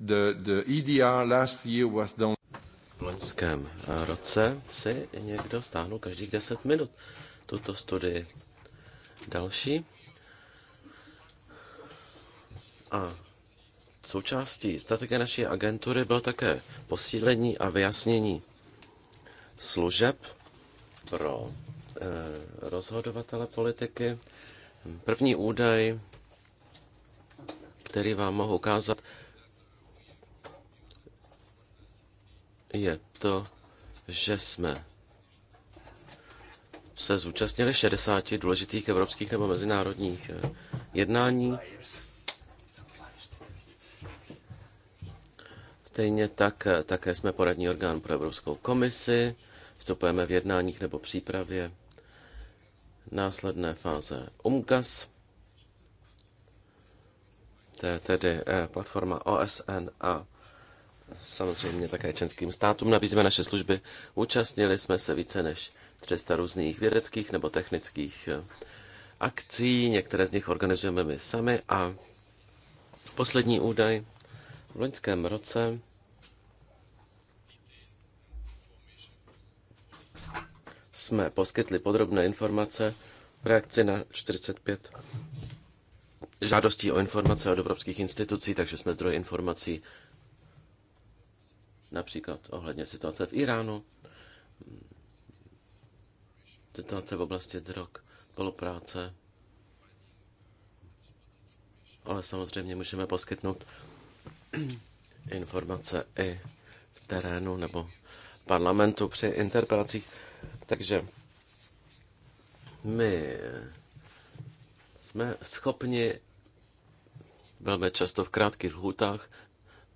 The, the EDR last year was down. V loňském eh, roce si někdo stáhnul každých 10 minut tuto studii. Další. A součástí strategie naší agentury bylo také posílení a vyjasnění služeb pro eh, rozhodovatele politiky. První údaj, který vám mohu ukázat, je to, že jsme se zúčastnili 60 důležitých evropských nebo mezinárodních eh, jednání. Stejně tak eh, také jsme poradní orgán pro Evropskou komisi, vstupujeme v jednáních nebo přípravě následné fáze UMGAS, to je tedy eh, platforma OSN a samozřejmě také členským státům nabízíme naše služby. Účastnili jsme se více než 300 různých vědeckých nebo technických eh, akcí, některé z nich organizujeme my sami a poslední údaj v loňském roce jsme poskytli podrobné informace v reakci na 45 žádostí o informace od evropských institucí, takže jsme zdroj informací například ohledně situace v Iránu, situace v oblasti drog, spolupráce, ale samozřejmě můžeme poskytnout informace i v terénu nebo parlamentu při interpelacích. Takže my jsme schopni velmi často v krátkých lhůtách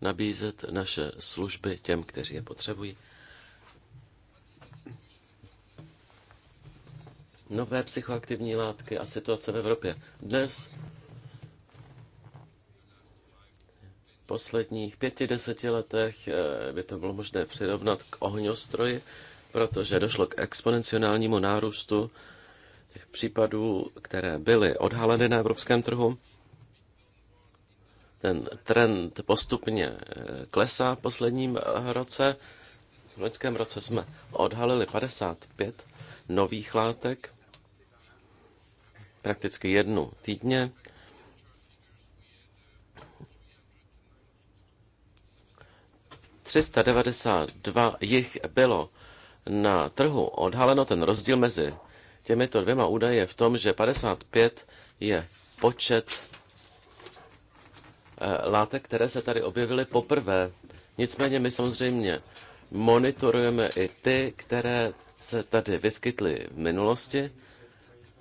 nabízet naše služby těm, kteří je potřebují. Nové psychoaktivní látky a situace v Evropě. Dnes posledních pěti, deseti letech eh, by to bylo možné přirovnat k ohňostroji, protože došlo k exponenciálnímu nárůstu těch případů, které byly odhaleny na evropském trhu. Ten trend postupně eh, klesá v posledním eh, roce. V loňském roce jsme odhalili 55 nových látek, prakticky jednu týdně. ...392 jich bylo na trhu odhaleno. Ten rozdíl mezi těmito dvěma údaje je v tom, že 55 je počet Eh, látek, které se tady objevily poprvé. Nicméně my samozřejmě monitorujeme i ty, které se tady vyskytly v minulosti.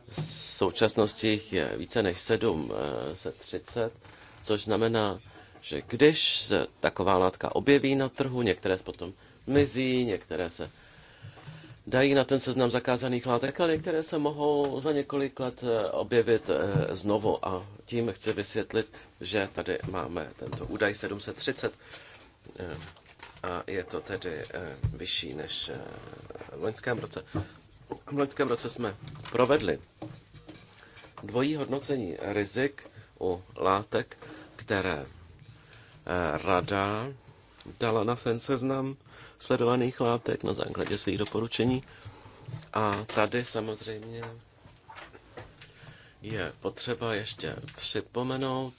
V současnosti jich je více než 730, eh, což znamená, že když se taková látka objeví na trhu, některé potom mizí, některé se dají na ten seznam zakázaných látek, ale které se mohou za několik let eh, objevit eh, znovu. A tím chci vysvětlit, že tady máme tento údaj 730 eh, a je to tedy vyšší než v loňském roce. V loňském roce jsme provedli dvojí hodnocení rizik u látek, které rada dala na ten seznam sledovaných látek na základě svých doporučení. A tady samozřejmě je potřeba ještě připomenout,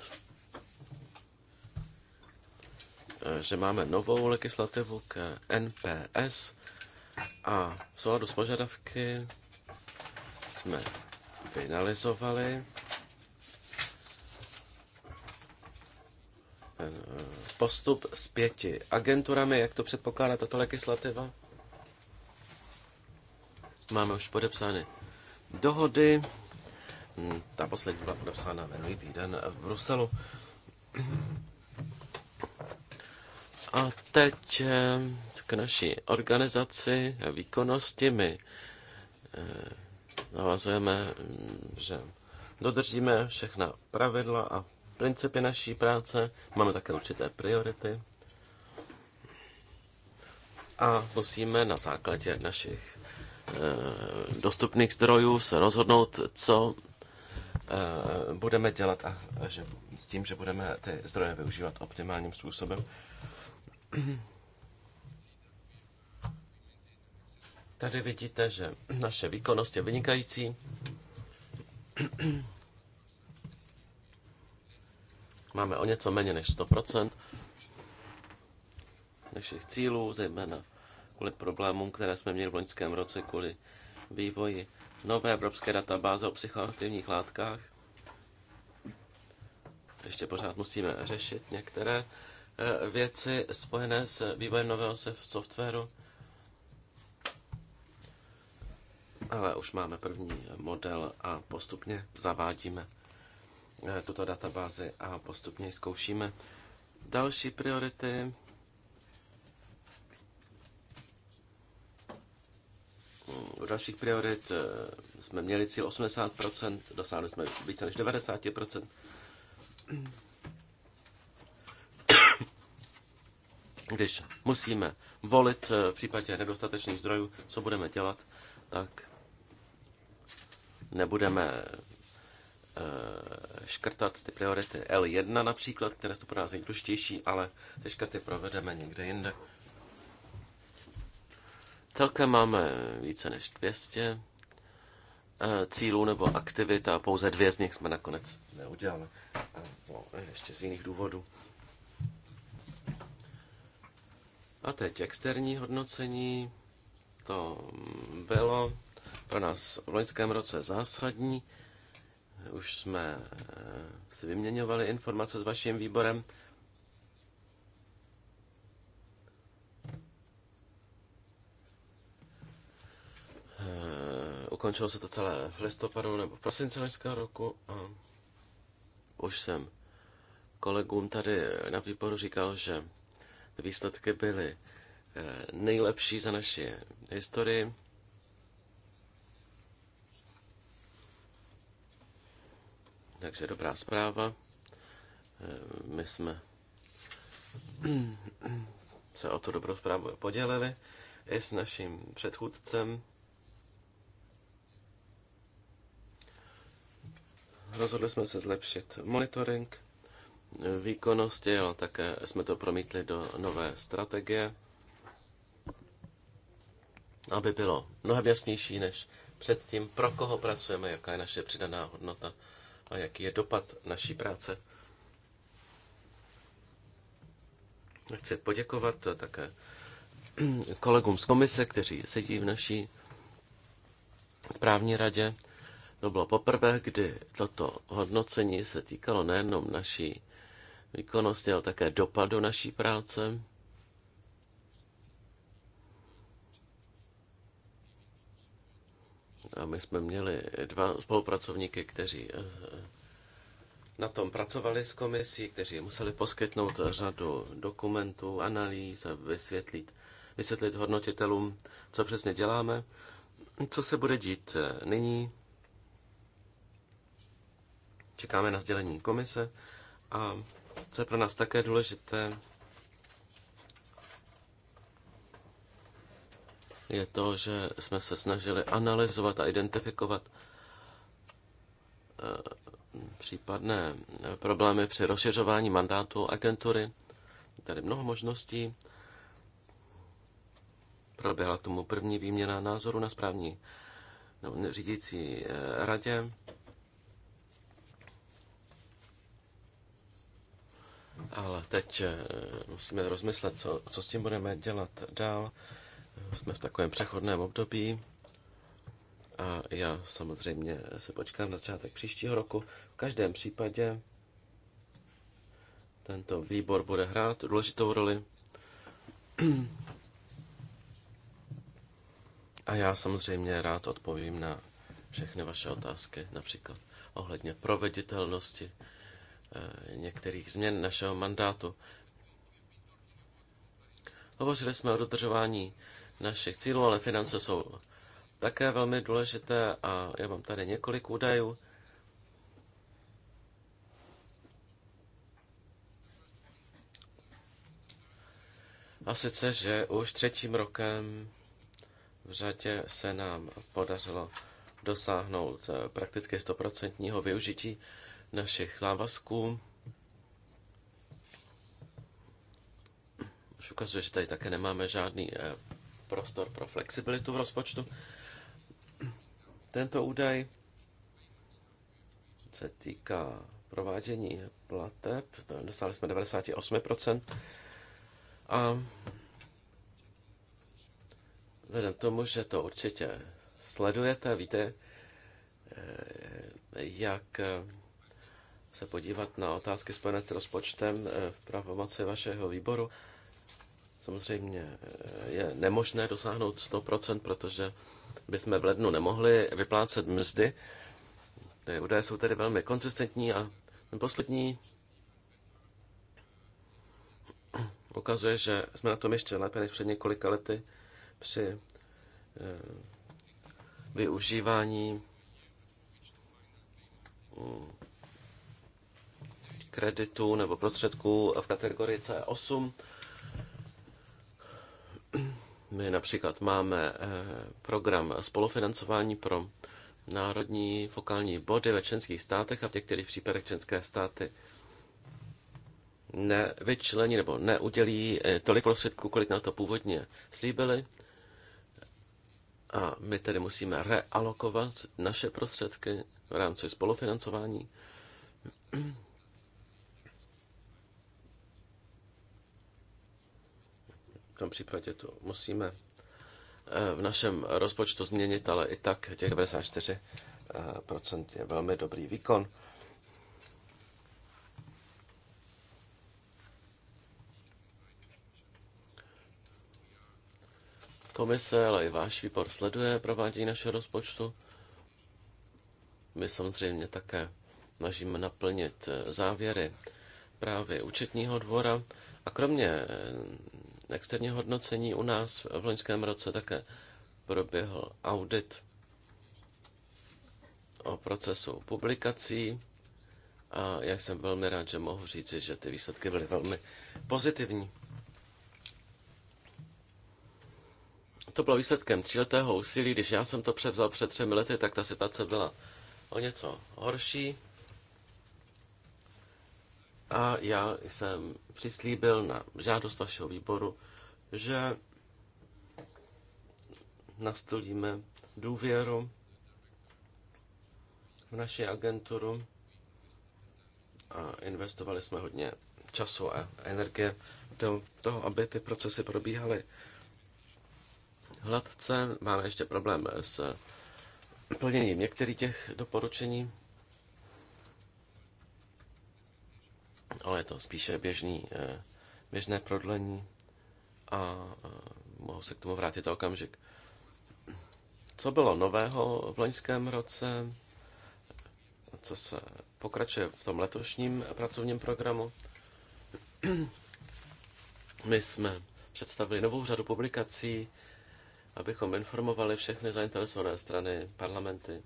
že máme novou legislativu k NPS a v souladu s požadavky jsme finalizovali postup s pěti agenturami, jak to předpokládá tato legislativa. Máme už podepsány dohody. Hm, ta poslední byla podepsána minulý týden v Bruselu. A teď eh, k naší organizaci výkonnosti. My eh, navazujeme, hm, že dodržíme všechna pravidla a principy naší práce, máme také určité priority a musíme na základě našich eh, dostupných zdrojů se rozhodnout, co eh, budeme dělat a že, s tím, že budeme ty zdroje využívat optimálním způsobem. Tady vidíte, že naše výkonnost je vynikající. Máme o něco méně než 100% našich cílů, zejména kvůli problémům, které jsme měli v loňském roce kvůli vývoji nové evropské databáze o psychoaktivních látkách. Ještě pořád musíme řešit některé eh, věci spojené s vývojem nového softwaru. Ale už máme první model a postupně zavádíme Eh, tuto databázi a postupně ji zkoušíme. Další priority U dalších priorit eh, jsme měli cíl 80%, dosáhli jsme více než 90%. Když musíme volit eh, v případě nedostatečných zdrojů, co budeme dělat, tak nebudeme Eh, škrtat ty priority L1 například, které jsou pro nás nejdůležitější, ale ty škrty provedeme někde jinde. Celkem máme více než 200 eh, cílů nebo aktivit a pouze dvě z nich jsme nakonec neudělali. Eh, no, ještě z jiných důvodů. A teď externí hodnocení. To bylo pro nás v loňském roce zásadní. Už jsme eh, si vyměňovali informace s vaším výborem. Eh, ukončilo se to celé v listopadu nebo v loňského roku a už jsem kolegům tady na výboru říkal, že výsledky byly eh, nejlepší za naši historii. Takže dobrá zpráva. Eh, my jsme se o tu dobrou zprávu podělili i s naším předchůdcem. Rozhodli jsme se zlepšit monitoring výkonnosti, ale také jsme to promítli do nové strategie, aby bylo mnohem jasnější než předtím, pro koho pracujeme, jaká je naše přidaná hodnota a jaký je dopad naší práce. Chci poděkovat také kolegům z komise, kteří sedí v naší správní radě. To bylo poprvé, kdy toto hodnocení se týkalo nejenom naší výkonnosti, ale také dopadu naší práce. A my jsme měli dva spolupracovníky, kteří eh, na tom pracovali s komisí, kteří museli poskytnout řadu dokumentů, analýz a vysvětlit, vysvětlit hodnotitelům, co přesně děláme, co se bude dít eh, nyní. Čekáme na sdělení komise a co je pro nás také důležité, je to, že jsme se snažili analyzovat a identifikovat eh, případné problémy při rozšiřování mandátu agentury. Tady mnoho možností. Proběhla k tomu první výměna názoru na správní nebo řídící eh, radě. Ale teď eh, musíme rozmyslet, co, co s tím budeme dělat dál. Jsme v takovém přechodném období a já samozřejmě se počkám na začátek příštího roku. V každém případě tento výbor bude hrát důležitou roli. A já samozřejmě rád odpovím na všechny vaše otázky, například ohledně proveditelnosti eh, některých změn našeho mandátu. Hovořili jsme o dodržování našich cílů, ale finance jsou také velmi důležité a já mám tady několik údajů. A sice, že už třetím rokem v řadě se nám podařilo dosáhnout eh, prakticky 100% využití našich závazků. což ukazuje, že tady také nemáme žádný eh, prostor pro flexibilitu v rozpočtu. Tento údaj se týká provádění plateb, dostali jsme 98%. A vzhledem tomu, že to určitě sledujete, víte, eh, jak eh, se podívat na otázky spojené s rozpočtem v pravomoci vašeho výboru. Samozřejmě eh, je nemožné dosáhnout 100%, protože bychom v lednu nemohli vyplácet mzdy. Ty údaje jsou tedy velmi konzistentní a ten poslední ukazuje, že jsme na tom ještě lépe než před několika lety při eh, využívání mm, kreditů nebo prostředků v kategorii C8. My například máme eh, program spolufinancování pro národní fokální body ve členských státech a v některých případech členské státy nevyčlení nebo neudělí eh, tolik prostředků, kolik na to původně slíbili. A my tedy musíme realokovat naše prostředky v rámci spolufinancování. tom případě to musíme eh, v našem rozpočtu změnit, ale i tak těch 94% eh, je velmi dobrý výkon. Komise, ale i váš výbor sleduje provádění našeho rozpočtu. My samozřejmě také snažíme naplnit eh, závěry právě účetního dvora. A kromě externí hodnocení u nás v loňském roce také proběhl audit o procesu publikací a já jsem velmi rád, že mohu říci, že ty výsledky byly velmi pozitivní. To bylo výsledkem tříletého úsilí. Když já jsem to převzal před třemi lety, tak ta situace byla o něco horší. A já jsem přislíbil na žádost vašeho výboru, že nastolíme důvěru v naši agenturu a investovali jsme hodně času a energie do toho, aby ty procesy probíhaly hladce. Máme ještě problém s plněním některých těch doporučení. ale je to spíše běžný, eh, běžné prodlení a eh, mohu se k tomu vrátit okamžik. Co bylo nového v loňském roce? Co se pokračuje v tom letošním pracovním programu? My jsme představili novou řadu publikací, abychom informovali všechny zainteresované strany, parlamenty,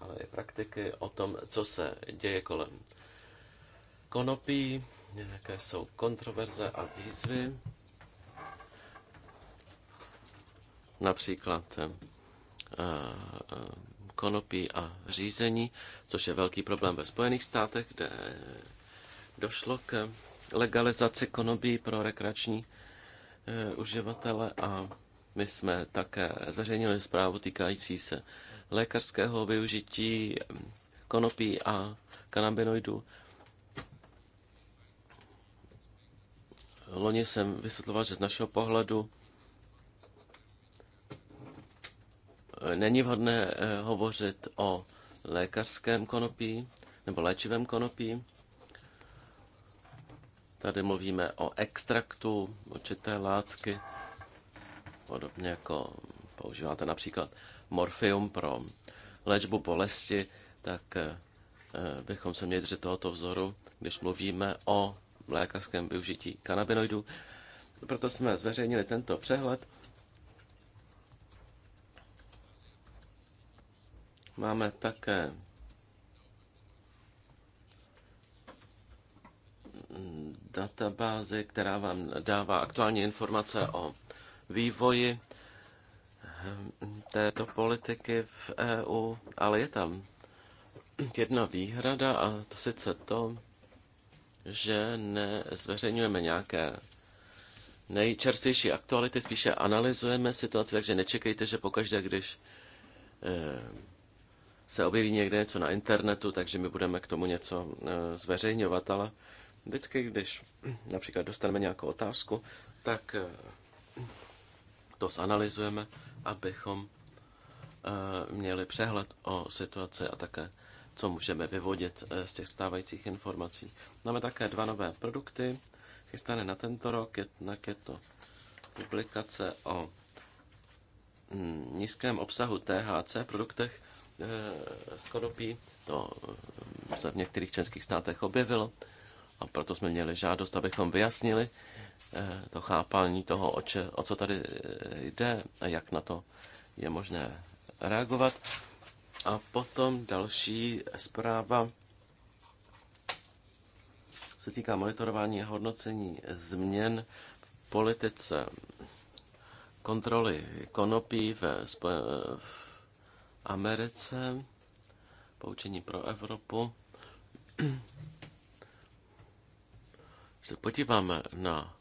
ale i praktiky o tom, co se děje kolem konopí, jaké jsou kontroverze a výzvy. Například eh, eh, konopí a řízení, což je velký problém ve Spojených státech, kde došlo k legalizaci konopí pro rekreační eh, uživatele a my jsme také zveřejnili zprávu týkající se lékařského využití konopí a kanabinoidů loni jsem vysvětloval, že z našeho pohledu není vhodné eh, hovořit o lékařském konopí nebo léčivém konopí. Tady mluvíme o extraktu určité látky, podobně jako používáte například morfium pro léčbu bolesti, tak eh, eh, bychom se měli držet tohoto vzoru, když mluvíme o lékařském využití kanabinoidů. Proto jsme zveřejnili tento přehled. Máme také databázi, která vám dává aktuální informace o vývoji této politiky v EU, ale je tam jedna výhrada a to sice to, že nezveřejňujeme nějaké nejčerstvější aktuality, spíše analyzujeme situaci, takže nečekejte, že pokaždé, když eh, se objeví někde něco na internetu, takže my budeme k tomu něco eh, zveřejňovat, ale vždycky, když například dostaneme nějakou otázku, tak eh, to zanalizujeme, abychom měli přehled o situaci a také co můžeme vyvodit eh, z těch stávajících informací. Máme také dva nové produkty, chystané na tento rok, jednak je to publikace o mm, nízkém obsahu THC v produktech eh, z konopí. To eh, se v některých českých státech objevilo a proto jsme měli žádost, abychom vyjasnili to chápání toho, o, če, o co tady jde a jak na to je možné reagovat. A potom další zpráva se týká monitorování a hodnocení změn v politice kontroly konopí ve v Americe, poučení pro Evropu. Se podíváme na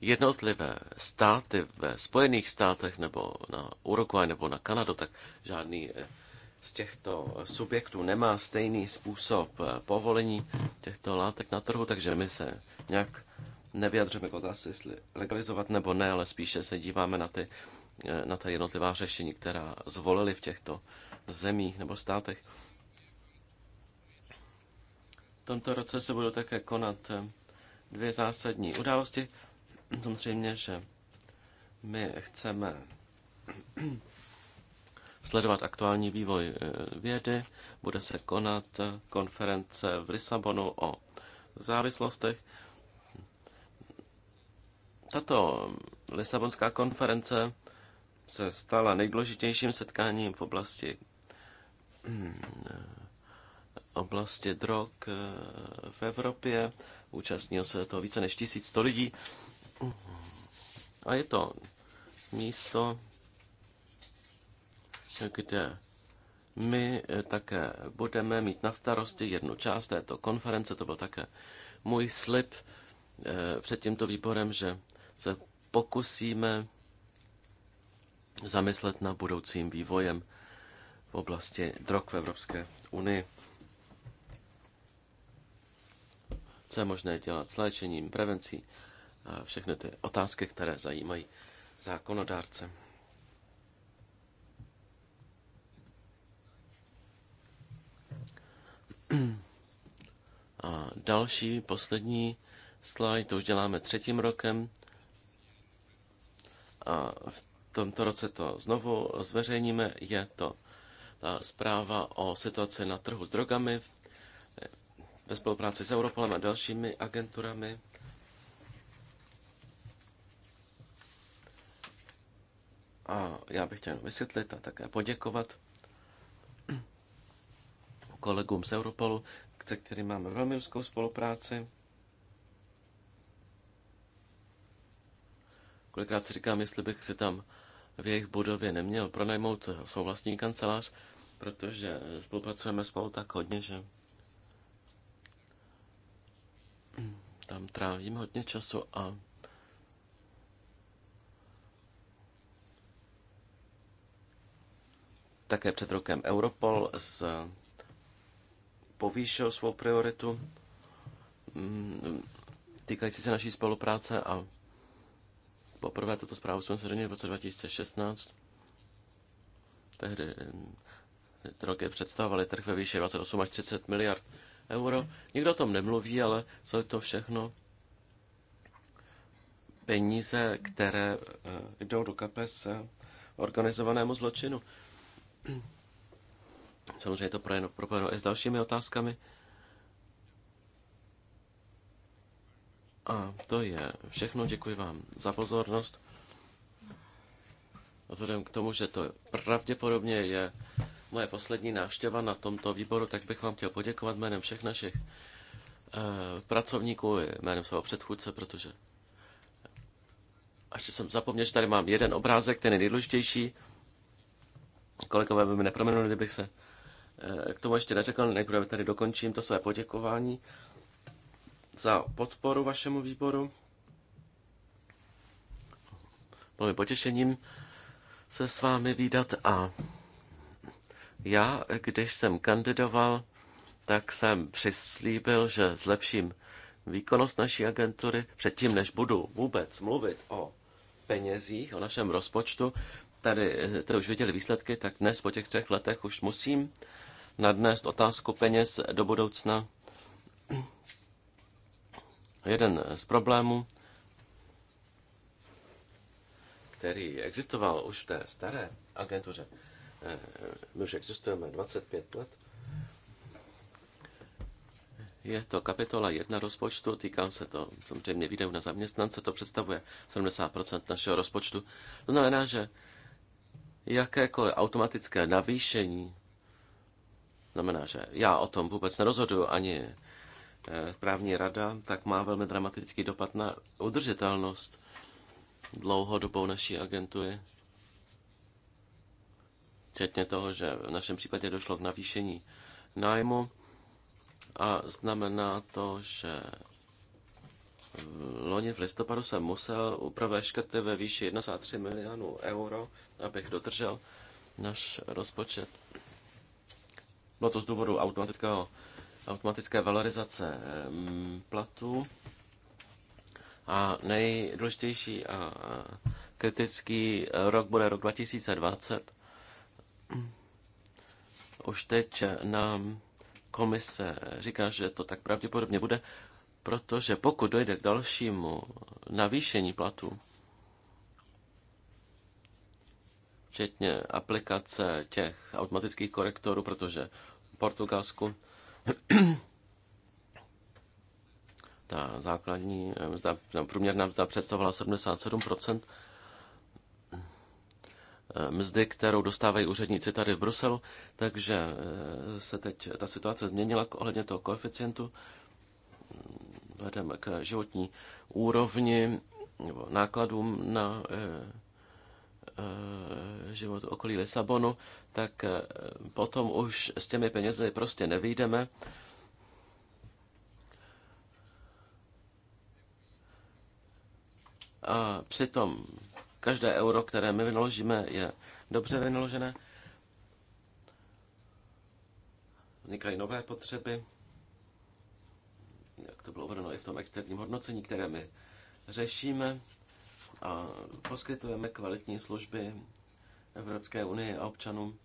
jednotlivé státy ve Spojených státech nebo na Uruguay nebo na Kanadu, tak žádný eh, z těchto eh, subjektů nemá stejný způsob eh, povolení těchto látek na trhu, takže my se nějak nevyjadřujeme k otázce, jestli legalizovat nebo ne, ale spíše se díváme na ty eh, na ta jednotlivá řešení, která zvolili v těchto zemích nebo státech. V tomto roce se budou také konat dvě zásadní události. Samozřejmě, že my chceme sledovat aktuální vývoj eh, vědy. Bude se konat eh, konference v Lisabonu o závislostech. Tato Lisabonská konference se stala nejdůležitějším setkáním v oblasti eh, oblasti drog v Evropě. Účastnilo se to více než 1100 lidí. A je to místo, kde my eh, také budeme mít na starosti jednu část této konference. To byl také můj slib eh, před tímto výborem, že se pokusíme zamyslet na budoucím vývojem v oblasti drog v Evropské unii. Co je možné dělat s léčením, prevencí a všechny ty otázky, které zajímají zákonodárce. A další, poslední slide, to už děláme třetím rokem. A v tomto roce to znovu zveřejníme. Je to ta zpráva o situaci na trhu s drogami ve spolupráci s Europolem a dalšími agenturami. A já bych chtěl vysvětlit a také poděkovat kolegům z Europolu, se kterým máme velmi úzkou spolupráci. Kolikrát si říkám, jestli bych si tam v jejich budově neměl pronajmout svou vlastní kancelář, protože spolupracujeme spolu tak hodně, že tam trávím hodně času a také před rokem Europol s povýšil svou prioritu mm, týkající se naší spolupráce a poprvé tuto zprávu jsme zřejmě v roce 2016. Tehdy drogy eh, představovaly trh ve výši 28 až 30 miliard euro. Nikdo o tom nemluví, ale jsou to všechno peníze, které eh, jdou do kapes eh, organizovanému zločinu. Samozřejmě je to projeno, propojeno i s dalšími otázkami. A to je všechno. Děkuji vám za pozornost. Vzhledem k tomu, že to pravděpodobně je moje poslední návštěva na tomto výboru, tak bych vám chtěl poděkovat jménem všech našich eh, pracovníků, jménem svého předchůdce, protože a ještě jsem zapomněl, že tady mám jeden obrázek, ten je nejdůležitější. Kolegové by mi nepromenuli, kdybych se Eh, k tomu ještě neřekl, nejprve tady dokončím to své poděkování za podporu vašemu výboru. Bylo mi potěšením se s vámi výdat a já, když jsem kandidoval, tak jsem přislíbil, že zlepším výkonnost naší agentury. Předtím, než budu vůbec mluvit o penězích, o našem rozpočtu, tady eh, jste už viděli výsledky, tak dnes po těch třech letech už musím nadnést otázku peněz do budoucna. Jeden z problémů, který existoval už v té staré agentuře, eh, my už existujeme 25 let, je to kapitola jedna rozpočtu, týká se to samozřejmě výdajů na zaměstnance, to představuje 70% našeho rozpočtu. To znamená, že jakékoliv automatické navýšení Znamená, že já o tom vůbec nerozhoduju ani eh, právní rada, tak má velmi dramatický dopad na udržitelnost dlouhodobou naší agentury. Včetně toho, že v našem případě došlo k navýšení nájmu a znamená to, že v loni v listopadu jsem musel upravit škrty ve výši 1,3 milionů euro, abych dotržel náš rozpočet. Bylo no to z důvodu automatického, automatické valorizace platů. A nejdůležitější a kritický rok bude rok 2020. Už teď nám komise říká, že to tak pravděpodobně bude, protože pokud dojde k dalšímu navýšení platů, včetně aplikace těch automatických korektorů, protože Portugalsku. ta základní mzda, eh, průměrná mzda představovala 77% eh, mzdy, kterou dostávají úředníci tady v Bruselu, takže eh, se teď ta situace změnila ohledně toho koeficientu hm, Vedeme k životní úrovni nebo nákladům na Eh, životu okolí Lisabonu, tak eh, potom už s těmi penězi prostě nevyjdeme. A přitom každé euro, které my vynaložíme, je dobře vynaložené. Vznikají nové potřeby, jak to bylo uvedeno i v tom externím hodnocení, které my řešíme a poskytujeme kvalitní služby Evropské unii a občanům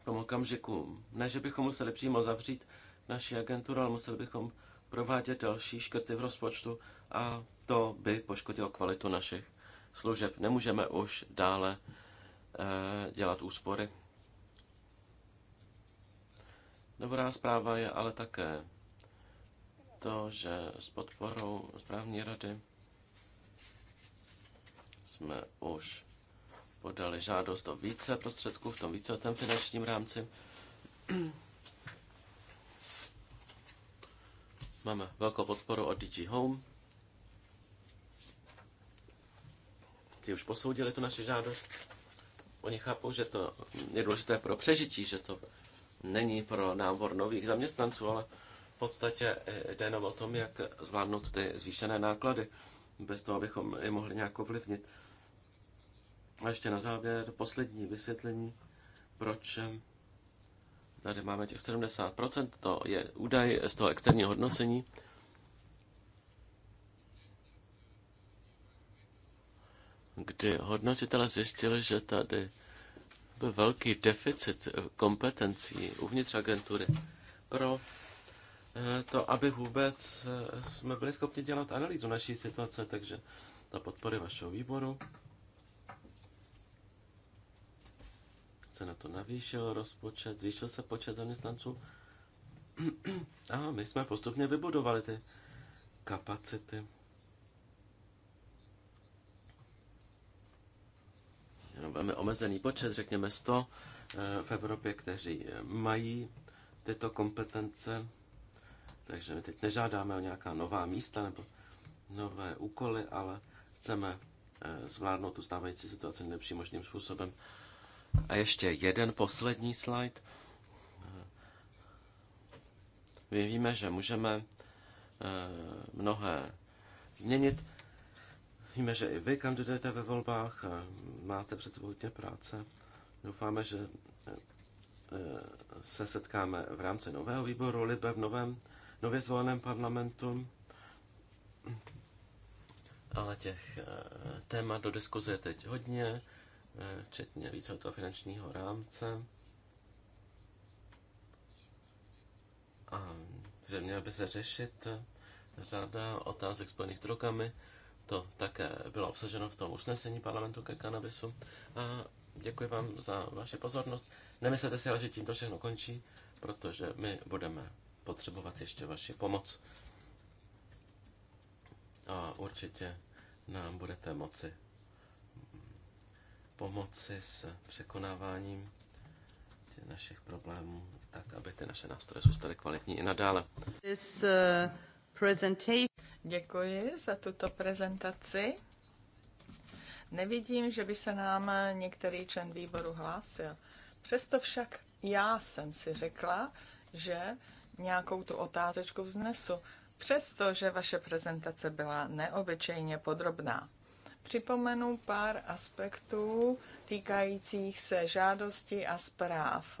v tom okamžiku. Ne, že bychom museli přímo zavřít naši agenturu, ale museli bychom provádět další škrty v rozpočtu a to by poškodilo kvalitu našich služeb. Nemůžeme už dále eh, dělat úspory. Dobrá zpráva je ale také to, že s podporou správní rady jsme už podali žádost o více prostředků v tom víceletém finančním rámci. Máme velkou podporu od DG Home. Ty už posoudili tu naši žádost. Oni chápou, že to je důležité pro přežití, že to není pro nábor nových zaměstnanců, ale podstatě jde jenom o tom, jak zvládnout ty zvýšené náklady, bez toho, abychom je mohli nějak ovlivnit. A ještě na závěr poslední vysvětlení, proč ehm, tady máme těch 70%, to je údaj z toho externího hodnocení. kdy hodnotitele zjistili, že tady byl velký deficit eh, kompetencí uvnitř agentury pro Eh, to, aby vůbec eh, jsme byli schopni dělat analýzu naší situace, takže ta podpory vašeho výboru se na to navýšil rozpočet, zvýšil se počet zaměstnanců a my jsme postupně vybudovali ty kapacity. Jenom velmi omezený počet, řekněme 100 eh, v Evropě, kteří mají tyto kompetence takže my teď nežádáme o nějaká nová místa nebo nové úkoly, ale chceme eh, zvládnout tu stávající situaci nejlepším možným způsobem. A ještě jeden poslední slide. Eh, my víme, že můžeme eh, mnohé změnit. Víme, že i vy kandidujete ve volbách, máte před sebou hodně práce. Doufáme, že se setkáme v rámci nového výboru Libe v novém nově zvoleném parlamentu. Ale těch eh, témat do diskuze je teď hodně, eh, včetně více toho finančního rámce. A že měla by se řešit eh, řada otázek spojených s drogami. To také bylo obsaženo v tom usnesení parlamentu ke kanabisu. A děkuji vám za vaši pozornost. Nemyslete si ale, že to všechno končí, protože my budeme potřebovat ještě vaši pomoc. A určitě nám budete moci pomoci s překonáváním těch našich problémů, tak aby ty naše nástroje zůstaly kvalitní i nadále. This, uh, Děkuji za tuto prezentaci. Nevidím, že by se nám některý člen výboru hlásil. Přesto však já jsem si řekla, že nějakou tu otázečku vznesu, přestože vaše prezentace byla neobyčejně podrobná. Připomenu pár aspektů týkajících se žádostí a zpráv.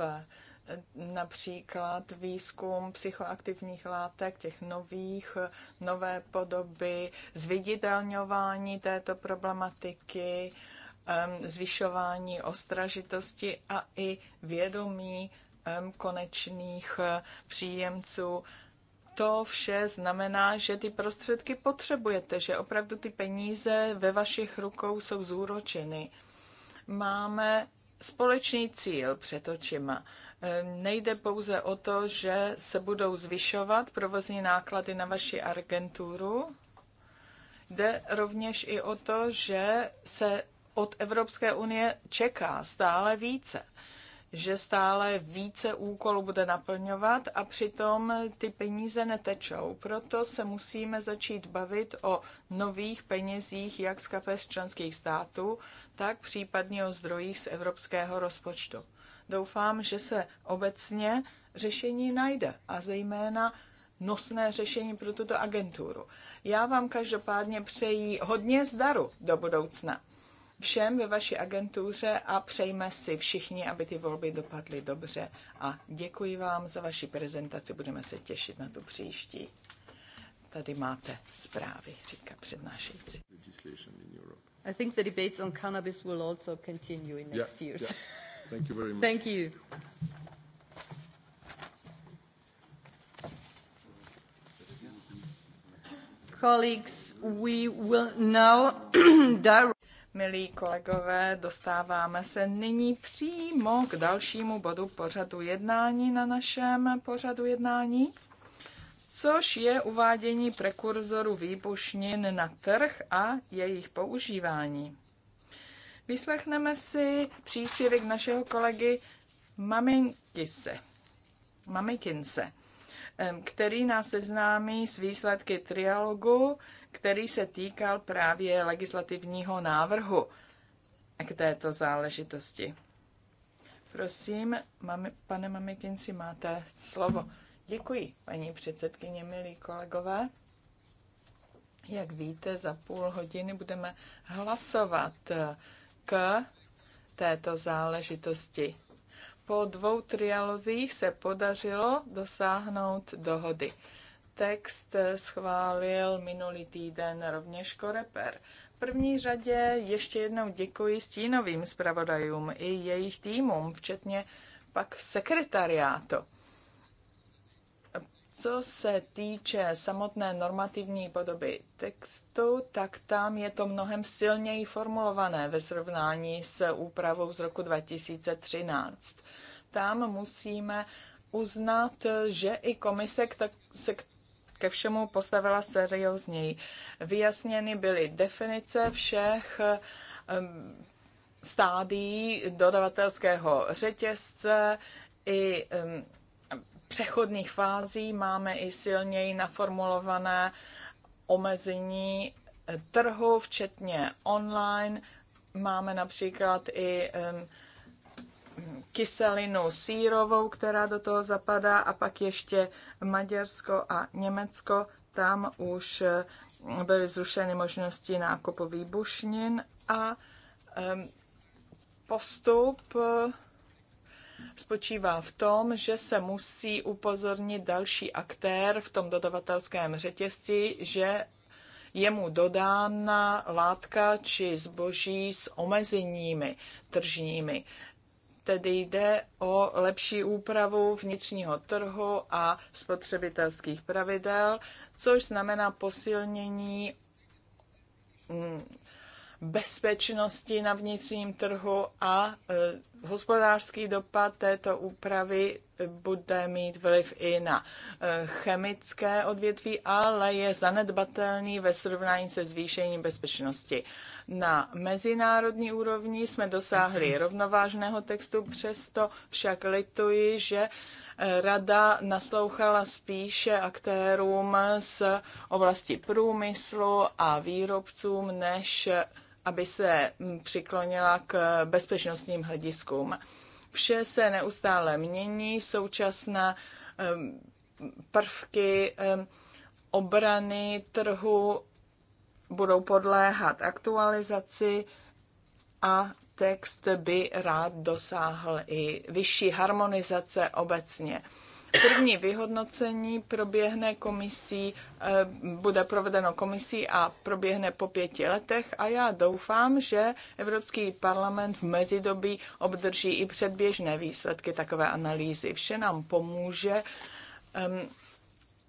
Například výzkum psychoaktivních látek, těch nových, nové podoby, zviditelňování této problematiky, zvyšování ostražitosti a i vědomí Um, konečných eh, příjemců. To vše znamená, že ty prostředky potřebujete, že opravdu ty peníze ve vašich rukou jsou zúročeny. Máme společný cíl před očima. Ehm, nejde pouze o to, že se budou zvyšovat provozní náklady na vaši agenturu, jde rovněž i o to, že se od Evropské unie čeká stále více že stále více úkolů bude naplňovat a přitom ty peníze netečou. Proto se musíme začít bavit o nových penězích jak z kapes členských států, tak případně o zdrojích z evropského rozpočtu. Doufám, že se obecně řešení najde a zejména nosné řešení pro tuto agenturu. Já vám každopádně přeji hodně zdaru do budoucna všem ve vaší agentuře a přejme si všichni, aby ty volby dopadly dobře. A děkuji vám za vaši prezentaci, budeme se těšit na tu příští. Tady máte zprávy, říká přednášející. I think the debates on cannabis will also continue in next yeah, years. Yeah. Thank you very much. Thank you. Colleagues, we will now direct Milí kolegové, dostáváme se nyní přímo k dalšímu bodu pořadu jednání na našem pořadu jednání, což je uvádění prekurzoru výbušnin na trh a jejich používání. Vyslechneme si příspěvek našeho kolegy Maminkise. Mamikinse, který nás seznámí s výsledky trialogu který se týkal právě legislativního návrhu k této záležitosti. Prosím, mami, pane Mamikinci, máte slovo. Děkuji, paní předsedkyně, milí kolegové. Jak víte, za půl hodiny budeme hlasovat k této záležitosti. Po dvou trialozích se podařilo dosáhnout dohody text schválil minulý týden rovněž Koreper. V první řadě ještě jednou děkuji stínovým zpravodajům i jejich týmům, včetně pak sekretariátu. Co se týče samotné normativní podoby textu, tak tam je to mnohem silněji formulované ve srovnání s úpravou z roku 2013. Tam musíme uznat, že i komise tak, se k ke všemu postavila seriózněji. Vyjasněny byly definice všech stádií dodavatelského řetězce i přechodných fází. Máme i silněji naformulované omezení trhu, včetně online. Máme například i um, kyselinu sírovou, která do toho zapadá, a pak ještě Maďarsko a Německo. Tam už eh, byly zrušeny možnosti nákupu výbušnin a postup eh, spočívá v tom, že se musí upozornit další aktér v tom dodavatelském řetězci, že je mu dodána látka či zboží s omezeními tržními tedy jde o lepší úpravu vnitřního trhu a spotřebitelských pravidel, což znamená posílení mm, bezpečnosti na vnitřním trhu a e, hospodářský dopad této úpravy bude mít vliv i na e, chemické odvětví, ale je zanedbatelný ve srovnání se zvýšením bezpečnosti. Na mezinárodní úrovni jsme dosáhli mhm. rovnovážného textu, přesto však lituji, že eh, rada naslouchala spíše aktérům z oblasti průmyslu a výrobcům, než aby se mm, přiklonila k bezpečnostním hlediskům. Vše se neustále mění, současná eh, prvky eh, obrany trhu budou podléhat aktualizaci a text by rád dosáhl i vyšší harmonizace obecně. První vyhodnocení proběhne komisí, eh, bude provedeno komisí a proběhne po pěti letech a já doufám, že Evropský parlament v mezidobí obdrží i předběžné výsledky takové analýzy. Vše nám pomůže ehm,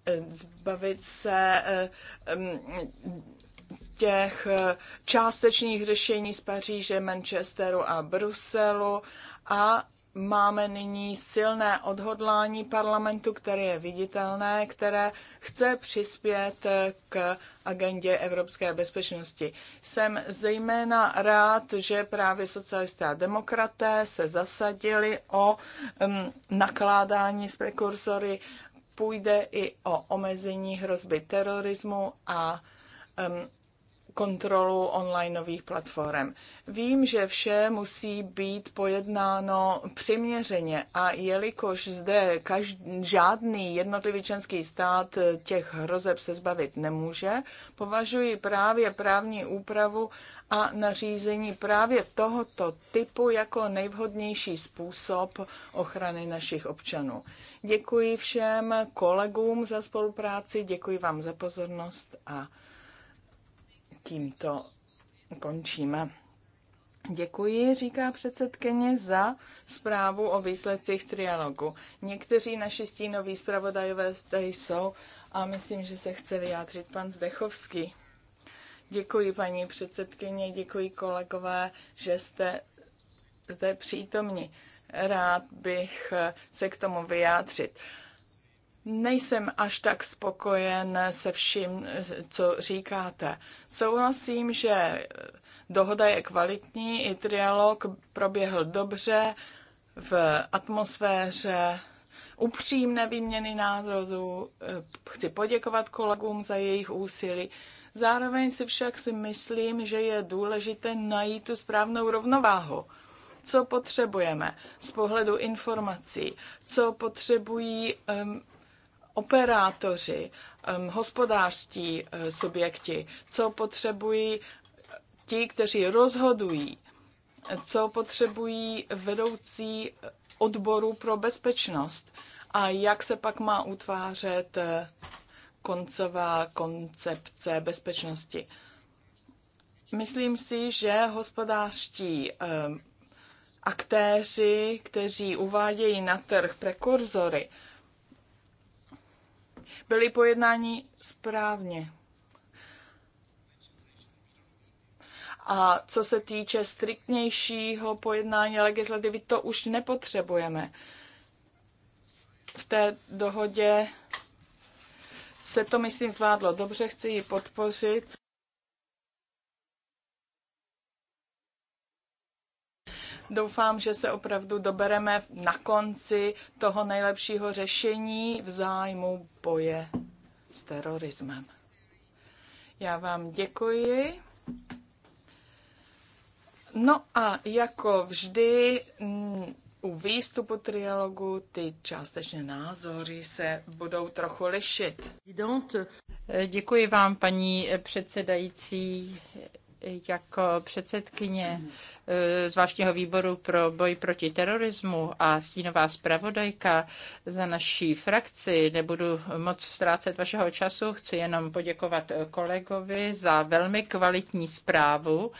eh, zbavit se eh, ehm, těch eh, částečných řešení z Paříže, Manchesteru a Bruselu a máme nyní silné odhodlání parlamentu, které je viditelné, které chce přispět eh, k agendě evropské bezpečnosti. Jsem zejména rád, že právě socialisté a demokraté se zasadili o um, nakládání s prekursory. Půjde i o omezení hrozby terorismu a um, kontrolu online nových platform. Vím, že vše musí být pojednáno přiměřeně a jelikož zde každý, žádný jednotlivý členský stát těch hrozeb se zbavit nemůže, považuji právě právní úpravu a nařízení právě tohoto typu jako nejvhodnější způsob ochrany našich občanů. Děkuji všem kolegům za spolupráci, děkuji vám za pozornost a tímto končíme. Děkuji, říká předsedkyně, za zprávu o výsledcích trialogu. Někteří naši stínoví zpravodajové zde jsou a myslím, že se chce vyjádřit pan Zdechovský. Děkuji, paní předsedkyně, děkuji kolegové, že jste zde přítomni. Rád bych se k tomu vyjádřit nejsem až tak spokojen se vším, co říkáte. Souhlasím, že dohoda je kvalitní, i trialog proběhl dobře v atmosféře upřímné výměny názorů. Chci poděkovat kolegům za jejich úsilí. Zároveň si však si myslím, že je důležité najít tu správnou rovnováhu co potřebujeme z pohledu informací, co potřebují um, operátoři, hospodářští eh, subjekti, co potřebují eh, ti, kteří rozhodují, co potřebují vedoucí eh, odboru pro bezpečnost a jak se pak má utvářet koncová koncepce bezpečnosti. Myslím si, že hospodářští aktéři, kteří uvádějí na trh prekurzory, byly pojednáni správně. A co se týče striktnějšího pojednání legislativy, to už nepotřebujeme. V té dohodě se to, myslím, zvládlo dobře, chci ji podpořit. Doufám, že se opravdu dobereme na konci toho nejlepšího řešení v zájmu boje s terorismem. Já vám děkuji. No a jako vždy mm, u výstupu trialogu ty částečné názory se budou trochu lišit. Děkuji vám, paní předsedající, jako předsedkyně Eh, zvláštního výboru pro boj proti terorismu a stínová zpravodajka za naší frakci. Nebudu moc ztrácet vašeho času, chci jenom poděkovat kolegovi za velmi kvalitní zprávu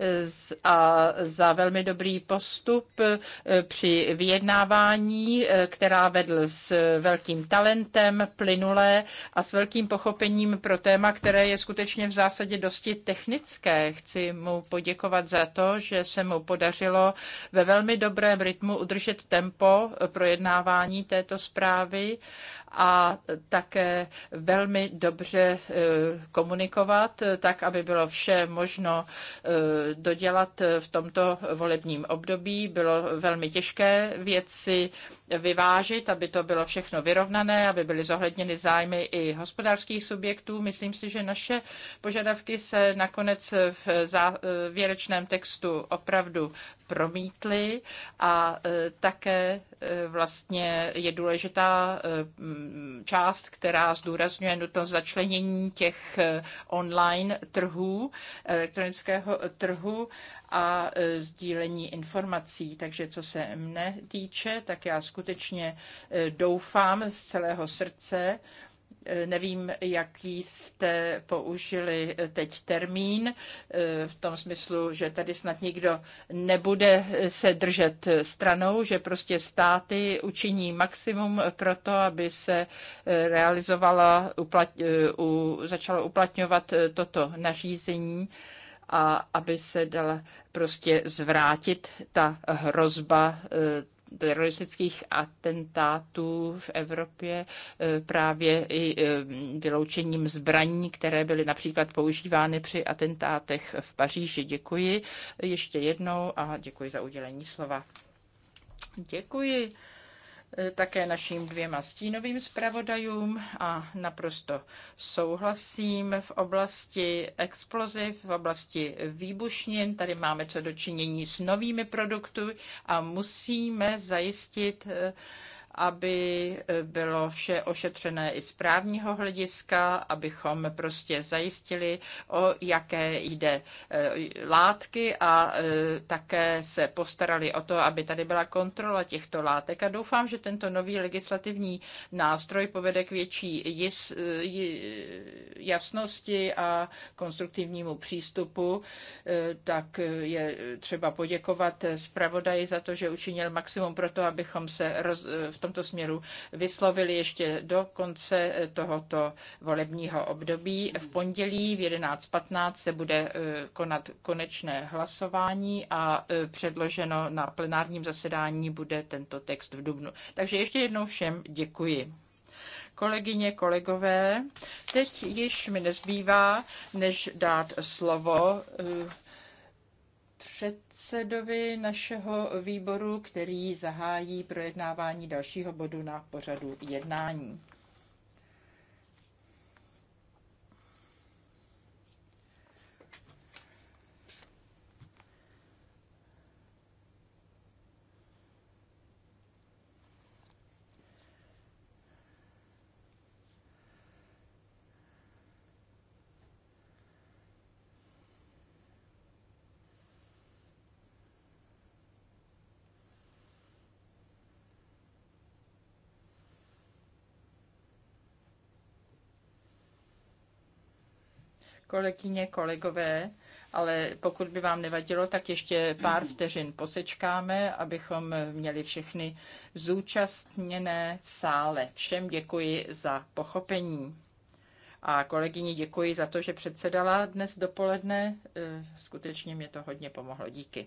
eh, a za velmi dobrý postup eh, při vyjednávání, která vedl s velkým talentem, plynulé a s velkým pochopením pro téma, které je skutečně v zásadě dosti technické. Chci mu poděkovat za to, že se mu podařilo ve velmi dobrém rytmu udržet tempo projednávání této zprávy a také velmi dobře eh, komunikovat, tak, aby bylo vše možno eh, dodělat v tomto volebním období. Bylo velmi těžké věci vyvážit, aby to bylo všechno vyrovnané, aby byly zohledněny zájmy i hospodářských subjektů. Myslím si, že naše požadavky se nakonec v závěrečném textu opravdu promítly a e, také e, vlastně je důležitá e, část, která zdůrazňuje nutnost začlenění těch online trhů, elektronického trhu a e, sdílení informací. Takže co se mne týče, tak já skutečně e, doufám z celého srdce, e, Nevím, jaký jste použili teď termín, v tom smyslu, že tady snad nikdo nebude se držet stranou, že prostě státy učiní maximum pro to, aby se realizovala, uplat, u, začalo uplatňovat toto nařízení a aby se dala prostě zvrátit ta hrozba eh, teroristických atentátů v Evropě eh, právě i eh, vyloučením zbraní, které byly například používány při atentátech v Paříži. Děkuji ještě jednou a děkuji za udělení slova. Děkuji. E, také našim dvěma stínovým zpravodajům a naprosto souhlasím v oblasti exploziv, v oblasti výbušnin. Tady máme co dočinění s novými produkty a musíme zajistit e, aby eh, bylo vše ošetřené i z právního hlediska, abychom prostě zajistili, o jaké jde eh, látky a eh, také se postarali o to, aby tady byla kontrola těchto látek. A doufám, že tento nový legislativní nástroj povede k větší jasnosti a konstruktivnímu přístupu. Tak je třeba poděkovat zpravodaji za to, že učinil maximum pro to, abychom se v tomto směru vyslovili ještě do konce eh, tohoto volebního období. V pondělí v 11.15 se bude eh, konat konečné hlasování a eh, předloženo na plenárním zasedání bude tento text v Dubnu. Takže ještě jednou všem děkuji kolegyně, kolegové, teď již mi nezbývá, než dát slovo předsedovi našeho výboru, který zahájí projednávání dalšího bodu na pořadu jednání. kolegyně, kolegové, ale pokud by vám nevadilo, tak ještě pár vteřin posečkáme, abychom měli všechny zúčastněné v sále. Všem děkuji za pochopení. A kolegyni děkuji za to, že předsedala dnes dopoledne. E, skutečně mě to hodně pomohlo. Díky.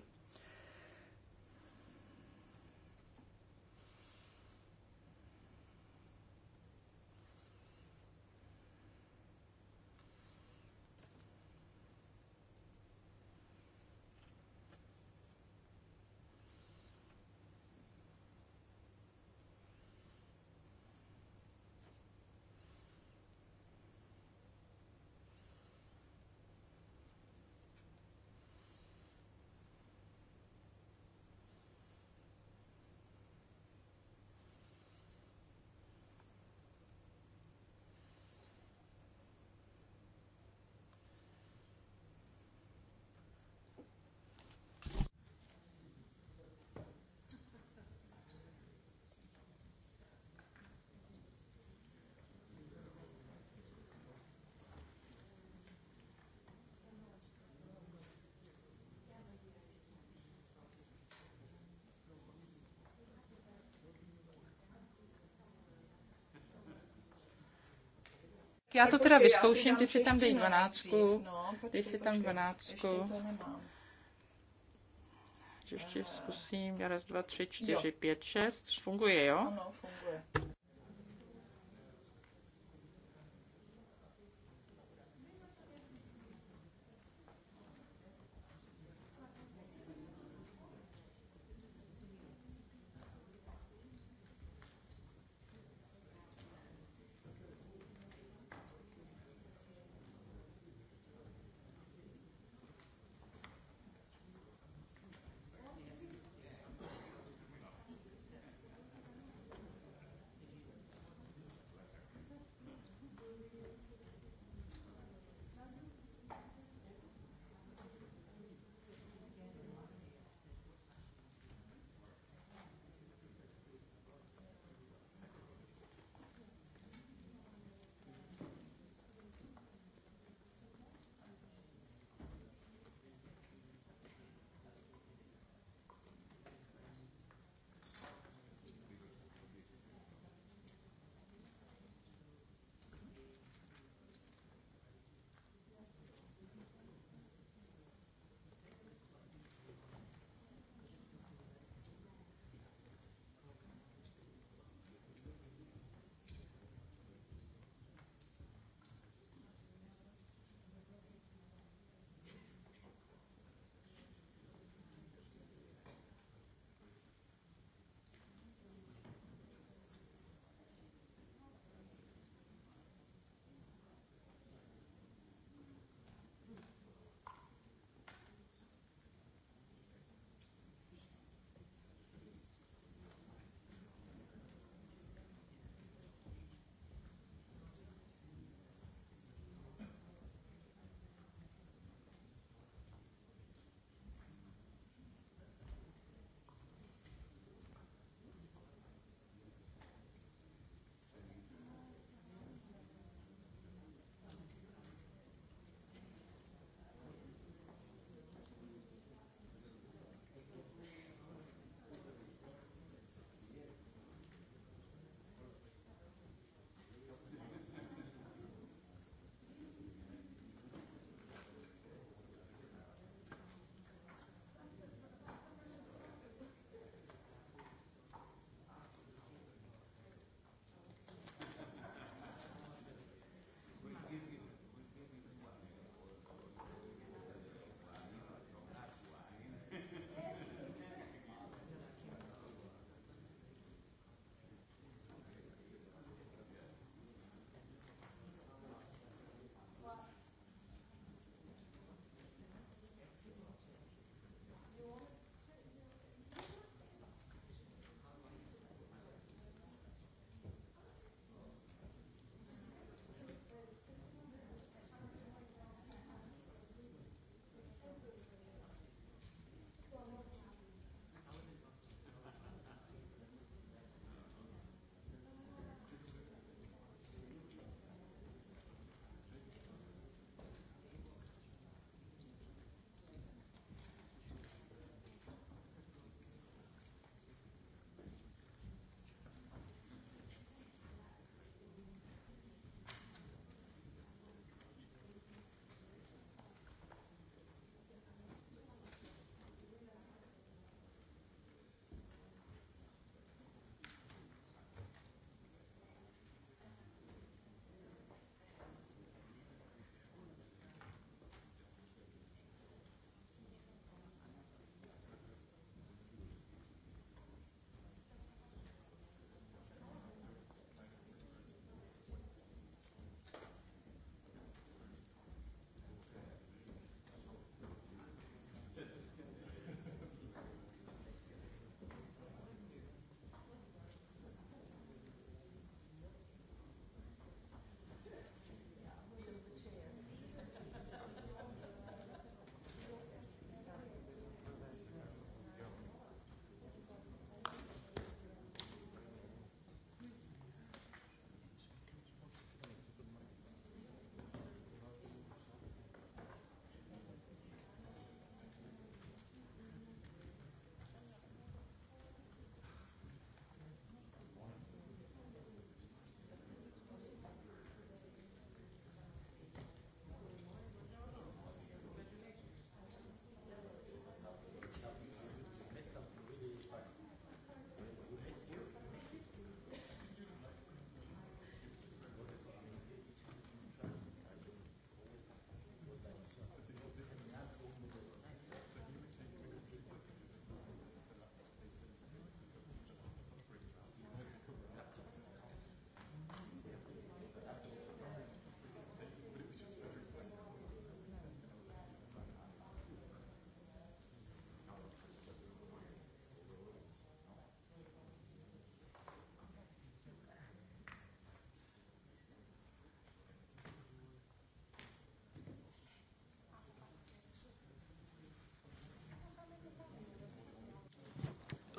Já to teda vyzkouším, ty si tam dej dvanáctku. No, dej si tam dvanáctku. Ještě zkusím, raz, dva, tři, čtyři, pět, šest. Funguje, jo? Ano, funguje.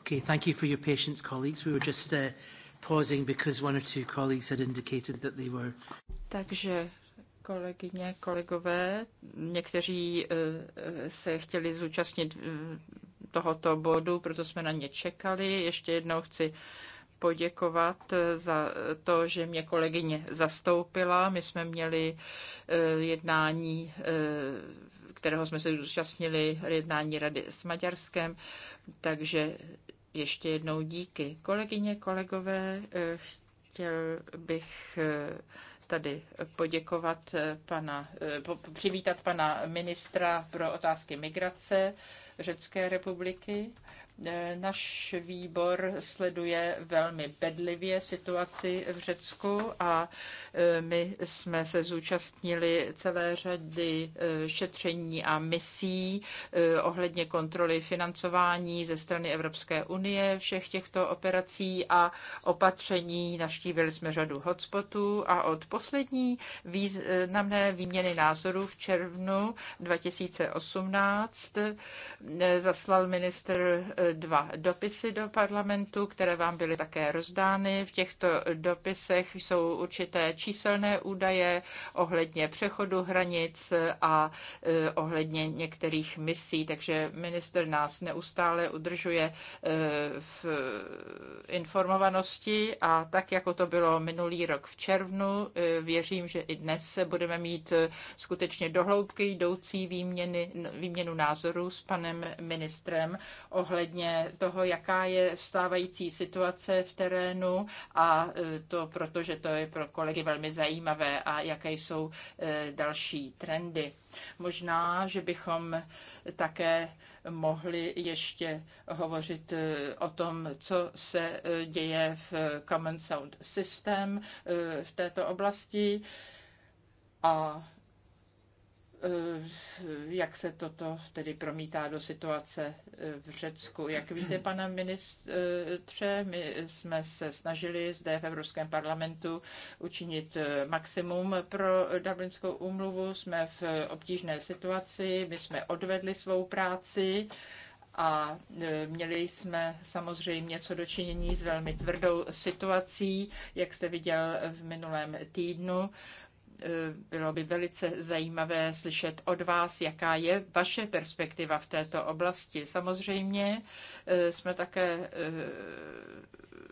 Okay, thank you for your patience, colleagues. We were just uh, pausing because one or two colleagues had indicated that they were. Takže kolegyně, kolegové, někteří eh, se chtěli zúčastnit eh, tohoto bodu, proto jsme na ně čekali. Ještě jednou chci poděkovat eh, za to, že mě kolegyně zastoupila. My jsme měli jednání, kterého jsme se zúčastnili, jednání rady s Maďarskem, takže ještě jednou díky. Kolegyně, kolegové, eh, chtěl bych eh, tady poděkovat eh, pana, přivítat pana ministra pro otázky migrace Řecké republiky E, Náš výbor sleduje velmi bedlivě situaci v Řecku a e, my jsme se zúčastnili celé řady e, šetření a misí ohledně kontroly financování ze strany Evropské unie všech těchto operací a opatření. Naštívili jsme řadu hotspotů a od poslední významné výměny názorů v červnu 2018 zaslal minister dva dopisy do parlamentu, které vám byly také rozdány. V těchto dopisech jsou určité číselné údaje ohledně přechodu hranic a e, ohledně některých misí, takže minister nás neustále udržuje e, v informovanosti a tak, jako to bylo minulý rok v červnu, e, věřím, že i dnes se budeme mít skutečně dohloubky jdoucí výměny, výměnu názorů s panem ministrem ohledně ohledně toho, jaká je stávající situace v terénu a e, to proto, že to je pro kolegy velmi zajímavé a jaké jsou e, další trendy. Možná, že bychom také mohli ještě hovořit e, o tom, co se děje v Common Sound System v této oblasti a Eh, jak se toto tedy promítá do situace eh, v Řecku. Jak víte, pane ministře, my jsme se snažili zde v Evropském parlamentu učinit eh, maximum pro Dublinskou úmluvu. Jsme v obtížné situaci, my jsme odvedli svou práci a měli jsme samozřejmě něco dočinění s velmi tvrdou situací, jak jste viděl v minulém týdnu. Eh, bylo by velice zajímavé slyšet od vás, jaká je vaše perspektiva v této oblasti. Samozřejmě eh, jsme také eh,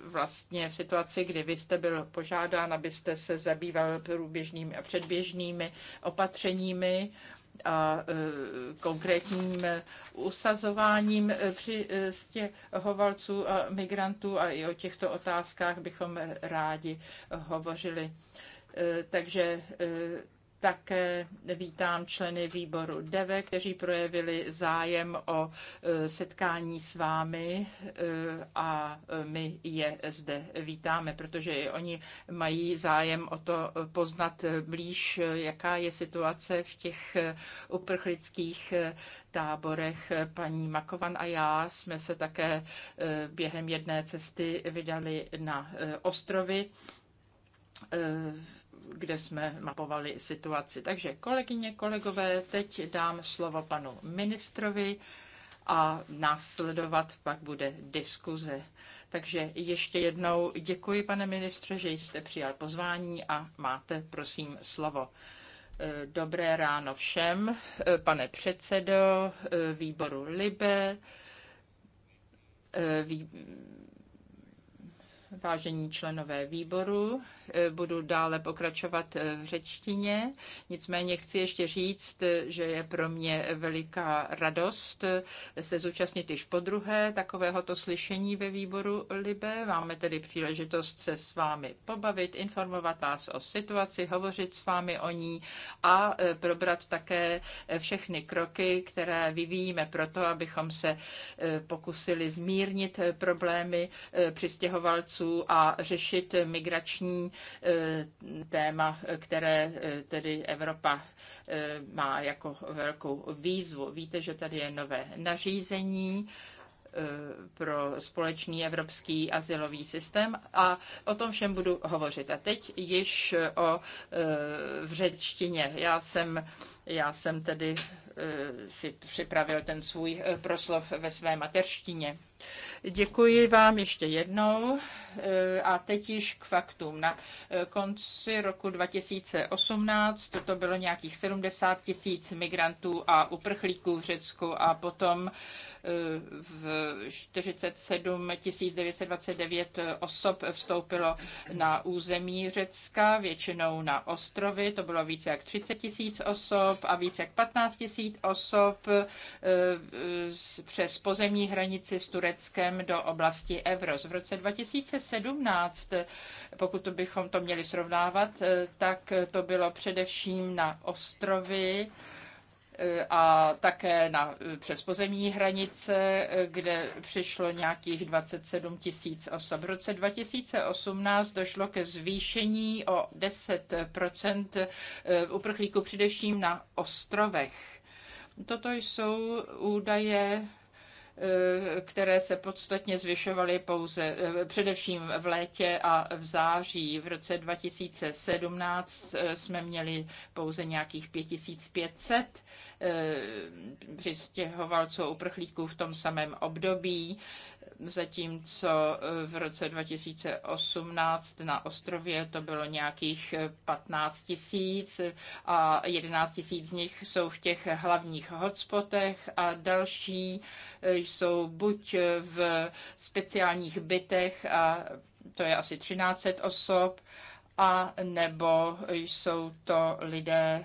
vlastně v situaci, kdy vy jste byl požádán, abyste se zabýval průběžnými a předběžnými opatřeními a konkrétním usazováním při přistěhovalců a migrantů a i o těchto otázkách bychom rádi hovořili. Eh, takže eh, také vítám členy výboru DEVE, kteří projevili zájem o eh, setkání s vámi a my je zde vítáme, protože i oni mají zájem o to poznat blíž, jaká je situace v těch uprchlických táborech. Paní Makovan a já jsme se také během jedné cesty vydali na ostrovy kde jsme mapovali situaci. Takže kolegyně, kolegové, teď dám slovo panu ministrovi a následovat pak bude diskuze. Takže ještě jednou děkuji, pane ministře, že jste přijal pozvání a máte, prosím, slovo. Dobré ráno všem, pane předsedo výboru Libe, vážení členové výboru, Eh, budu dále pokračovat eh, v řečtině. Nicméně chci ještě říct, eh, že je pro mě veliká radost se zúčastnit již po druhé takovéhoto slyšení ve výboru Libe. Máme tedy příležitost se s vámi pobavit, informovat vás o situaci, hovořit s vámi o ní a probrat také všechny kroky, které vyvíjíme to, abychom se pokusili zmírnit problémy přistěhovalců a řešit migrační Eh, téma, které eh, tedy Evropa eh, má jako velkou výzvu. Víte, že tady je nové nařízení, pro společný evropský asilový systém a o tom všem budu hovořit. A teď již o, v řečtině. Já jsem, já jsem tedy si připravil ten svůj proslov ve své materštině. Děkuji vám ještě jednou eh, a teď již k faktům. Na eh, konci roku 2018 to bylo nějakých 70 tisíc migrantů a uprchlíků v Řecku a potom 47 929 osob vstoupilo na území Řecka, většinou na ostrovy, to bylo více jak 30 tisíc osob a více jak 15 tisíc osob eh, přes pozemní hranici s Tureckem do oblasti Evros. V roce 2017, pokud to bychom to měli srovnávat, eh, tak to bylo především na ostrovy, a také na, eh, přes pozemní hranice, eh, kde přišlo nějakých 27 tisíc osob. V roce 2018 došlo ke zvýšení o 10 eh, uprchlíků především na ostrovech. Toto jsou údaje Eh, které se podstatně zvyšovaly pouze eh, především v létě a v září. V roce 2017 eh, jsme měli pouze nějakých 5500 přistěhovalců uprchlíků v tom samém období zatímco eh, v roce 2018 na ostrově to bylo nějakých 15 eh, tisíc eh, a 11 tisíc z nich jsou v těch hlavních hotspotech a další jsou buď v speciálních bytech a to je asi 1300 osob, a nebo jsou to lidé, eh,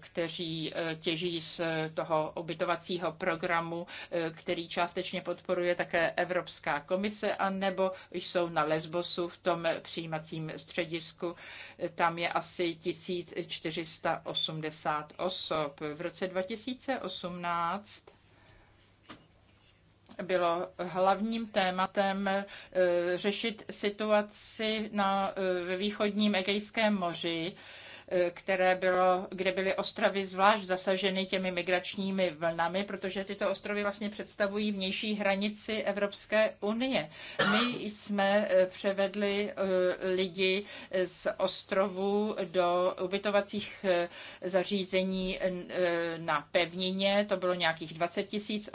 kteří eh, těží z toho ubytovacího programu, eh, který částečně podporuje také Evropská komise, a nebo jsou na Lesbosu v tom přijímacím středisku. Tam je asi 1480 osob. V roce 2018 bylo hlavním tématem eh, řešit situaci na, eh, ve východním Egejském moři které bylo, kde byly ostrovy zvlášť zasaženy těmi migračními vlnami, protože tyto ostrovy vlastně představují vnější hranici Evropské unie. My jsme eh, převedli eh, lidi z ostrovů do ubytovacích eh, zařízení na pevnině, to bylo nějakých 20 tisíc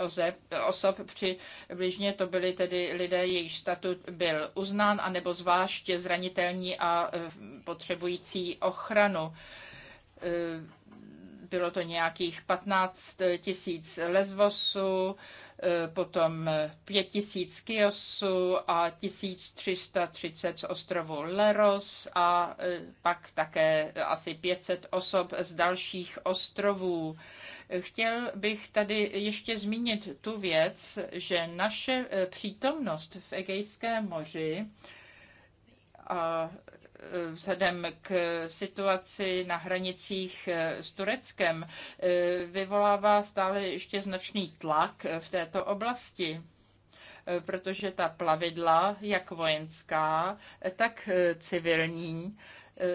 osob, přibližně to byli tedy lidé, jejich statut byl uznán, anebo zvlášť zranitelní a potřebující ochranu. Eh, bylo to nějakých 15 tisíc lesvosů, eh, potom 5 tisíc kiosů a 1330 z ostrovu Leros a eh, pak také asi 500 osob z dalších ostrovů. Chtěl bych tady ještě zmínit tu věc, že naše přítomnost v Egejském moři a vzhledem k situaci na hranicích eh, s Tureckem eh, vyvolává stále ještě značný tlak v této oblasti eh, protože ta plavidla, jak vojenská, tak civilní,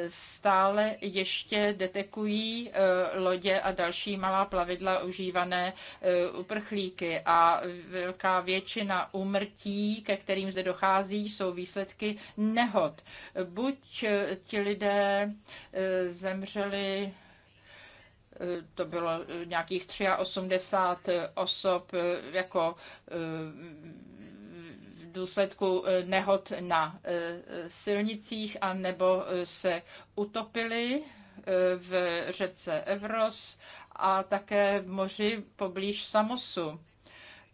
stále ještě detekují eh, lodě a další malá plavidla užívané eh, uprchlíky a velká většina úmrtí, ke kterým zde dochází, jsou výsledky nehod. Buď eh, ti lidé zemřeli to bylo nějakých 83 osob jako důsledku eh, nehod na eh, silnicích a nebo eh, se utopili v řece Evros a také v moři poblíž Samosu.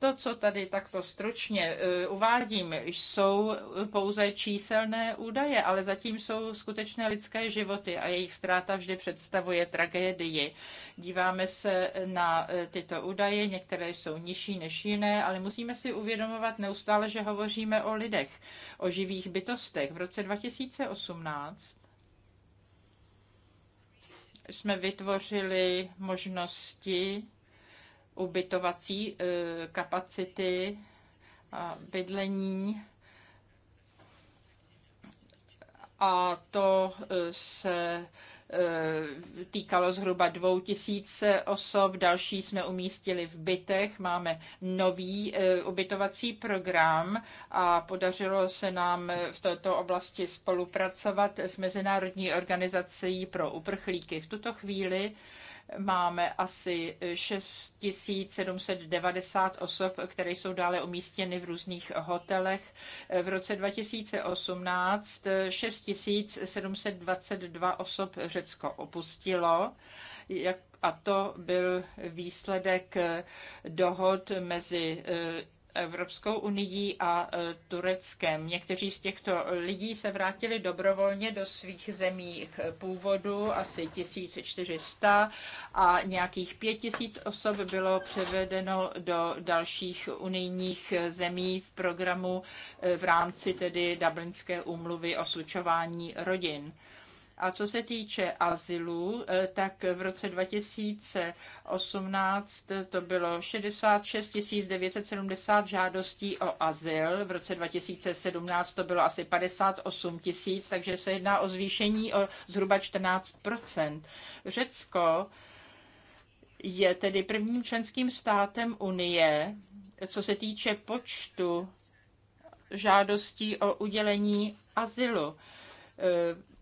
To, co tady takto stručně eh, uvádím, jsou pouze číselné údaje, ale zatím jsou skutečné lidské životy a jejich ztráta vždy představuje tragédii. Díváme se na eh, tyto údaje, některé jsou nižší než jiné, ale musíme si uvědomovat neustále, že hovoříme o lidech, o živých bytostech. V roce 2018 jsme vytvořili možnosti ubytovací eh, kapacity a bydlení. A to eh, se eh, týkalo zhruba dvou tisíc osob, další jsme umístili v bytech, máme nový ubytovací program a podařilo se nám v této oblasti spolupracovat s Mezinárodní organizací pro uprchlíky. V tuto chvíli máme asi 6790 osob, které jsou dále umístěny v různých hotelech. V roce 2018 6722 osob Řecko opustilo. Jak a to byl výsledek dohod mezi eh, Evropskou unii a e, Tureckem. Někteří z těchto lidí se vrátili dobrovolně do svých zemí původu, asi 1400 a nějakých 5000 osob bylo převedeno do dalších unijních zemí v programu e, v rámci tedy Dublinské úmluvy o slučování rodin. A co se týče azylu, eh, tak v roce 2018 eh, to bylo 66 970 žádostí o azyl, v roce 2017 to bylo asi 58 tisíc, takže se jedná o zvýšení o zhruba 14 Řecko je tedy prvním členským státem Unie, co se týče počtu žádostí o udělení azylu eh,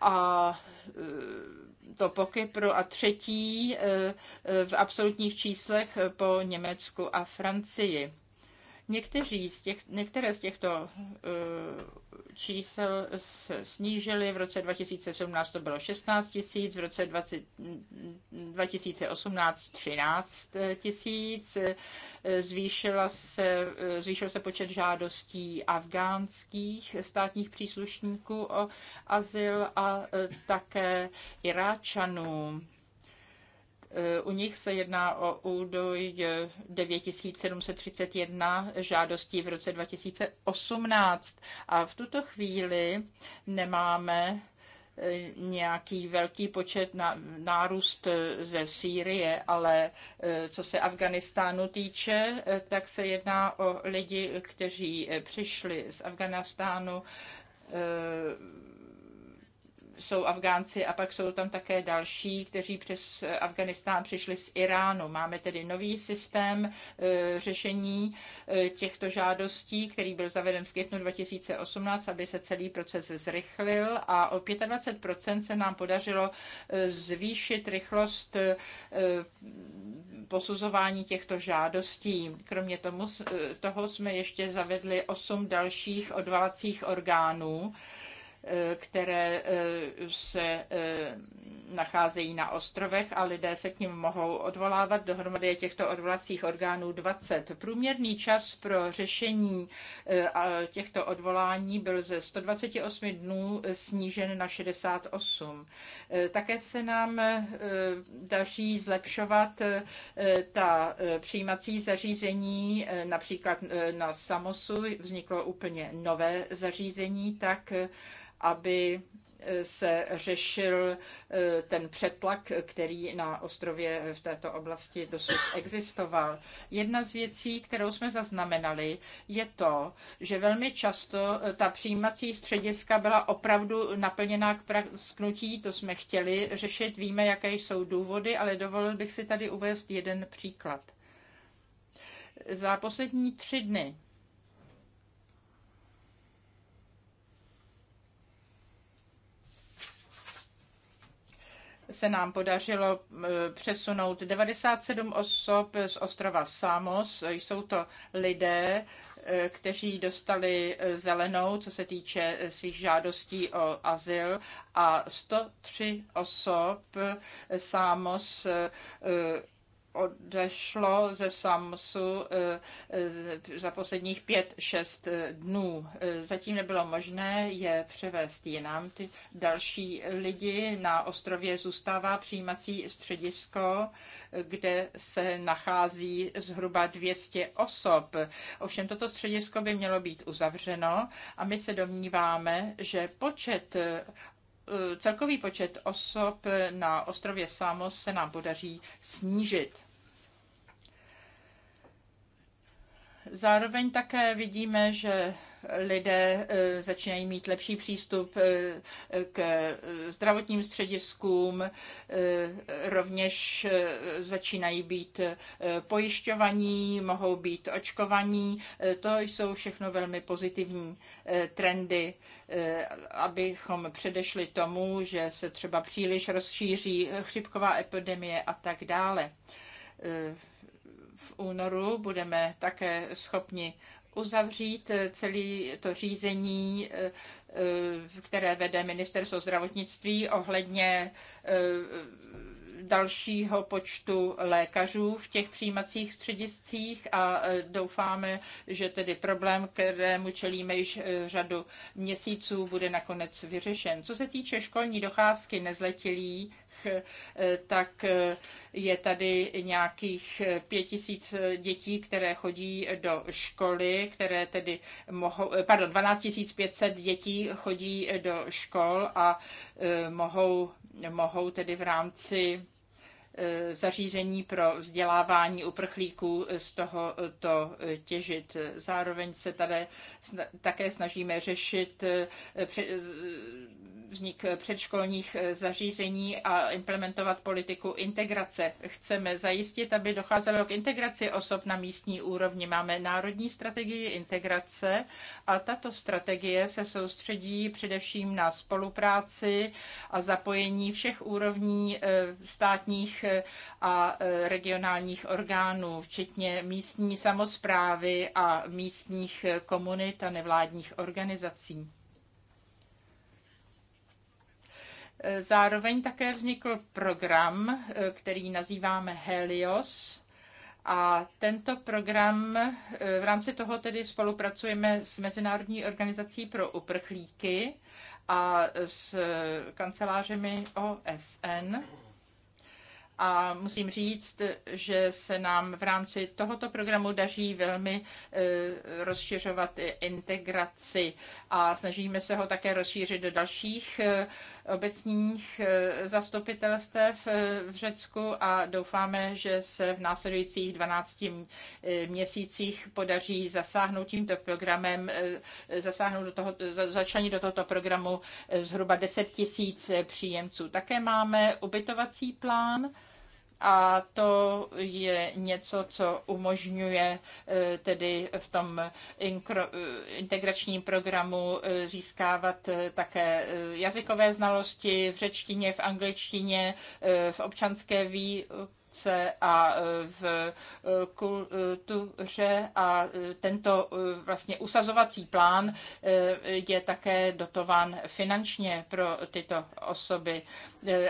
a e, to po Kypru a třetí e, e, v absolutních číslech po Německu a Francii. Někteří z těch, některé z těchto eh, čísel se snížily. V roce 2017 to bylo 16 tisíc, v roce 20, 2018 13 tisíc. Eh, zvýšila se, eh, zvýšil se počet žádostí afgánských státních příslušníků o azyl a také Iráčanů Eh, u nich se jedná o údoj 9731 žádostí v roce 2018 a v tuto chvíli nemáme eh, nějaký velký počet na, nárůst eh, ze Sýrie, ale co se Afganistánu týče, tak se jedná o lidi, kteří přišli z Afganistánu jsou Afgánci a pak jsou tam také další, kteří přes Afganistán přišli z Iránu. Máme tedy nový systém eh, řešení eh, těchto žádostí, který byl zaveden v květnu 2018, aby se celý proces zrychlil a o 25% se nám podařilo eh, zvýšit rychlost posuzování těchto žádostí. Kromě tomu, toho jsme ještě zavedli 8 dalších odvalacích orgánů, orgánů, které eh, se eh, nacházejí na ostrovech a lidé se k ním mohou odvolávat. Dohromady je těchto odvolacích orgánů 20. Průměrný čas pro řešení eh, těchto odvolání byl ze 128 dnů snížen na 68. Také se nám daří zlepšovat ta přijímací zařízení, například na Samosu vzniklo úplně nové zařízení, tak aby eh, se řešil eh, ten přetlak, který na ostrově eh, v této oblasti dosud existoval. Jedna z věcí, kterou jsme zaznamenali, je to, že velmi často ta přijímací střediska byla opravdu naplněná k prasknutí, to jsme chtěli řešit, víme, jaké jsou důvody, ale dovolil bych si tady uvést jeden příklad. Za poslední tři dny se nám podařilo e, přesunout 97 osob z ostrova Samos. Jsou to lidé, e, kteří dostali e, zelenou, co se týče svých žádostí o azyl a 103 osob Samos odešlo ze SAMSu eh, eh, za posledních pět šest eh, dnů. Zatím nebylo možné je převést jinam. Ty další lidi na ostrově zůstává přijímací středisko, kde se nachází zhruba 200 osob. Ovšem toto středisko by mělo být uzavřeno a my se domníváme, že počet Eh, celkový počet osob na ostrově Samos se nám podaří snížit. Zároveň také vidíme, že lidé eh, začínají mít lepší přístup eh, k eh, zdravotním střediskům, rovněž začínají být pojišťovaní, mohou být očkovaní. To jsou všechno velmi pozitivní trendy, abychom předešli tomu, že se třeba příliš rozšíří chřipková epidemie a tak dále v únoru budeme také schopni uzavřít eh, celé to řízení, eh, eh, které vede ministerstvo zdravotnictví ohledně dalšího počtu lékařů v těch přijímacích střediscích a doufáme, že tedy problém, kterému čelíme již řadu měsíců, bude nakonec vyřešen. Co se týče školní docházky nezletilých, Eh, tak eh, je tady nějakých pět tisíc dětí, které chodí do školy, které tedy mohou, eh, pardon, 12 500 dětí chodí do škol a mohou, mohou tedy v rámci Eh, zařízení pro vzdělávání uprchlíků eh, z tohoto eh, těžit. Zároveň se tady také snažíme řešit vznik předškolních zařízení a implementovat politiku integrace. Chceme zajistit, aby docházelo k integraci osob na místní úrovni. Máme národní strategii integrace a tato strategie se soustředí především na spolupráci a zapojení všech úrovní státních a e, regionálních orgánů, včetně místní samozprávy a místních e, komunit a nevládních organizací. E, zároveň také vznikl program, který nazýváme Helios. A tento program, v rámci toho tedy spolupracujeme s Mezinárodní organizací pro uprchlíky a s kancelářemi OSN a musím říct, že se nám v rámci tohoto programu daří velmi eh, rozšiřovat integraci a snažíme se ho také rozšířit do dalších eh, obecních eh, zastupitelstev eh, v Řecku a doufáme, že se v následujících 12 eh, měsících podaří zasáhnout tímto programem, zasáhnout do toho, začlenit do tohoto programu zhruba 10 tisíc příjemců. Také máme ubytovací plán, a to je něco, co umožňuje eh, tedy v tom eh, eh, integračním programu získávat také jazykové znalosti v řečtině, v angličtině, v občanské výuce politice a e, v e, kultuře a e, tento vlastně usazovací plán je také dotován finančně pro tyto osoby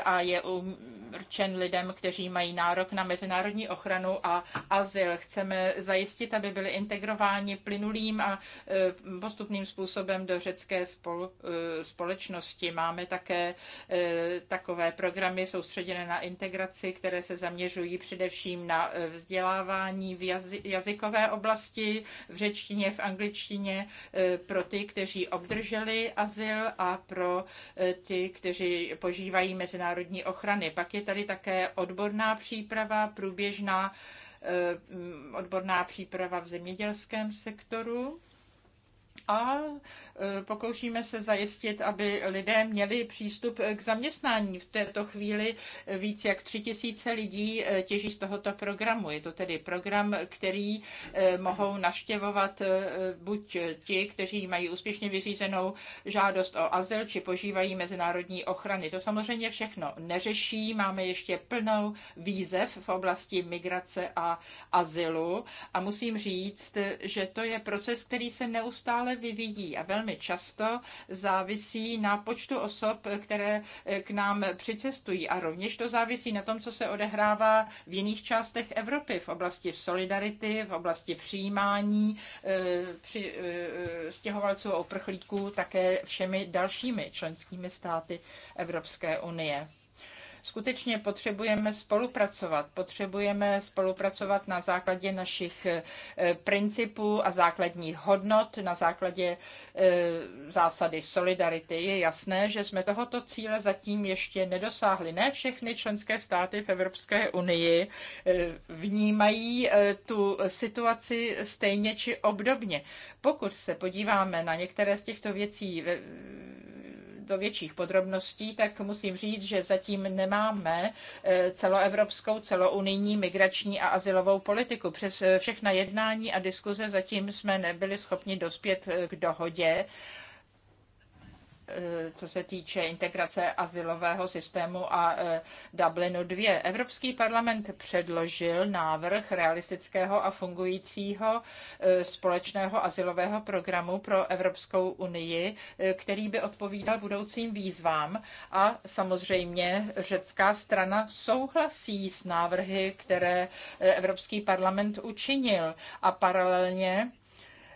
a je určen lidem, kteří mají nárok na mezinárodní ochranu a azyl. Chceme zajistit, aby byli integrováni plynulým a postupným způsobem do řecké společnosti. Máme také takové programy soustředěné na integraci, které se zaměřují zaměřují především na eh, vzdělávání v jazykové oblasti, v řečtině, v angličtině, eh, pro ty, kteří obdrželi azyl a pro eh, ty, kteří požívají mezinárodní ochrany. Pak je tady také odborná příprava, průběžná odborná příprava v zemědělském sektoru a e, pokoušíme se zajistit, aby lidé měli přístup k zaměstnání. V této chvíli víc jak tři tisíce lidí e, těží z tohoto programu. Je to tedy program, který e, mohou naštěvovat buď ti, kteří mají úspěšně vyřízenou žádost o azyl, či požívají mezinárodní ochrany. To samozřejmě všechno neřeší. Máme ještě plnou výzev v oblasti migrace a azylu. A musím říct, že to je proces, který se neustále ale vyvíjí a velmi často závisí na počtu osob, které eh, k nám přicestují. A rovněž to závisí na tom, co se odehrává v jiných částech Evropy v oblasti solidarity, v oblasti přijímání eh, při, eh, stěhovalců a uprchlíků, také všemi dalšími členskými státy Evropské unie. Skutečně potřebujeme spolupracovat. Potřebujeme spolupracovat na základě našich eh, principů a základních hodnot, na základě eh, zásady solidarity. Je jasné, že jsme tohoto cíle zatím ještě nedosáhli. Ne všechny členské státy v Evropské unii eh, vnímají tu situaci stejně či obdobně. Pokud se podíváme na některé z těchto věcí do větších podrobností, tak musím říct, že zatím nemáme eh, celoevropskou, celounijní migrační a asilovou politiku. Přes eh, všechna jednání a diskuze zatím jsme nebyli schopni dospět eh, k dohodě Eh, co se týče integrace asilového systému a eh, Dublinu 2. Evropský parlament předložil návrh realistického a fungujícího eh, společného asilového programu pro Evropskou unii, který by odpovídal budoucím výzvám a samozřejmě řecká strana souhlasí s návrhy, které Evropský parlament učinil a paralelně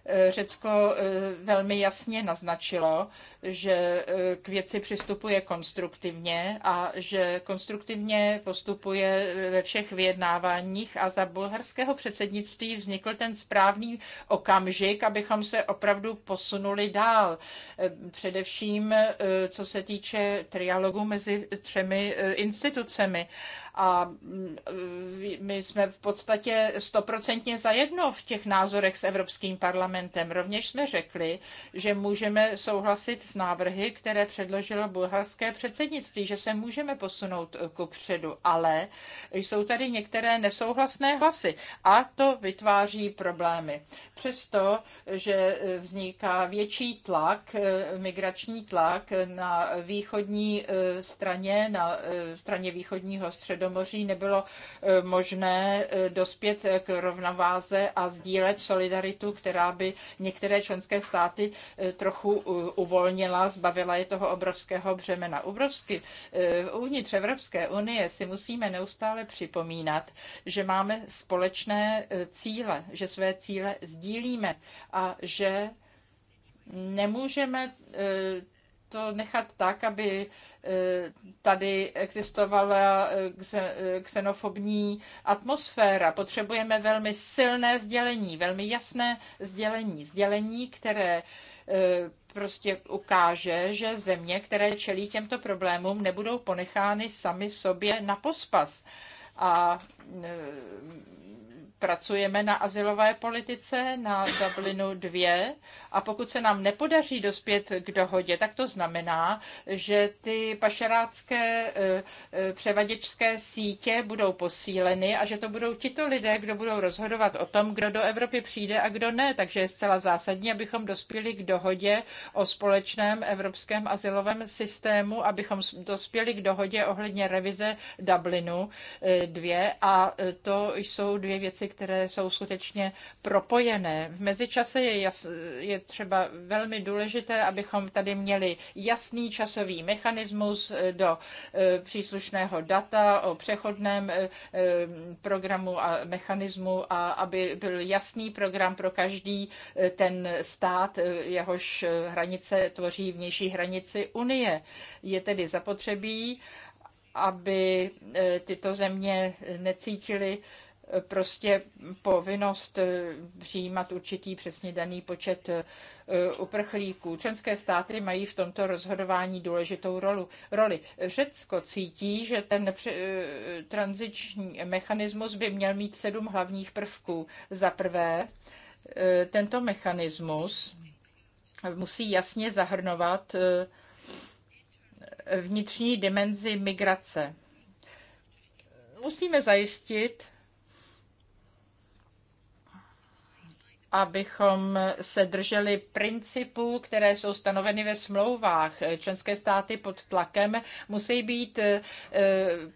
Eh, Řecko eh, velmi jasně naznačilo, že eh, k věci přistupuje konstruktivně a že konstruktivně postupuje ve všech vyjednáváních a za bulharského předsednictví vznikl ten správný okamžik, abychom se opravdu posunuli dál. Především co se týče trialogu mezi třemi institucemi a mm, my jsme v podstatě stoprocentně zajedno v těch názorech s Evropským parlamentem. Rovněž jsme řekli, že můžeme souhlasit s návrhy, které předložilo bulharské předsednictví, že se můžeme posunout ku předu, ale jsou tady některé nesouhlasné hlasy a to vytváří problémy. Přesto, že vzniká větší tlak, eh, migrační tlak na východní eh, straně, na eh, straně východního středu, Středomoří nebylo eh, možné eh, dospět eh, k rovnováze a sdílet solidaritu, která by některé členské státy trochu uvolnila, zbavila je toho obrovského břemena. Obrovsky uvnitř Evropské unie si musíme neustále připomínat, že máme společné cíle, že své cíle sdílíme a že nemůžeme to nechat tak, aby eh, tady existovala xenofobní eh, eh, atmosféra. Potřebujeme velmi silné sdělení, velmi jasné sdělení. Sdělení, které prostě ukáže, že země, které čelí těmto problémům, nebudou ponechány sami sobě na pospas. A pracujeme na asilové politice, na Dublinu 2 a pokud se nám nepodaří dospět k dohodě, tak to znamená, že ty pašerácké eh, eh, převaděčské sítě budou posíleny a že to budou tito lidé, kdo budou rozhodovat o tom, kdo do Evropy přijde a kdo ne. Takže je zcela zásadní, abychom dospěli k dohodě o společném evropském asilovém systému, abychom dospěli k dohodě ohledně revize Dublinu 2 eh, a to jsou dvě věci, které jsou skutečně propojené. V mezičase je, jas, je třeba velmi důležité, abychom tady měli jasný časový mechanismus do e, příslušného data o přechodném e, e, programu a mechanismu a aby byl jasný program pro každý ten stát, jehož hranice tvoří vnější hranici Unie. Je tedy zapotřebí, aby tyto země necítily prostě povinnost eh, přijímat určitý přesně daný počet eh, uprchlíků. Členské státy mají v tomto rozhodování důležitou rolu, roli. Řecko cítí, že ten eh, tranziční mechanismus by měl mít sedm hlavních prvků. Za prvé, tento mechanismus musí jasně zahrnovat vnitřní dimenzi migrace. Musíme zajistit, abychom se drželi principů, které jsou stanoveny ve smlouvách. Členské státy pod tlakem musí být, eh,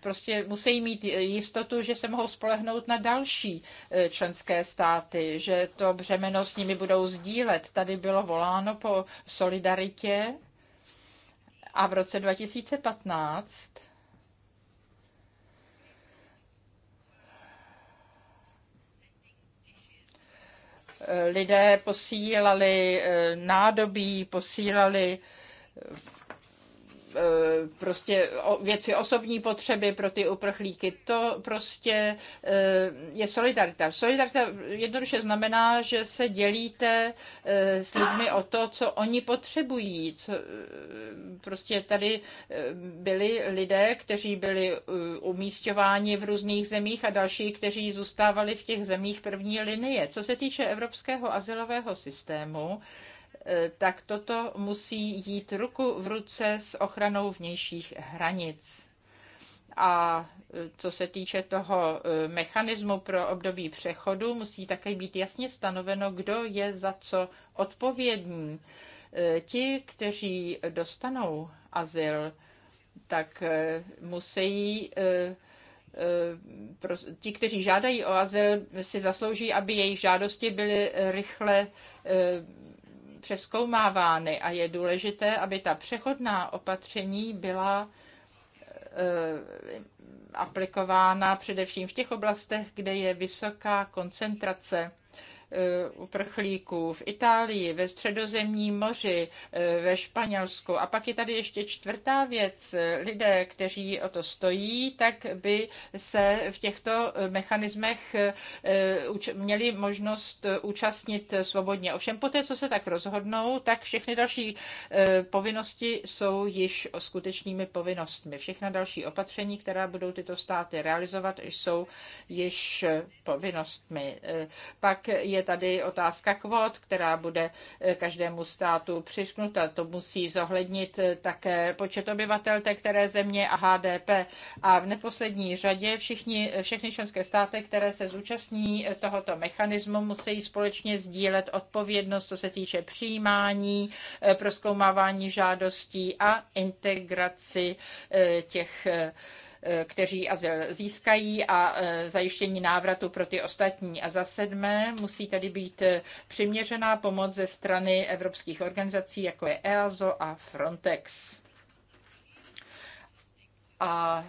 prostě musí mít jistotu, že se mohou spolehnout na další eh, členské státy, že to břemeno s nimi budou sdílet. Tady bylo voláno po solidaritě a v roce 2015 lidé posílali eh, nádobí, posílali eh, Eh, prostě věci osobní potřeby pro ty uprchlíky. To prostě eh, je solidarita. Solidarita jednoduše znamená, že se dělíte eh, s lidmi o to, co oni potřebují. Co, prostě tady byli lidé, kteří byli umístěváni v různých zemích a další, kteří zůstávali v těch zemích první linie. Co se týče evropského azylového systému, Eh, tak toto musí jít ruku v ruce s ochranou vnějších hranic. A eh, co se týče toho eh, mechanismu pro období přechodu, musí také být jasně stanoveno, kdo je za co odpovědní. Ti, kteří dostanou azyl, tak musí ti, kteří žádají o azyl, si zaslouží, aby jejich žádosti byly rychle přeskoumávány a je důležité, aby ta přechodná opatření byla eh, aplikována především v těch oblastech, kde je vysoká koncentrace Eh, uprchlíků v Itálii, ve středozemním moři, eh, ve Španělsku. A pak je tady ještě čtvrtá věc. Lidé, kteří o to stojí, tak by se v těchto mechanismech eh, měli možnost účastnit svobodně. Ovšem poté, co se tak rozhodnou, tak všechny další povinnosti jsou již skutečnými povinnostmi. Všechna další opatření, která budou tyto státy realizovat, jsou již povinnostmi. Pak je je tady otázka kvot, která bude eh, každému státu přišknuta. To musí zohlednit eh, také počet obyvatel té které země a HDP. A v neposlední řadě všichni, eh, všechny členské státy, které se zúčastní tohoto mechanismu, musí společně sdílet odpovědnost, co se týče přijímání, proskoumávání žádostí a integraci těch kteří azyl získají a e, zajištění návratu pro ty ostatní. A za sedmé musí tady být e, přiměřená pomoc ze strany evropských organizací, jako je EASO a Frontex. A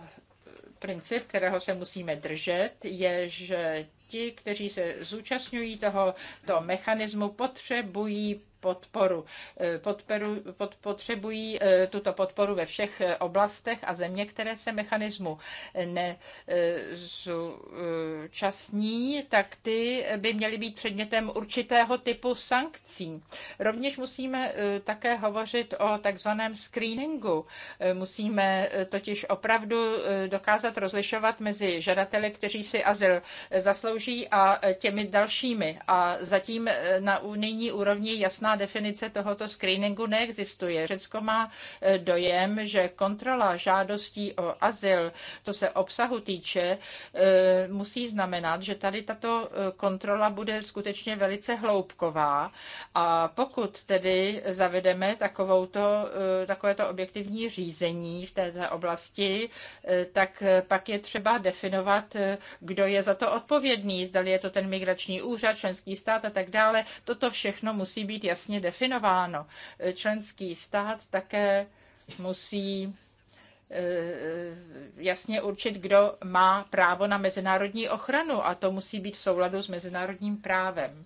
princip, kterého se musíme držet, je, že ti, kteří se zúčastňují tohoto mechanismu, potřebují podporu. Eh, podperu, pod, potřebují eh, tuto podporu ve všech eh, oblastech a země, které se mechanismu nezúčastní, tak ty by měly být předmětem určitého typu sankcí. Rovněž musíme také hovořit o takzvaném screeningu. Musíme totiž opravdu dokázat rozlišovat mezi žadateli, kteří si azyl zaslouží a těmi dalšími. A zatím na unijní úrovni jasná jasná definice tohoto screeningu neexistuje. Řecko má eh, dojem, že kontrola žádostí o azyl, co se obsahu týče, eh, musí znamenat, že tady tato eh, kontrola bude skutečně velice hloubková a pokud tedy zavedeme takovouto, takovéto objektivní řízení v této oblasti, tak pak je třeba definovat, kdo je za to odpovědný, zdali je to ten migrační úřad, členský stát a tak dále. Toto všechno musí být jasné jasně definováno. Eh, členský stát také musí eh, jasně určit, kdo má právo na mezinárodní ochranu a to musí být v souladu s mezinárodním právem.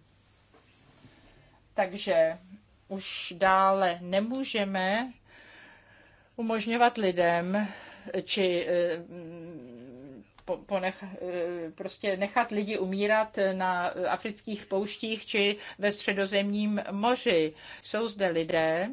Takže už dále nemůžeme umožňovat lidem eh, či ponech, eh, prostě nechat lidi umírat na afrických pouštích či ve středozemním moři. Jsou zde lidé,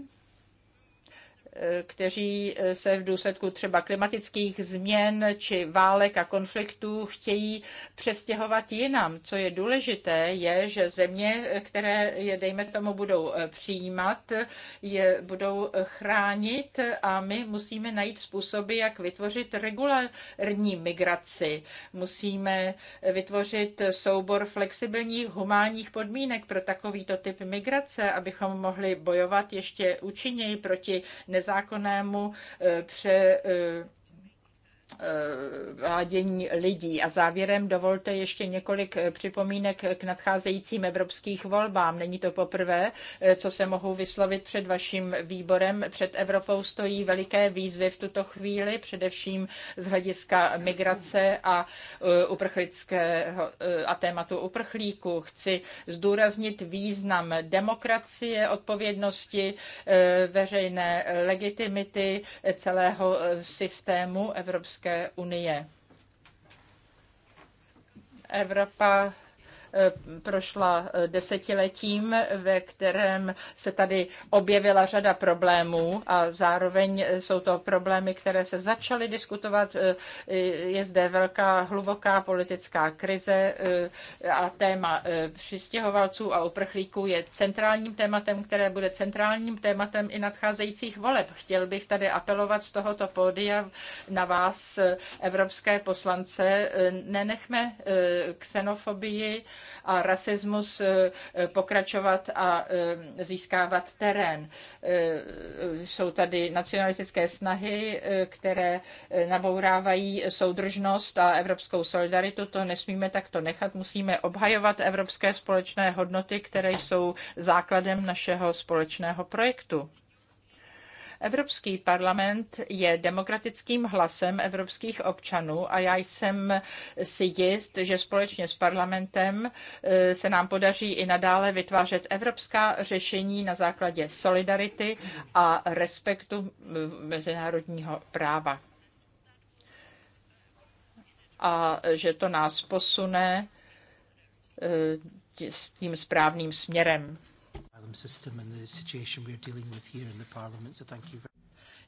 kteří eh, se v důsledku třeba klimatických změn či válek a konfliktů chtějí přestěhovat jinam. Co je důležité, je, že země, které je, dejme tomu, budou eh, přijímat, je budou chránit a my musíme najít způsoby, jak vytvořit regulární migraci. Musíme eh, vytvořit soubor flexibilních humánních podmínek pro takovýto typ migrace, abychom mohli bojovat ještě účinněji proti nezapomínání nezákonnému eh, pře eh, Eh, vádění lidí. A závěrem dovolte ještě několik eh, připomínek k nadcházejícím evropských volbám. Není to poprvé, eh, co se mohu vyslovit před vaším výborem. Před Evropou stojí veliké výzvy v tuto chvíli, především z hlediska migrace a, uprchlického, a tématu uprchlíků. Chci zdůraznit význam demokracie, odpovědnosti, veřejné legitimity celého systému Evropské Evropské unie. Evropa Eh, prošla eh, desetiletím, ve kterém se tady objevila řada problémů a zároveň eh, jsou to problémy, které se začaly diskutovat. Je zde velká hluboká politická krize a téma přistěhovalců a uprchlíků je centrálním tématem, které bude centrálním tématem i nadcházejících voleb. Chtěl bych tady apelovat z tohoto pódia na vás, evropské poslance, nenechme xenofobii a rasismus eh, eh, pokračovat a eh, získávat terén. Jsou tady nacionalistické snahy, které nabourávají soudržnost a evropskou solidaritu. To nesmíme takto nechat. Musíme obhajovat evropské společné hodnoty, které jsou základem našeho společného projektu. Evropský parlament je demokratickým hlasem evropských občanů a já jsem si jist, že společně s parlamentem e, se nám podaří i nadále vytvářet evropská řešení na základě solidarity a respektu e, mezinárodního práva. A že to nás posune e, tím správným směrem.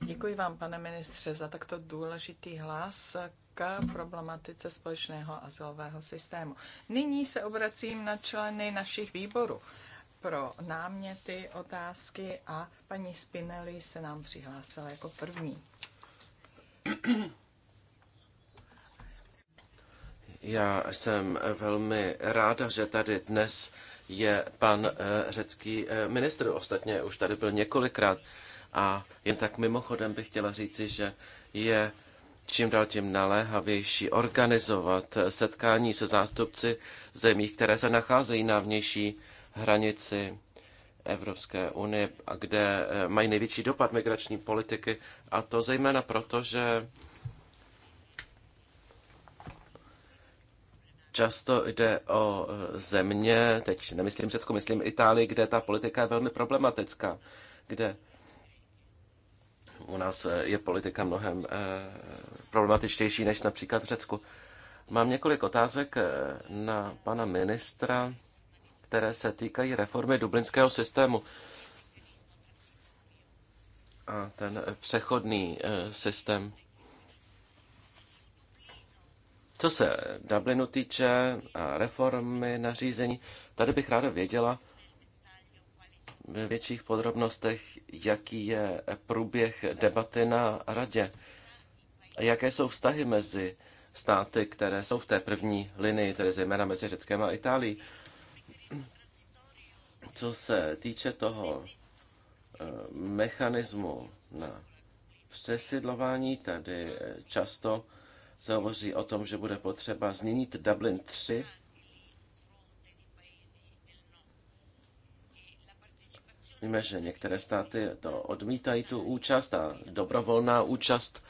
Děkuji vám, pane ministře, za takto důležitý hlas k problematice společného azylového systému. Nyní se obracím na členy našich výborů pro náměty, otázky a paní Spinelli se nám přihlásila jako první. Já jsem velmi ráda, že tady dnes je pan eh, řecký eh, ministr. Ostatně už tady byl několikrát. A jen tak mimochodem bych chtěla říci, že je čím dál tím naléhavější organizovat eh, setkání se zástupci zemí, které se nacházejí na vnější hranici Evropské unie a kde mají největší dopad migrační politiky. A to zejména proto, že Často jde o e, země, teď nemyslím Řecku, myslím Itálii, kde ta politika je velmi problematická, kde u nás e, je politika mnohem e, problematičtější než například v Řecku. Mám několik otázek na pana ministra, které se týkají reformy dublinského systému. A ten přechodný systém. Co se Dublinu týče a reformy nařízení, tady bych ráda věděla ve větších podrobnostech, jaký je průběh debaty na radě a jaké jsou vztahy mezi státy, které jsou v té první linii, tedy zejména mezi Řeckem a Itálií. Co se týče toho eh, mechanismu na přesidlování, tady eh, často se hovoří o tom, že bude potřeba změnit Dublin 3 Víme, že některé státy to odmítají tu účast a dobrovolná účast,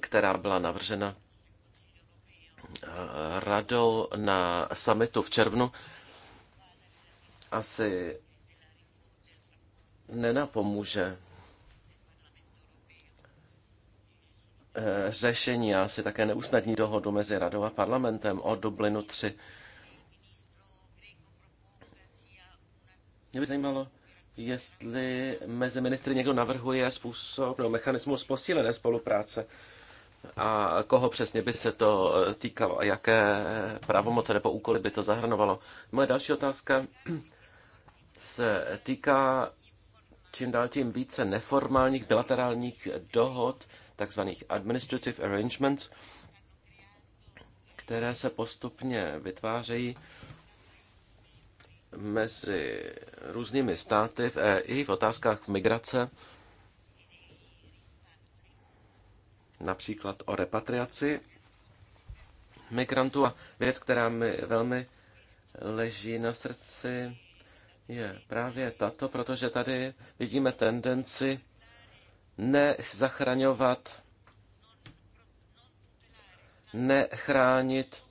která byla navržena eh, radou na summitu v červnu, asi nenapomůže Eh, řešení a asi také neusnadní dohodu mezi radou a parlamentem o Dublinu 3. Mě by zajímalo, jestli mezi ministry někdo navrhuje způsob nebo mechanismus posílené spolupráce a koho přesně by se to eh, týkalo a jaké pravomoce nebo úkoly by to zahrnovalo. Moje další otázka se týká čím dál tím více neformálních bilaterálních dohod takzvaných administrative arrangements, které se postupně vytvářejí mezi různými státy v EI v otázkách migrace, například o repatriaci migrantů. A věc, která mi velmi leží na srdci, je právě tato, protože tady vidíme tendenci nezachraňovat, nechránit,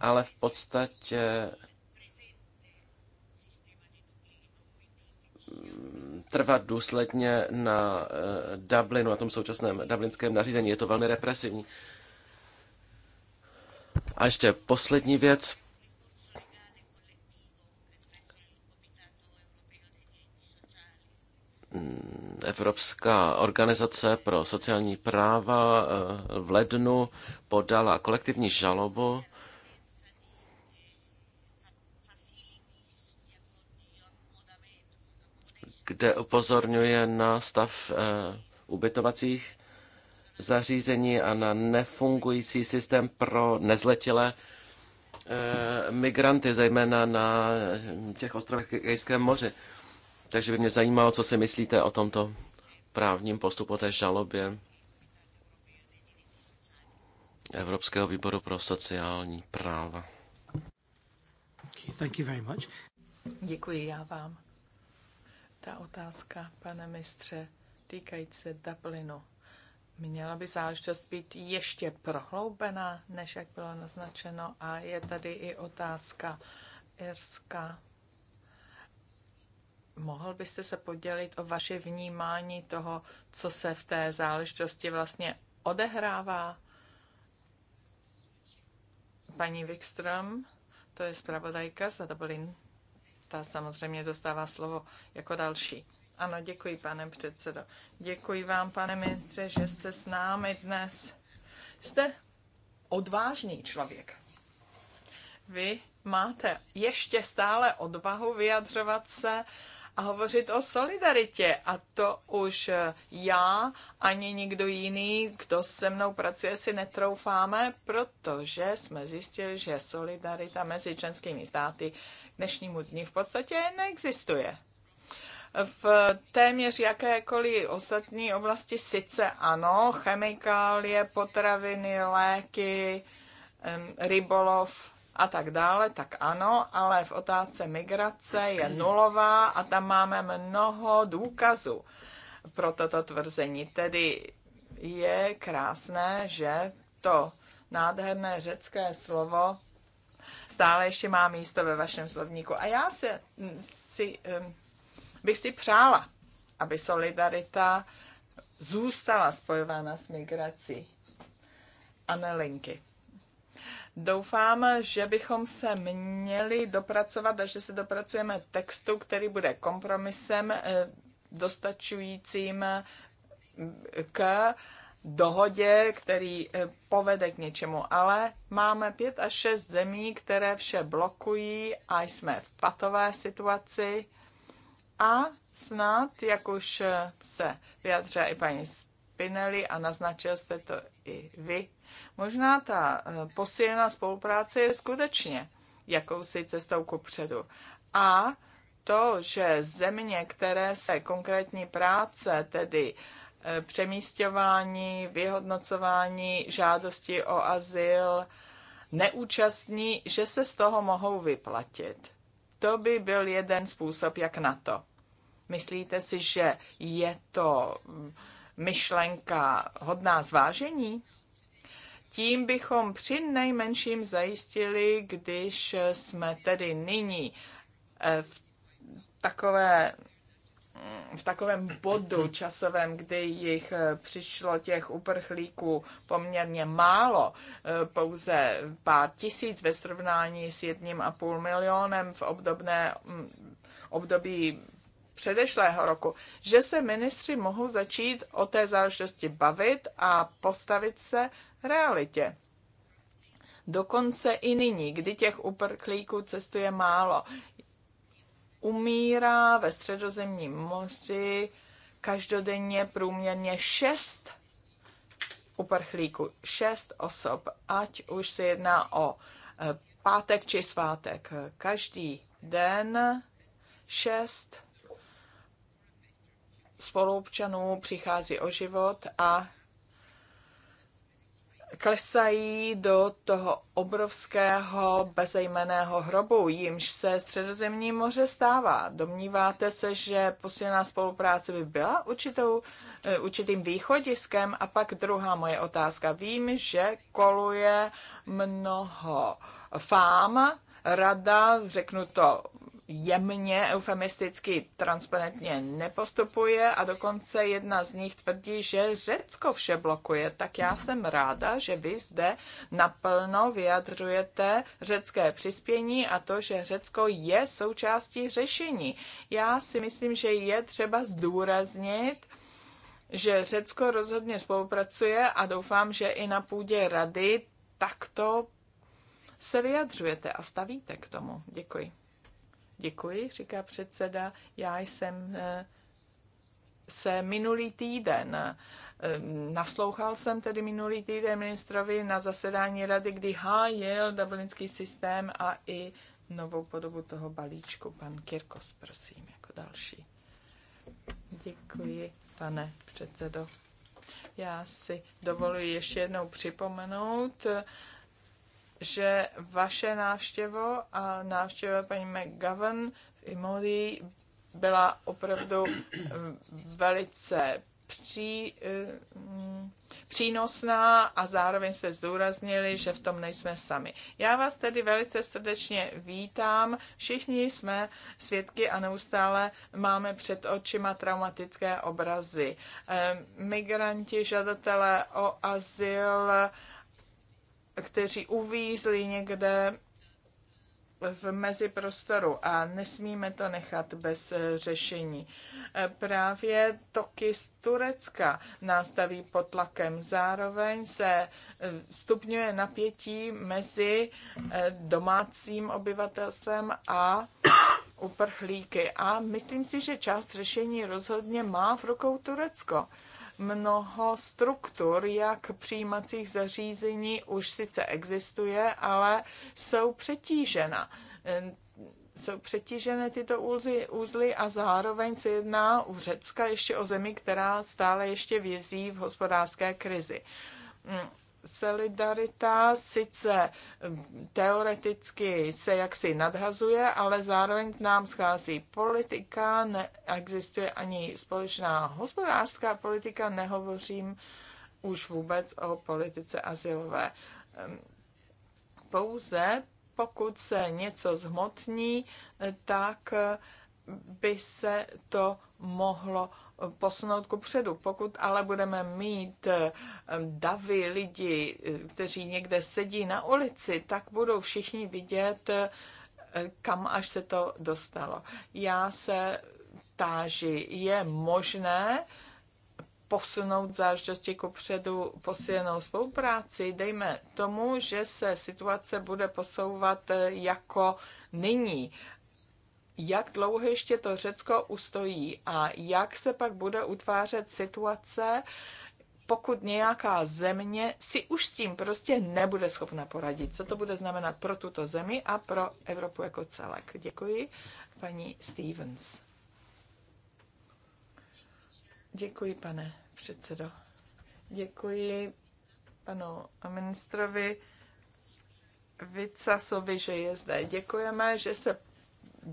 ale v podstatě mm, trvat důsledně na eh, Dublinu, na tom současném dublinském nařízení. Je to velmi represivní. A ještě poslední věc. Mm, Evropská organizace pro sociální práva eh, v lednu podala kolektivní žalobu kde upozorňuje na stav eh, ubytovacích zařízení a na nefungující systém pro nezletilé eh, migranty, zejména na těch ostrovech Kejském moři. Takže by mě zajímalo, co si myslíte o tomto právním postupu, té žalobě Evropského výboru pro sociální práva. Thank you very much. Děkuji já vám. Ta otázka, pane mistře, týkající se Dublinu, měla by záležitost být ještě prohloubená, než jak bylo naznačeno. A je tady i otázka Irska Mohl byste se podělit o vaše vnímání toho, co se v té záležitosti vlastně odehrává? Paní Wikström, to je zpravodajka za Dublin. Ta samozřejmě dostává slovo jako další. Ano, děkuji, pane předsedo. Děkuji vám, pane ministře, že jste s námi dnes. Jste odvážný člověk. Vy máte ještě stále odvahu vyjadřovat se uh, a hovořit o solidaritě. A to už eh, já ani nikdo jiný, kdo se mnou pracuje, si netroufáme, protože jsme zjistili, že solidarita mezi členskými státy k dnešnímu dní v podstatě neexistuje. V téměř jakékoliv ostatní oblasti sice ano, chemikálie, potraviny, léky, rybolov, a tak dále, tak ano, ale v otázce migrace je nulová a tam máme mnoho důkazů pro toto tvrzení. Tedy je krásné, že to nádherné řecké slovo stále ještě má místo ve vašem slovníku. A já se, mm, si, mm, bych si přála, aby solidarita zůstala spojována s migrací. Anelinky. Doufám, že bychom se měli dopracovat a že se dopracujeme textu, který bude kompromisem eh, dostačujícím eh, k dohodě, který eh, povede k něčemu. Ale máme pět až šest zemí, které vše blokují a jsme v patové situaci. A snad, jak už se vyjadřila i paní Spinelli a naznačil jste to i vy, Možná ta eh, posílená spolupráce je skutečně jakousi cestou ku předu. A to, že země, které se konkrétní práce, tedy eh, přemístování, vyhodnocování žádosti o azyl, neúčastní, že se z toho mohou vyplatit. To by byl jeden způsob, jak na to. Myslíte si, že je to mm, myšlenka hodná zvážení? tím bychom při nejmenším zajistili, když jsme tedy nyní eh, v takové v takovém bodu časovém, kdy jich eh, přišlo těch uprchlíků poměrně málo, eh, pouze pár tisíc ve srovnání s jedním a půl milionem v obdobné mm, období předešlého roku, že se ministři mohou začít o té záležitosti bavit a postavit se realitě. Dokonce i nyní, kdy těch uprchlíků cestuje málo, umírá ve středozemním moři každodenně průměrně šest uprchlíků, šest osob, ať už se jedná o eh, pátek či svátek. Každý den šest spoluobčanů přichází o život a klesají do toho obrovského bezejmeného hrobu, jimž se středozemní moře stává. Domníváte se, že posílená spolupráce by byla určitou, eh, určitým východiskem? A pak druhá moje otázka. Vím, že koluje mnoho fám, rada, řeknu to jemně, eufemisticky, transparentně nepostupuje a dokonce jedna z nich tvrdí, že Řecko vše blokuje. Tak já jsem ráda, že vy zde naplno vyjadřujete řecké přispění a to, že Řecko je součástí řešení. Já si myslím, že je třeba zdůraznit, že Řecko rozhodně spolupracuje a doufám, že i na půdě rady takto se vyjadřujete a stavíte k tomu. Děkuji. Děkuji, říká předseda. Já jsem eh, se minulý týden. Eh, naslouchal jsem tedy minulý týden ministrovi na zasedání rady, kdy hájil dublinský systém a i novou podobu toho balíčku. Pan Kirkos, prosím, jako další. Děkuji, pane předsedo. Já si dovoluji ještě jednou připomenout že vaše návštěvo a návštěva paní McGovern v Imoli byla opravdu eh, velice pří, eh, přínosná a zároveň se zdůraznili, že v tom nejsme sami. Já vás tedy velice srdečně vítám. Všichni jsme svědky a neustále máme před očima traumatické obrazy. Eh, migranti, žadatelé o azyl, kteří uvízli někde v meziprostoru a nesmíme to nechat bez eh, řešení. Eh, právě toky z Turecka nás staví pod tlakem. Zároveň se eh, stupňuje napětí mezi domácím obyvatelstvem a uprchlíky. A myslím si, že část řešení rozhodně má v rukou Turecko mnoho struktur, jak přijímacích zařízení už sice existuje, ale jsou přetížena. Jsou přetížené tyto úzly, úzly a zároveň se jedná u Řecka ještě o zemi, která stále ještě vězí v hospodářské krizi solidarita sice hm, teoreticky se jaksi nadhazuje, ale zároveň nám schází politika, neexistuje ani společná hospodářská politika, nehovořím už vůbec o politice asilové. Hm, pouze pokud se něco zhmotní, tak by se to mohlo posunout ku předu. Pokud ale budeme mít eh, davy lidi, eh, kteří někde sedí na ulici, tak budou všichni vidět, eh, kam až se to dostalo. Já se táži, je možné posunout záležitosti ku předu posílenou spolupráci. Dejme tomu, že se situace bude posouvat jako nyní jak dlouho ještě to Řecko ustojí a jak se pak bude utvářet situace, pokud nějaká země si už s tím prostě nebude schopna poradit. Co to bude znamenat pro tuto zemi a pro Evropu jako celek? Děkuji, paní Stevens. Děkuji, pane předsedo. Děkuji panu ministrovi Vicasovi, že je zde. Děkujeme, že se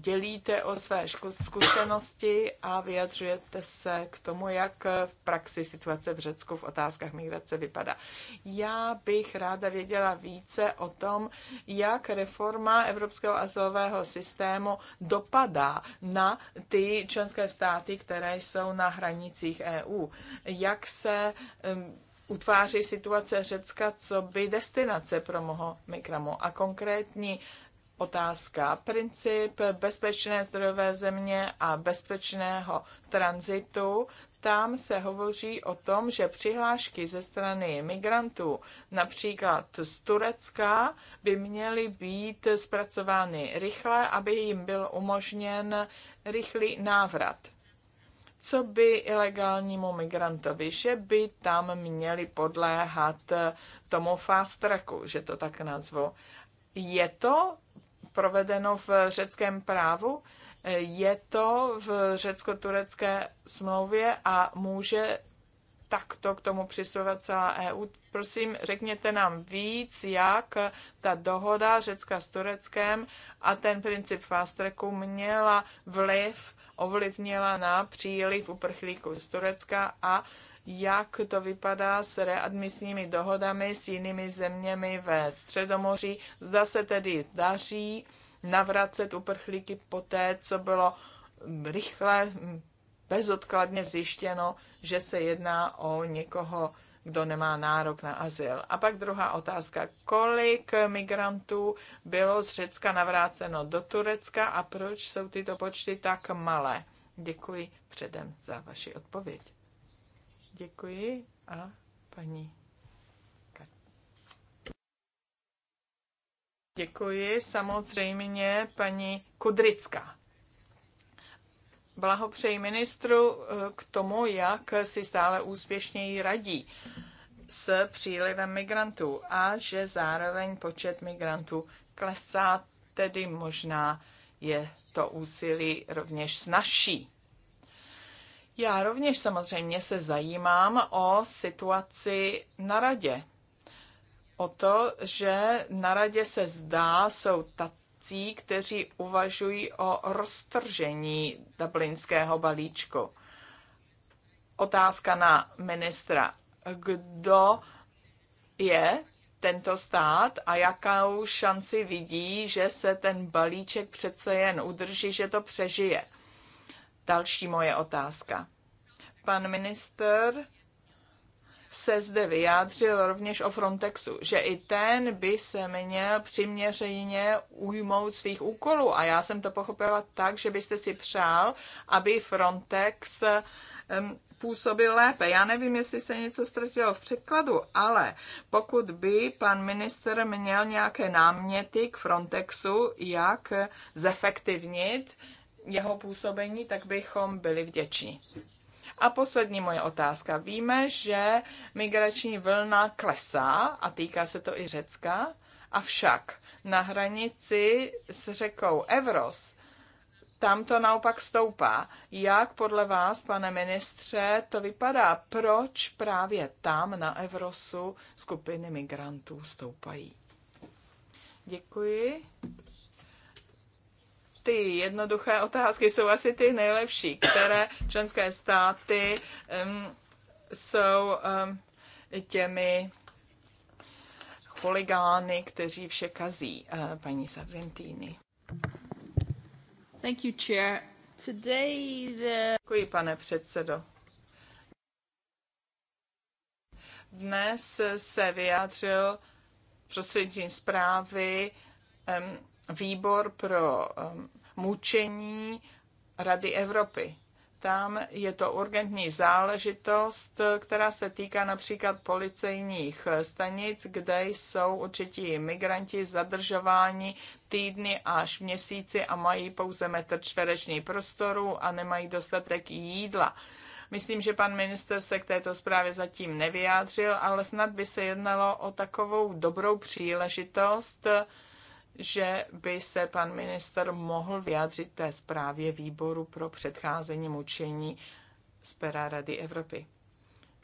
dělíte o své zkušenosti a vyjadřujete se k tomu, jak v praxi situace v Řecku v otázkách migrace vypadá. Já bych ráda věděla více o tom, jak reforma evropského azylového systému dopadá na ty členské státy, které jsou na hranicích EU. Jak se utváří situace Řecka co by destinace pro mnoho migramu a konkrétní otázka. Princip bezpečné zdrojové země a bezpečného tranzitu, tam se hovoří o tom, že přihlášky ze strany migrantů, například z Turecka, by měly být zpracovány rychle, aby jim byl umožněn rychlý návrat co by ilegálnímu migrantovi, že by tam měli podléhat tomu fast tracku, že to tak nazvu. Je to provedeno v řeckém právu. Je to v řecko-turecké smlouvě a může takto k tomu přistupovat celá EU. Prosím, řekněte nám víc, jak ta dohoda Řecka s Tureckem a ten princip fast tracku měla vliv, ovlivnila na příliv uprchlíků z Turecka a jak to vypadá s readmisními dohodami s jinými zeměmi ve Středomoří. Zda se tedy daří navracet uprchlíky po té, co bylo rychle, bezodkladně zjištěno, že se jedná o někoho, kdo nemá nárok na azyl. A pak druhá otázka. Kolik migrantů bylo z Řecka navráceno do Turecka a proč jsou tyto počty tak malé? Děkuji předem za vaši odpověď. Děkuji a paní Děkuji samozřejmě paní Kudrická. Blahopřeji ministru eh, k tomu, jak si stále úspěšněji radí s přílivem migrantů a že zároveň počet migrantů klesá, tedy možná je to úsilí rovněž snažší. Já rovněž samozřejmě se zajímám o situaci na radě. O to, že na radě se zdá, jsou tací, kteří uvažují o roztržení dublinského balíčku. Otázka na ministra. Kdo je tento stát a jakou šanci vidí, že se ten balíček přece jen udrží, že to přežije. Další moje otázka. Pan minister se zde vyjádřil rovněž o Frontexu, že i ten by se měl přiměřeně ujmout svých úkolů. A já jsem to pochopila tak, že byste si přál, aby Frontex působil lépe. Já nevím, jestli se něco ztratilo v překladu, ale pokud by pan minister měl nějaké náměty k Frontexu, jak zefektivnit jeho působení, tak bychom byli vděční. A poslední moje otázka. Víme, že migrační vlna klesá a týká se to i Řecka, avšak na hranici s řekou Evros tam to naopak stoupá. Jak podle vás, pane ministře, to vypadá? Proč právě tam na Evrosu skupiny migrantů stoupají? Děkuji ty jednoduché otázky jsou asi ty nejlepší, které členské státy um, jsou um, těmi chuligány, kteří vše kazí, uh, paní Sargentini. Thank you, Chair. Today the... Děkuji, pane předsedo. Dnes se vyjádřil prostřednictvím zprávy um, výbor pro um, mučení Rady Evropy. Tam je to urgentní záležitost, která se týká například policejních stanic, kde jsou určití migranti zadržováni týdny až měsíci a mají pouze metr čtvereční prostoru a nemají dostatek jídla. Myslím, že pan minister se k této zprávě zatím nevyjádřil, ale snad by se jednalo o takovou dobrou příležitost že by se pan minister mohl vyjádřit té zprávě výboru pro předcházení mučení z pera Rady Evropy.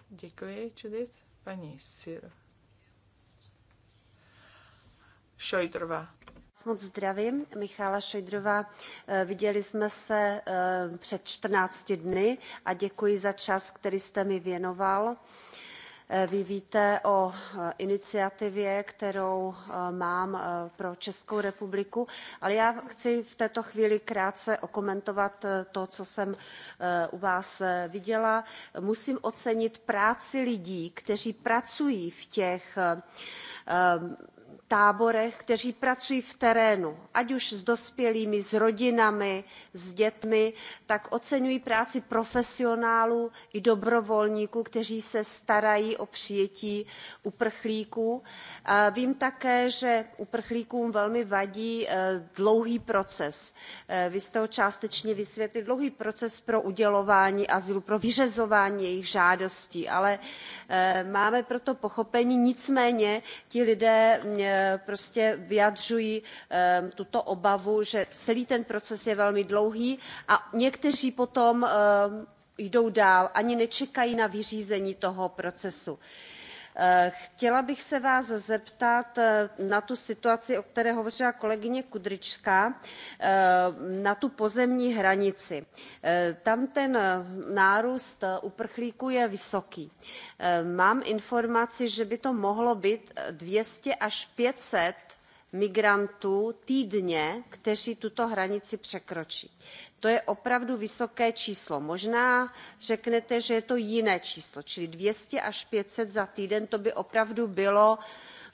Děkuji, Judith. Paní sir. Šojdrova. Moc zdravím, Michála Šojdrova. Eh, viděli jsme se eh, před 14 dny a děkuji za čas, který jste mi věnoval Eh, vy víte o eh, iniciativě, kterou eh, mám pro Českou republiku, ale já chci v této chvíli krátce okomentovat to, co jsem u vás viděla. Musím ocenit práci lidí, kteří pracují v těch táborech kteří pracují v terénu ať už s dospělými s rodinami s dětmi tak oceňují práci profesionálů i dobrovolníků kteří se starají o přijetí uprchlíků. vím také že uprchlíkům velmi vadí e, dlouhý proces e, vy jste ho částečně vysvětlil dlouhý proces pro udělování azylu pro vyřizování jejich žádostí ale e, máme pro to pochopení nicméně ti lidé Eh, prostě vyjadřují eh, tuto obavu že celý ten proces je velmi dlouhý a někteří potom eh, jdou dál ani nečekají na vyřízení toho procesu. Eh, chtěla bych se vás zeptat eh, na tu situaci o které hovořila kolegyně kudryavská eh, na tu pozemní hranici. tam ten nárůst uprchlíků je vysoký. mám informaci že by to mohlo být two hundred až five hundred migrantů týdně kteří tuto hranici překročí. to je opravdu vysoké číslo. možná řeknete že je to jiné číslo čili two hundred až five hundred za týden to by opravdu bylo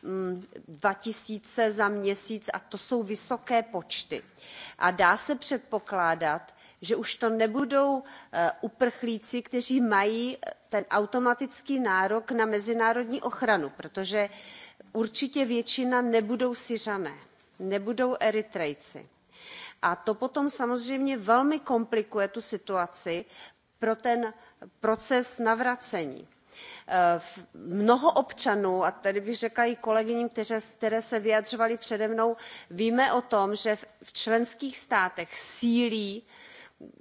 mm, dva tisíce za měsíc a to jsou vysoké počty. a dá se předpokládat že už to nebudou e, uprchlíci kteří mají e, ten automatický nárok na mezinárodní ochranu protože určitě většina nebudou syřané nebudou eritrejci a to potom samozřejmě velmi komplikuje tu situaci pro ten proces navracení. Eh, mnoho občanů a tady bych řekla i kolegyním které se vyjadřovaly přede mnou víme o tom že v členských státech sílí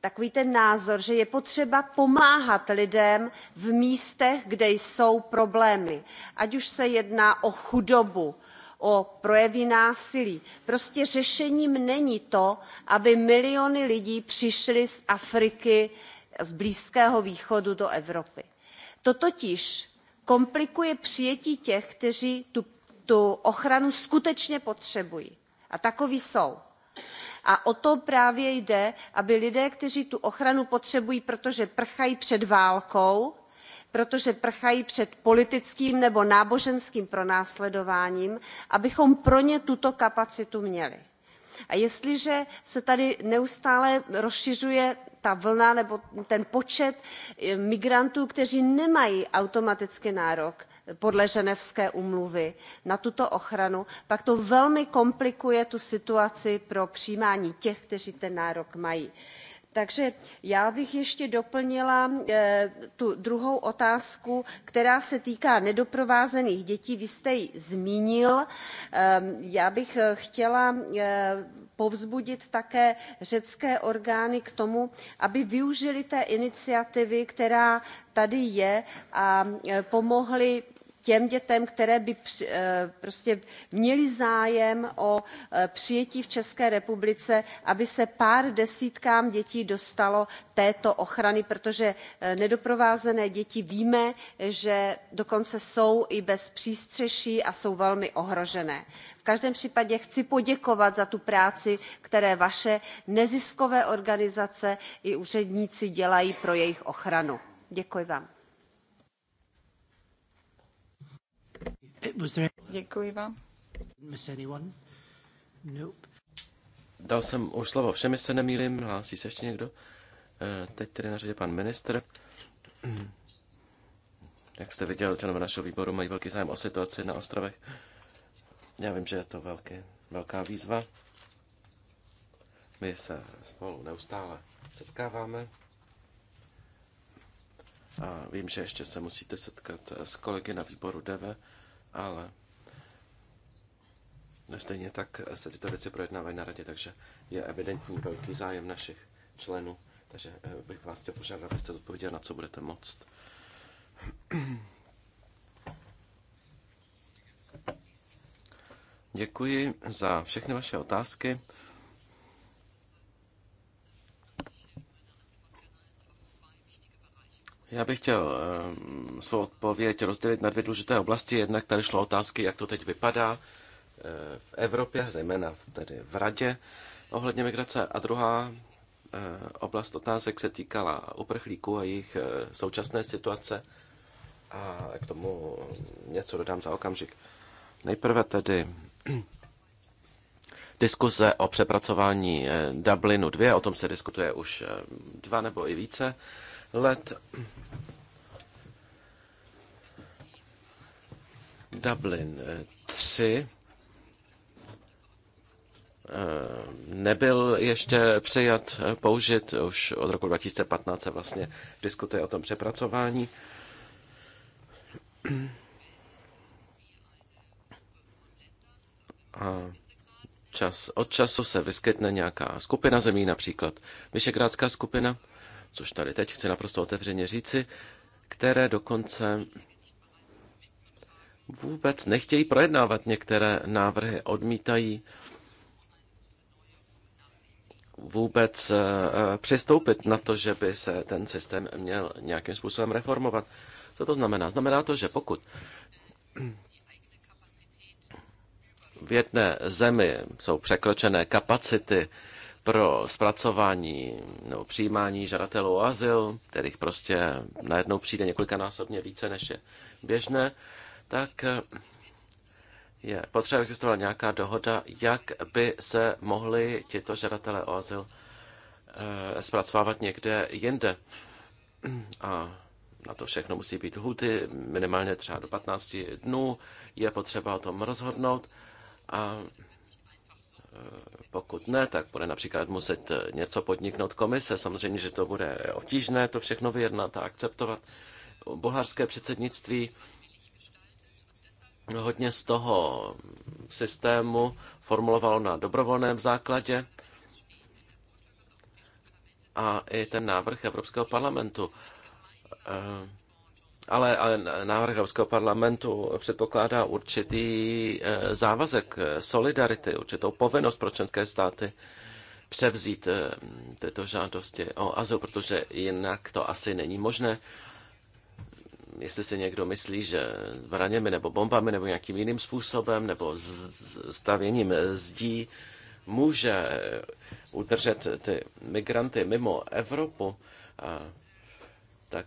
takový ten názor že je potřeba pomáhat lidem v místech kde jsou problémy ať už se jedná o chudobu o projevy násilí. prostě řešením není to aby miliony lidí přišly z afriky z blízkého východu do evropy. to totiž komplikuje přijetí těch kteří tu, tu ochranu skutečně potřebují a takoví jsou a o to právě jde aby lidé kteří tu ochranu potřebují protože prchají před válkou protože prchají před politickým nebo náboženským pronásledováním abychom pro ně tuto kapacitu měli. a jestliže se tady neustále rozšiřuje ta vlna nebo ten počet eh, migrantů kteří nemají automaticky nárok podle ženevské úmluvy na tuto ochranu pak to velmi komplikuje tu situaci pro přijímání těch kteří ten nárok mají. takže já bych ještě doplnila eh, tu druhou otázku která se týká nedoprovázených dětí vy jste ji zmínil. Eh, já bych eh, chtěla povzbudit také řecké orgány k tomu aby využily té iniciativy která tady je a pomohly těm dětem které by eh, prostě měly zájem o eh, přijetí v české republice aby se pár desítkám dětí dostalo této ochrany protože eh, nedoprovázené děti víme že dokonce jsou i bez přístřeší a jsou velmi ohrožené. v každém případě chci poděkovat za tu práci kterou vaše neziskové organizace i úředníci dělají pro jejich ochranu. děkuji vám. Eh, Děkuji vám. Dal jsem už slovo všem, se nemýlím. Hlásí se ještě někdo? Eh, teď tedy na řadě pan ministr. Jak jste viděl, členové našeho výboru mají velký zájem o situaci na ostrovech. Já vím, že je to velký, velká výzva. My se spolu neustále setkáváme. A vím, že ještě se musíte setkat s kolegy na výboru DEVE ale no stejně tak se tyto věci projednávají na radě, takže je evidentní velký zájem našich členů, takže eh, bych vás chtěl požádat, abyste odpověděli, na co budete moct. Děkuji za všechny vaše otázky. Já bych chtěl eh, svou odpověď rozdělit na dvě důležité oblasti. Jednak tady šlo otázky, jak to teď vypadá eh, v Evropě, zejména tedy v Radě ohledně migrace. A druhá eh, oblast otázek se týkala uprchlíků a jejich současné situace. A k tomu něco dodám za okamžik. Nejprve tedy diskuze o přepracování Dublinu 2, o tom se diskutuje už dva nebo i více let. Dublin 3 eh, eh, nebyl ještě přijat, eh, použit už od roku 2015 se vlastně diskutuje o tom přepracování. A čas od času se vyskytne nějaká skupina zemí, například Vyšegrádská skupina, což tady teď chci naprosto otevřeně říci, které dokonce vůbec nechtějí projednávat některé návrhy, odmítají vůbec eh, přistoupit na to, že by se ten systém měl nějakým způsobem reformovat. Co to znamená? Znamená to, že pokud v jedné zemi jsou překročené kapacity pro zpracování nebo přijímání žadatelů o azyl, kterých prostě najednou přijde několikanásobně více, než je běžné, tak eh, je potřeba existovala nějaká dohoda, jak by se mohli tito žadatelé o azyl eh, zpracovávat někde jinde. A na to všechno musí být lhuty, minimálně třeba do 15 dnů, je potřeba o tom rozhodnout a pokud ne, tak bude například muset něco podniknout komise. Samozřejmě, že to bude obtížné to všechno vyjednat a akceptovat. Bulharské předsednictví hodně z toho systému formulovalo na dobrovolném základě a i ten návrh Evropského parlamentu eh, ale, ale návrh Evropského parlamentu předpokládá určitý eh, závazek eh, solidarity, určitou povinnost pro členské státy převzít eh, této žádosti o azyl, protože jinak to asi není možné. Jestli si někdo myslí, že vraněmi nebo bombami nebo nějakým jiným způsobem nebo stavěním zdí může udržet ty migranty mimo Evropu, tak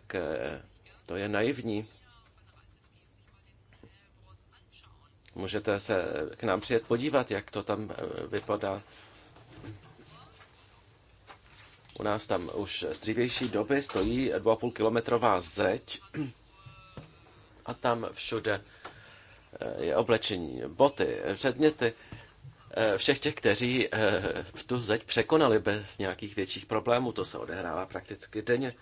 to je naivní. Můžete se k nám přijet podívat, jak to tam eh, vypadá. U nás tam už z dřívější doby stojí 2,5 kilometrová zeď a tam všude eh, je oblečení, boty, předměty eh, všech těch, kteří v tu zeď překonali bez nějakých větších problémů. To se odehrává prakticky denně.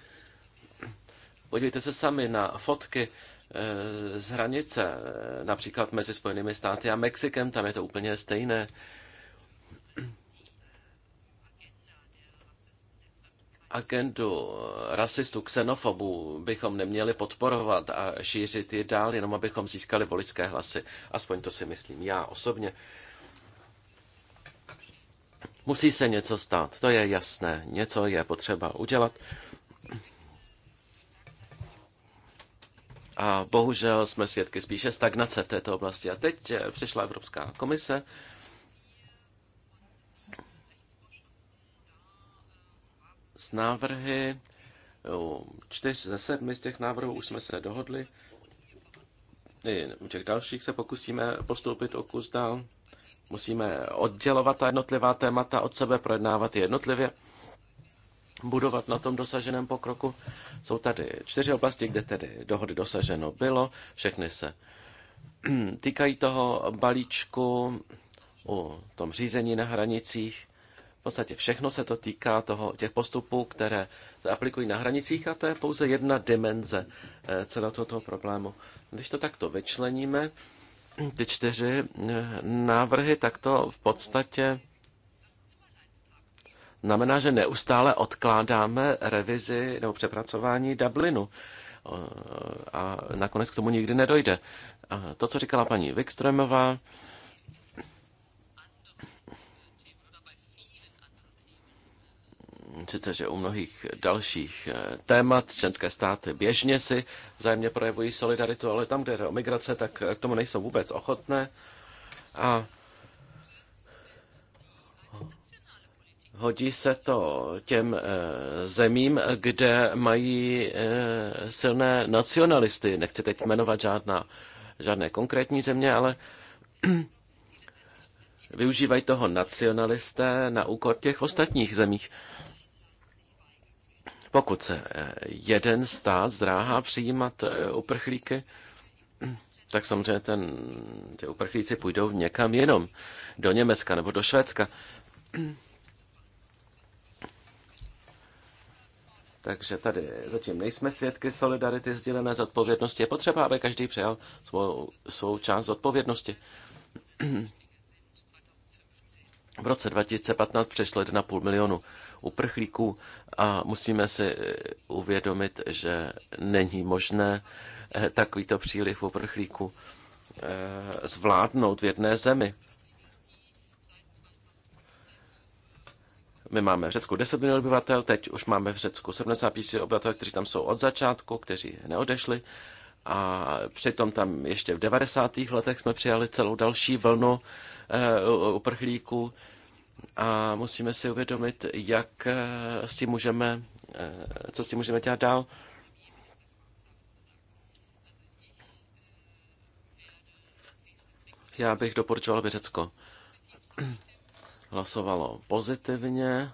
Podívejte se sami na fotky eh, z hranice, například mezi Spojenými státy a Mexikem, tam je to úplně stejné. agendu rasistů, xenofobů bychom neměli podporovat a šířit je dál, jenom abychom získali voličské hlasy. Aspoň to si myslím já osobně. Musí se něco stát, to je jasné. Něco je potřeba udělat. A bohužel jsme svědky spíše stagnace v této oblasti. A teď eh, přišla Evropská komise. S návrhy, čtyř ze sedmi z těch návrhů už jsme se dohodli. I u těch dalších se pokusíme postoupit o kus dál. Musíme oddělovat ta jednotlivá témata od sebe, projednávat je jednotlivě budovat na tom dosaženém pokroku. Jsou tady čtyři oblasti, kde tedy dohody dosaženo bylo, všechny se týkají toho balíčku o tom řízení na hranicích. V podstatě všechno se to týká toho, těch postupů, které se aplikují na hranicích a to je pouze jedna dimenze eh, celého tohoto problému. Když to takto vyčleníme, ty čtyři eh, návrhy, tak to v podstatě znamená, že neustále odkládáme revizi nebo přepracování Dublinu a nakonec k tomu nikdy nedojde. A to, co říkala paní Wikströmová, sice, že u mnohých dalších e, témat členské státy běžně si vzájemně projevují solidaritu, ale tam, kde jde o migrace, tak k tomu nejsou vůbec ochotné. A Hodí se to těm eh, zemím, kde mají eh, silné nacionalisty. Nechci teď jmenovat žádná, žádné konkrétní země, ale využívají toho nacionalisté na úkor těch ostatních zemích. Pokud se eh, jeden stát zdráhá přijímat uprchlíky, tak samozřejmě ten, ty uprchlíci půjdou někam jenom, do Německa nebo do Švédska. Takže tady zatím nejsme svědky solidarity sdílené zodpovědnosti. Je potřeba, aby každý přijal svou, svou část odpovědnosti. V roce 2015 přešlo 1,5 milionu uprchlíků a musíme si uvědomit, že není možné eh, takovýto příliv uprchlíků eh, zvládnout v jedné zemi. My máme v Řecku 10 milionů obyvatel, teď už máme v Řecku 70 tisíc obyvatel, kteří tam jsou od začátku, kteří neodešli. A přitom tam ještě v 90. letech jsme přijali celou další vlnu eh, uprchlíků a musíme si uvědomit, jak eh, s tím můžeme, eh, co s tím můžeme dělat dál. Já bych doporučoval by Řecko hlasovalo pozitivně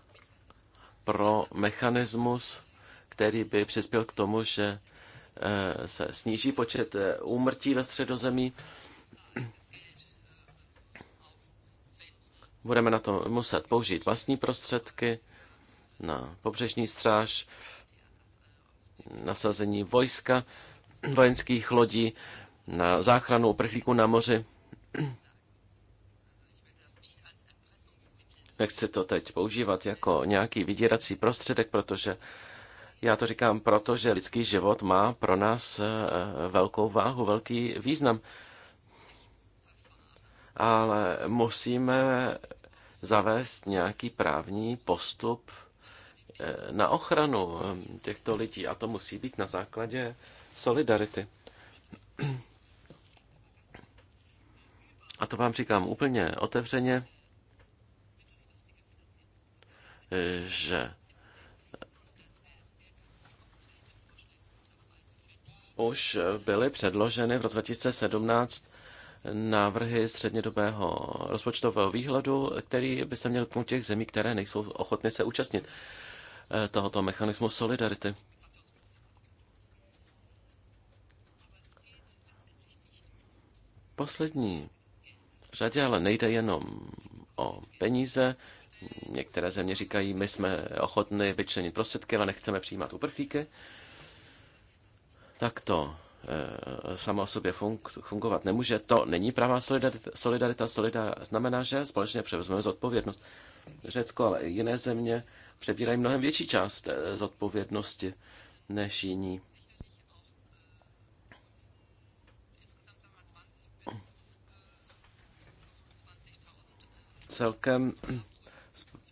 pro mechanismus, který by přispěl k tomu, že eh, se sníží počet eh, úmrtí ve středozemí. Budeme na to muset použít vlastní prostředky na pobřežní stráž, nasazení vojska, vojenských lodí, na záchranu uprchlíků na moři. Nechci to teď používat jako nějaký vydírací prostředek, protože já to říkám proto, že lidský život má pro nás eh, velkou váhu, velký význam. Ale musíme zavést nějaký právní postup eh, na ochranu eh, těchto lidí a to musí být na základě solidarity. A to vám říkám úplně otevřeně že už byly předloženy v roce 2017 návrhy střednědobého rozpočtového výhledu, který by se měl dotknout těch zemí, které nejsou ochotny se účastnit eh, tohoto mechanismu solidarity. Poslední řadě ale nejde jenom o peníze, Některé země říkají, my jsme ochotni vyčlenit prostředky, ale nechceme přijímat uprchlíky. Tak to eh, sama o sobě fung, fungovat nemůže. To není pravá solidarita. Solidarita solidar, znamená, že společně převezmeme zodpovědnost. Řecko, ale i jiné země přebírají mnohem větší část eh, zodpovědnosti než jiní. Celkem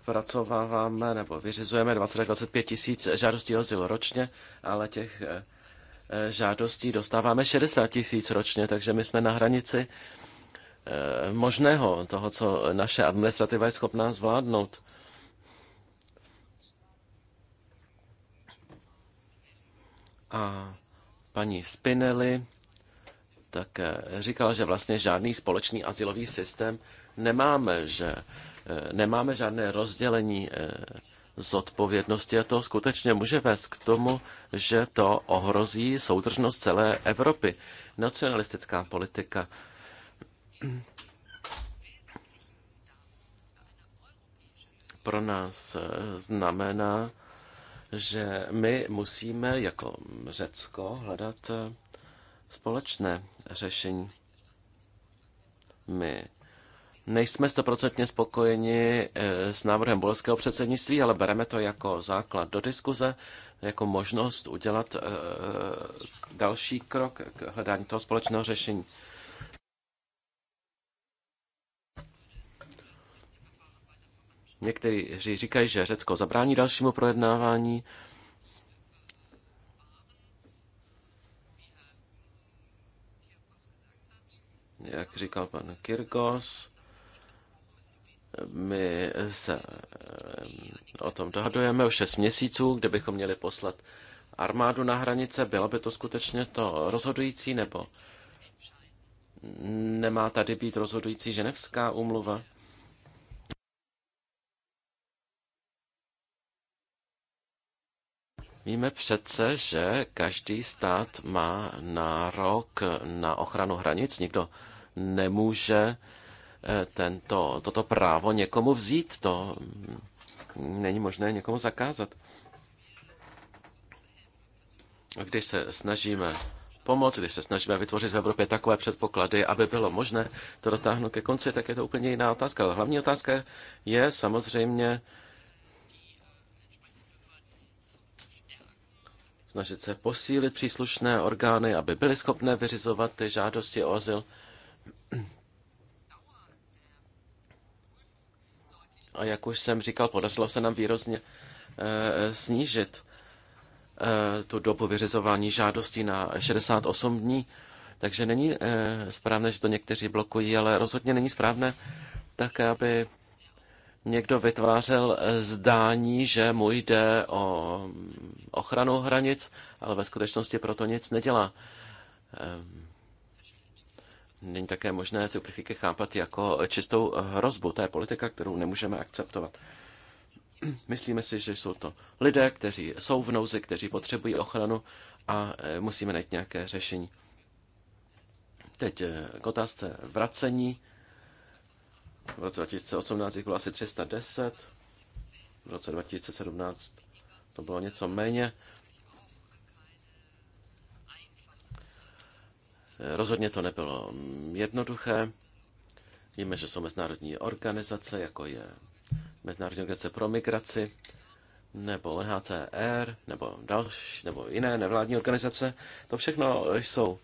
zpracováváme nebo vyřizujeme 20 až 25 tisíc žádostí o azyl ročně, ale těch eh, eh, žádostí dostáváme 60 tisíc ročně, takže my jsme na hranici eh, možného, toho, co naše administrativa je schopná zvládnout. A paní Spinelli tak říkala, že vlastně žádný společný asilový systém nemáme, že Eh, nemáme žádné rozdělení eh, zodpovědnosti a to skutečně může vést k tomu, že to ohrozí soudržnost celé Evropy. Nacionalistická politika pro nás eh, znamená, že my musíme jako Řecko hledat společné řešení. My Nejsme stoprocentně spokojeni eh, s návrhem bolského předsednictví, ale bereme to jako základ do diskuze, jako možnost udělat eh, další krok k hledání toho společného řešení. Někteří říkají, že Řecko zabrání dalšímu projednávání. Jak říkal pan Kirgos, my se eh, o tom dohadujeme už 6 měsíců, kde bychom měli poslat armádu na hranice. Bylo by to skutečně to rozhodující, nebo nemá tady být rozhodující ženevská úmluva? Víme přece, že každý stát má nárok na ochranu hranic. Nikdo nemůže Eh, tento, toto právo někomu vzít. To není možné někomu zakázat. A když se snažíme pomoct, když se snažíme vytvořit v Evropě takové předpoklady, aby bylo možné to dotáhnout ke konci, tak je to úplně jiná otázka. Ale hlavní otázka je samozřejmě snažit se posílit příslušné orgány, aby byly schopné vyřizovat ty žádosti o azyl. A jak už jsem říkal, podařilo se nám výrazně eh, snížit eh, tu dobu vyřizování žádostí na 68 dní. Takže není eh, správné, že to někteří blokují, ale rozhodně není správné tak, aby někdo vytvářel zdání, že mu jde o mm, ochranu hranic, ale ve skutečnosti proto nic nedělá. Ehm, není také možné ty uprchlíky chápat jako čistou hrozbu. To je politika, kterou nemůžeme akceptovat. Myslíme si, že jsou to lidé, kteří jsou v nouzi, kteří potřebují ochranu a eh, musíme najít nějaké řešení. Teď eh, k otázce vracení. V roce 2018 bylo asi 310, v roce 2017 to bylo něco méně. Rozhodně to nebylo jednoduché. Víme, že jsou mezinárodní organizace, jako je Mezinárodní organizace pro migraci, nebo NHCR, nebo další, nebo jiné nevládní organizace. To všechno jsou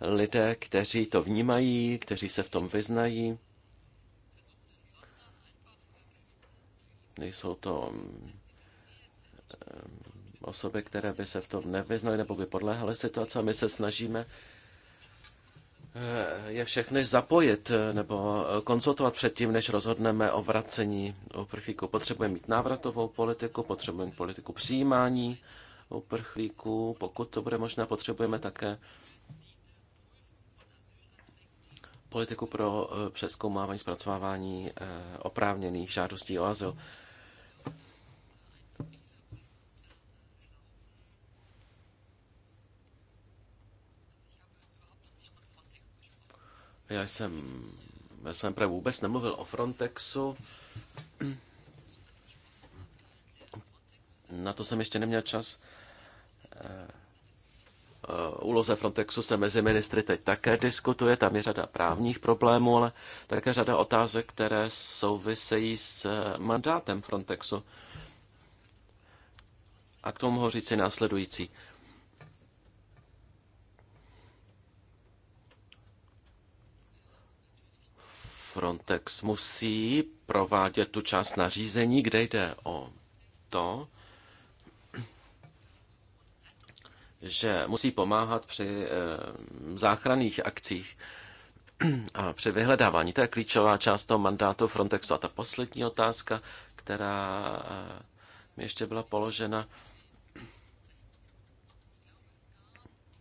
lidé, kteří to vnímají, kteří se v tom vyznají. Nejsou to mm, mm, osoby, které by se v tom nevyznaly nebo by podléhaly situace. My se snažíme Eh, je všechny zapojit eh, nebo eh, konzultovat předtím, než rozhodneme o vracení uprchlíků. Potřebujeme mít návratovou politiku, potřebujeme politiku přijímání uprchlíků, pokud to bude možné, potřebujeme také politiku pro přeskoumávání, zpracovávání oprávněných žádostí o azyl. Já jsem ve svém projevu vůbec nemluvil o Frontexu. Na to jsem ještě neměl čas. Eh, úloze Frontexu se mezi ministry teď také diskutuje, tam je řada právních problémů, ale také řada otázek, které souvisejí s eh, mandátem Frontexu. A k tomu mohu říci následující. Frontex musí provádět tu část nařízení, kde jde o to, že musí pomáhat při eh, záchranných akcích a při vyhledávání. To je klíčová část toho mandátu Frontexu. A ta poslední otázka, která eh, mi ještě byla položena,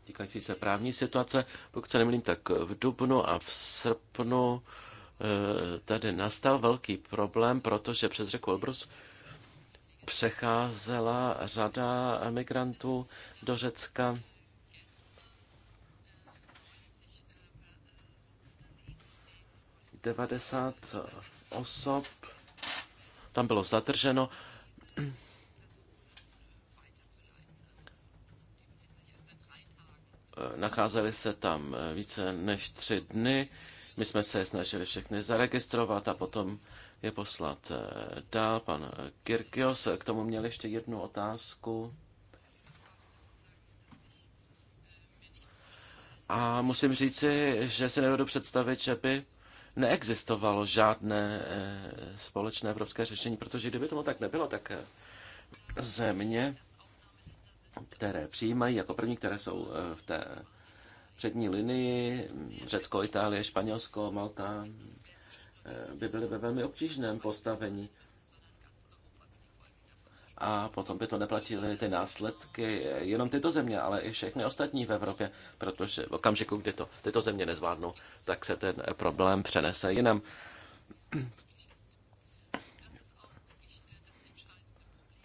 týkající se právní situace. Pokud se nemýlím, tak v dubnu a v srpnu Eh, tady nastal velký problém, protože přes řeku Elbrus přecházela řada migrantů do Řecka. Devadesát osob tam bylo zadrženo. Eh, nacházeli se tam více než tři dny. My jsme se snažili všechny zaregistrovat a potom je poslat eh, dál. Pan Kirkios k tomu měl ještě jednu otázku. A musím říci, že si nedodu představit, že by neexistovalo žádné eh, společné evropské řešení, protože kdyby tomu tak nebylo, tak eh, země, které přijímají jako první, které jsou v té přední linii, Řecko, Itálie, Španělsko, Malta, eh, by byly ve velmi obtížném postavení. A potom by to neplatily ty následky eh, jenom tyto země, ale i všechny ostatní v Evropě, protože v okamžiku, kdy to tyto země nezvládnou, tak se ten problém přenese jinam.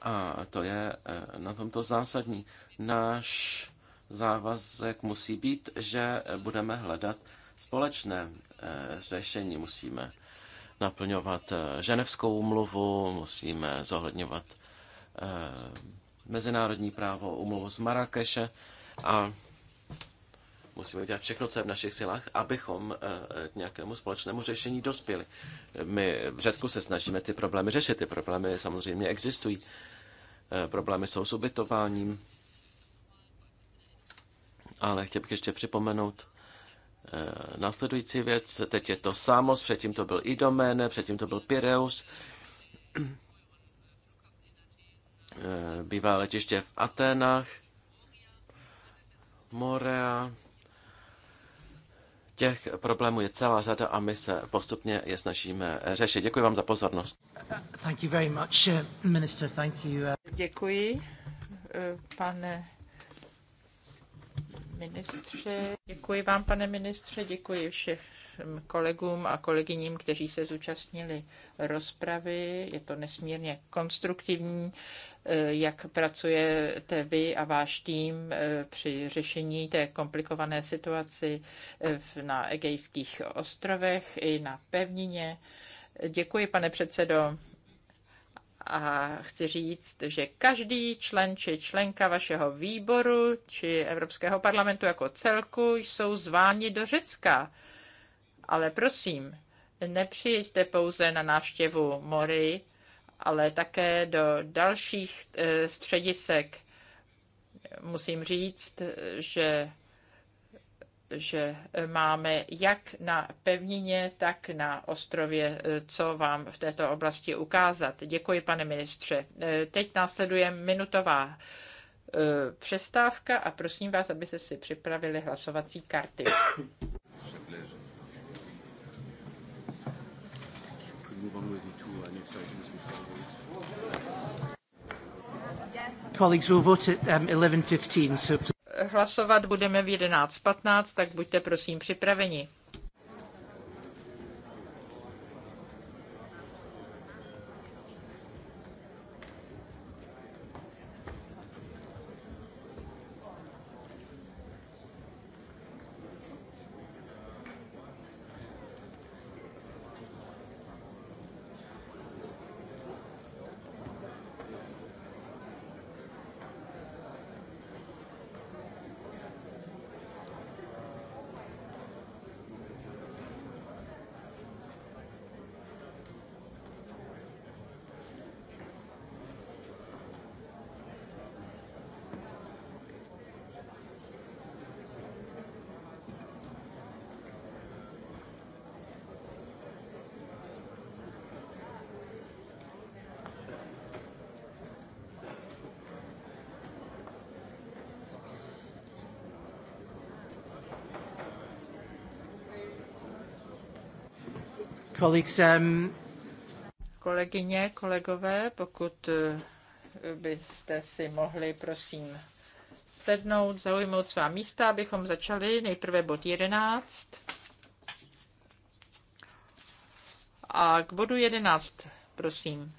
A to je eh, na tomto zásadní. Náš závazek musí být, že budeme hledat společné eh, řešení. Musíme naplňovat eh, ženevskou umluvu, musíme zohledňovat eh, mezinárodní právo, umluvu z Marrakeše a musíme udělat všechno, co je v našich silách, abychom k nějakému společnému řešení dospěli. My v Řecku se snažíme ty problémy řešit, ty problémy samozřejmě existují. Problémy jsou s ubytováním, ale chtěl bych ještě připomenout eh, následující věc. Teď je to Samos, předtím to byl Idomene, předtím to byl Pireus. Eh, bývá letiště v Aténách, Morea. Těch problémů je celá řada a my se postupně je snažíme řešit. Děkuji vám za pozornost. Thank you very much, eh, minister. Thank you. Děkuji, pane ministře. Děkuji vám, pane ministře, děkuji všem kolegům a kolegyním, kteří se zúčastnili rozpravy. Je to nesmírně konstruktivní, eh, jak pracujete vy a váš tým eh, při řešení té komplikované situaci eh, na Egejských ostrovech i na pevnině. Děkuji, pane předsedo. A chci říct, že každý člen či členka vašeho výboru či Evropského parlamentu jako celku jsou zváni do Řecka. Ale prosím, nepřijďte pouze na návštěvu mory, ale také do dalších eh, středisek. Musím říct, že že máme jak na pevnině, tak na ostrově, co vám v této oblasti ukázat. Děkuji, pane ministře. E, teď následuje minutová e, přestávka a prosím vás, abyste si připravili hlasovací karty. Colleagues, we'll vote at um, 11.15, so please. Hlasovat budeme v 11.15, tak buďte prosím připraveni. colleagues, um... Kolegyně, kolegové, pokud eh, byste si mohli, prosím, sednout, zaujmout svá místa, abychom začali. Nejprve bod 11. A k bodu 11, prosím.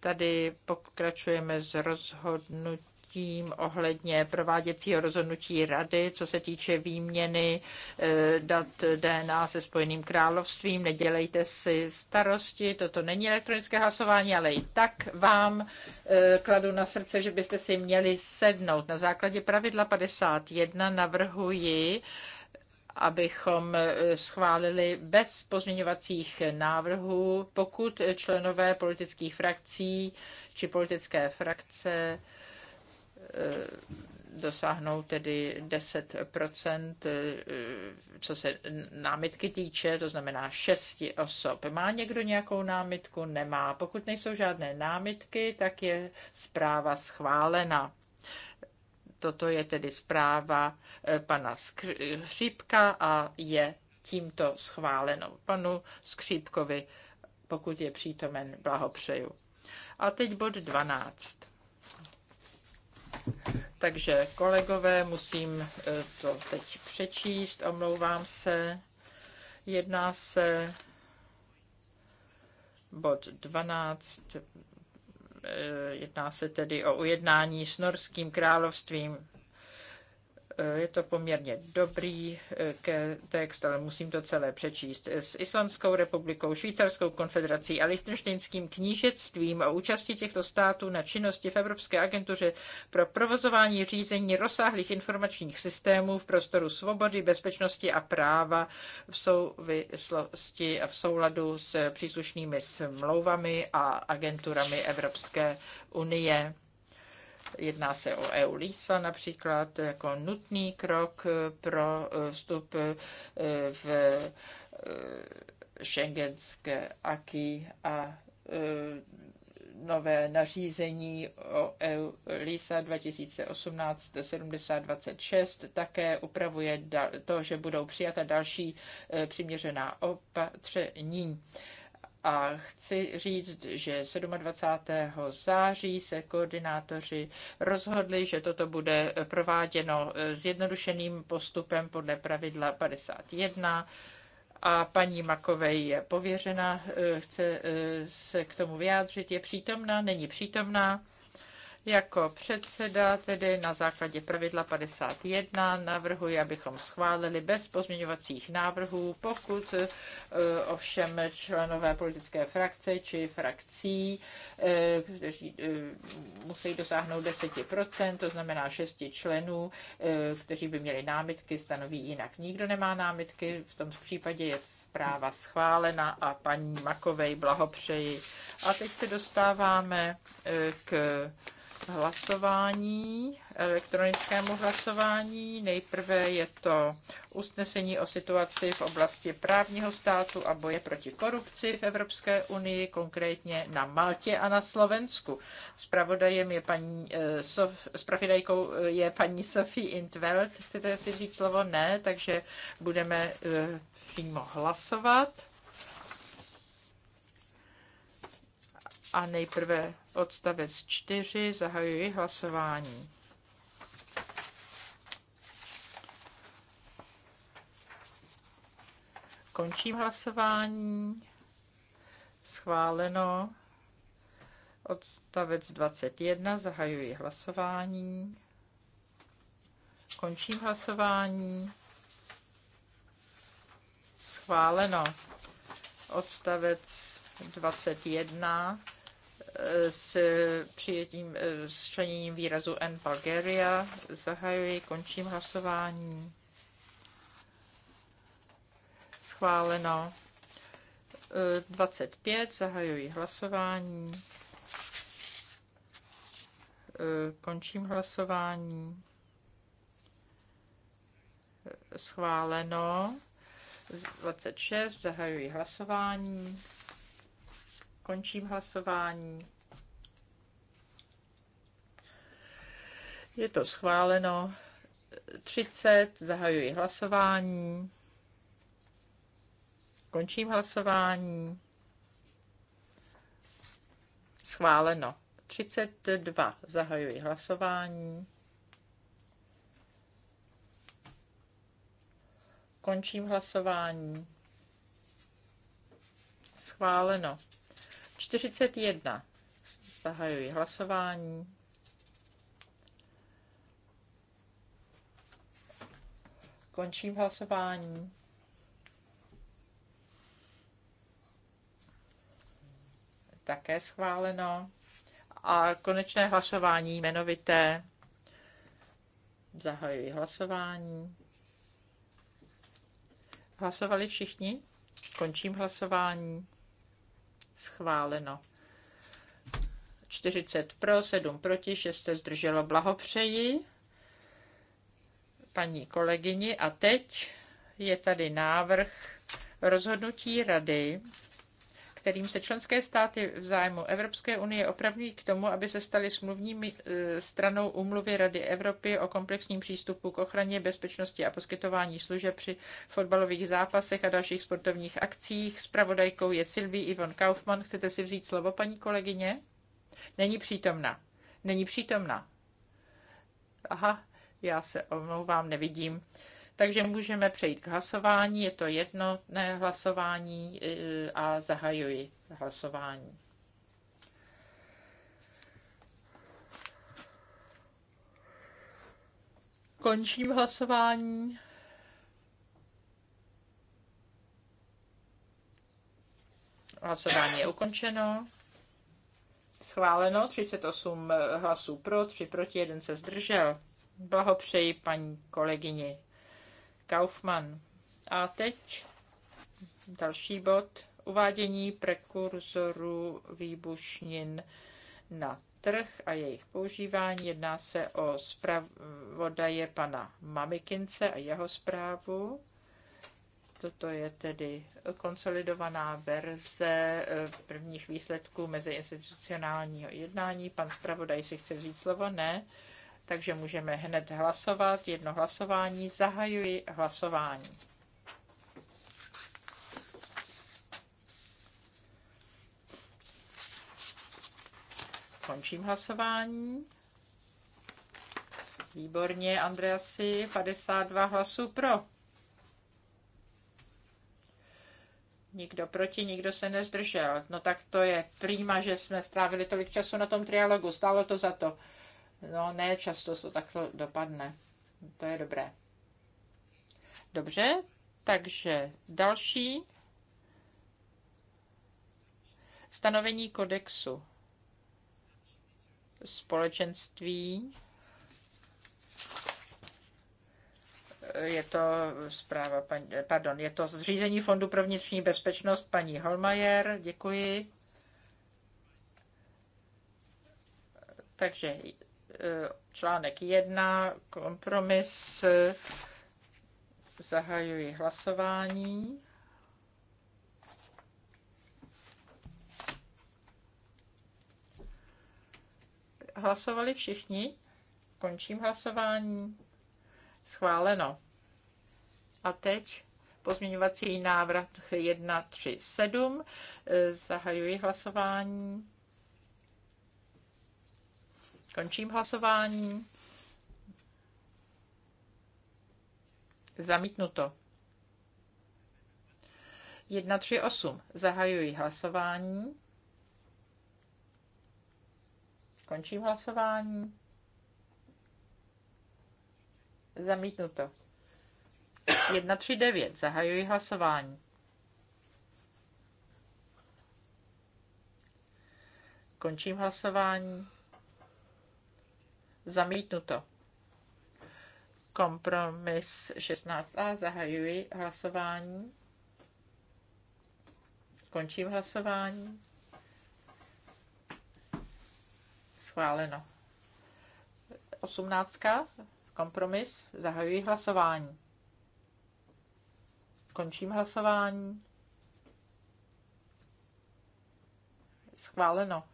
Tady pokračujeme s rozhodnutím rozhodnutím ohledně prováděcího rozhodnutí rady, co se týče výměny eh, dat DNA se Spojeným královstvím. Nedělejte si starosti, toto není elektronické hlasování, ale i tak vám eh, kladu na srdce, že byste si měli sednout. Na základě pravidla 51 navrhuji, abychom eh, schválili bez pozměňovacích návrhů, pokud členové politických frakcí či politické frakce Eh, dosáhnou tedy 10 eh, co se námitky týče, to znamená 6 osob. Má někdo nějakou námitku? Nemá. Pokud nejsou žádné námitky, tak je zpráva schválena. Toto je tedy zpráva eh, pana Skřípka a je tímto schváleno. Panu Skřípkovi, pokud je přítomen, blahopřeju. A teď bod 12. Takže kolegové, musím eh, to teď přečíst, omlouvám se. Jedná se bod 12, eh, jedná se tedy o ujednání s Norským královstvím Eh, je to poměrně dobrý eh, text, ale musím to celé přečíst. S Islandskou republikou, Švýcarskou konfederací a Lichtenštejnským knížectvím o účasti těchto států na činnosti v Evropské agentuře pro provozování řízení rozsáhlých informačních systémů v prostoru svobody, bezpečnosti a práva v souvislosti a v souladu s příslušnými smlouvami a agenturami Evropské unie. Jedná se o EULISA například jako nutný krok pro eh, vstup eh, v eh, šengenské aky a nové nařízení o EU LISA 2018-7026 také upravuje to, že budou přijata další přiměřená opatření. A chci říct, že 27. září se koordinátoři rozhodli, že toto bude prováděno eh, zjednodušeným postupem podle pravidla 51 a paní Makovej je pověřena, eh, chce eh, se k tomu vyjádřit, je přítomná, není přítomná. Jako předseda tedy na základě pravidla 51 navrhuji, abychom schválili bez pozměňovacích návrhů, pokud eh, ovšem členové politické frakce či frakcí, eh, kteří eh, musí dosáhnout 10%, to znamená 6 členů, kteří by měli námitky, stanoví jinak. Nikdo nemá námitky, v tom případě je zpráva schválena a paní Makovej blahopřeji. A teď se dostáváme k hlasování, elektronickému hlasování. Nejprve je to usnesení o situaci v oblasti právního státu a boje proti korupci v Evropské unii, konkrétně na Maltě a na Slovensku. Spravodajem je paní, eh, Sof, spravodajkou eh, je paní Sophie Intveld. Chcete si říct slovo? Ne, takže budeme eh, přímo hlasovat. A nejprve odstavec 4 zahajuji hlasování. Končím hlasování. Schváleno. Odstavec 21 zahajuji hlasování. Končím hlasování. Schváleno. Odstavec 21 s přijetím, eh, s členěním výrazu N Bulgaria. Zahajuji, končím hlasování. Schváleno. 25, eh, zahajuji hlasování. Eh, končím hlasování. Schváleno. 26, zahajuji hlasování. Končím hlasování. Je to schváleno. 30, zahajuji hlasování. Končím hlasování. Schváleno. 32, zahajuji hlasování. Končím hlasování. Schváleno. 41. Zahajuji hlasování. Končím hlasování. Také schváleno. A konečné hlasování jmenovité. Zahajuji hlasování. Hlasovali všichni? Končím hlasování. Schváleno. 40 pro, 7 proti, 6 se zdrželo. Blahopřeji paní kolegyni. A teď je tady návrh rozhodnutí rady kterým se členské státy v zájmu Evropské unie opravňují k tomu, aby se staly smluvními e, stranou úmluvy Rady Evropy o komplexním přístupu k ochraně bezpečnosti a poskytování služeb při fotbalových zápasech a dalších sportovních akcích. Spravodajkou je Sylvie Ivon Kaufmann. Chcete si vzít slovo, paní kolegyně? Není přítomna. Není přítomna. Aha, já se omlouvám, nevidím. Takže můžeme přejít k hlasování. Je to jednotné hlasování e, a zahajuji hlasování. Končím hlasování. Hlasování je ukončeno. Schváleno 38 hlasů pro, 3 proti, 1 se zdržel. Blahopřeji paní kolegyni Kaufmann. A teď další bod. Uvádění prekurzorů výbušnin na trh a jejich používání. Jedná se o zpravodaje pana Mamikince a jeho zprávu. Toto je tedy konsolidovaná verze eh, prvních výsledků meziinstitucionálního jednání. Pan zpravodaj si chce vzít slovo? Ne takže můžeme hned hlasovat. Jedno hlasování. Zahajuji hlasování. Končím hlasování. Výborně, Andreasi, 52 hlasů pro. Nikdo proti, nikdo se nezdržel. No tak to je prýma, že jsme strávili tolik času na tom trialogu. Stálo to za to. No ne, často to takto dopadne. To je dobré. Dobře, takže další stanovení kodexu společenství. Je to zpráva, paní, pardon, je to zřízení Fondu pro vnitřní bezpečnost paní Holmajer, děkuji. Takže Eh, článek 1, kompromis, zahajuji hlasování. Hlasovali všichni? Končím hlasování. Schváleno. A teď pozměňovací návrh 137. Eh, zahajuji hlasování. Končím hlasování. Zamítnuto. 138. Zahajuji hlasování. Končím hlasování. Zamítnuto. 139. Zahajuji hlasování. Končím hlasování. Zamítnuto. Kompromis 16a. Zahajuji hlasování. Končím hlasování. Schváleno. 18. Kompromis. Zahajuji hlasování. Končím hlasování. Schváleno.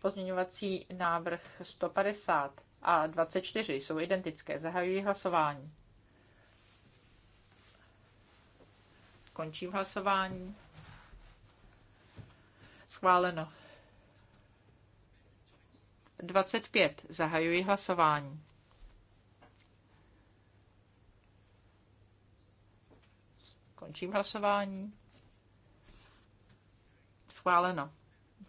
Pozměňovací návrh 150 a 24 jsou identické. Zahajuji hlasování. Končím hlasování. Schváleno. 25. Zahajuji hlasování. Končím hlasování. Schváleno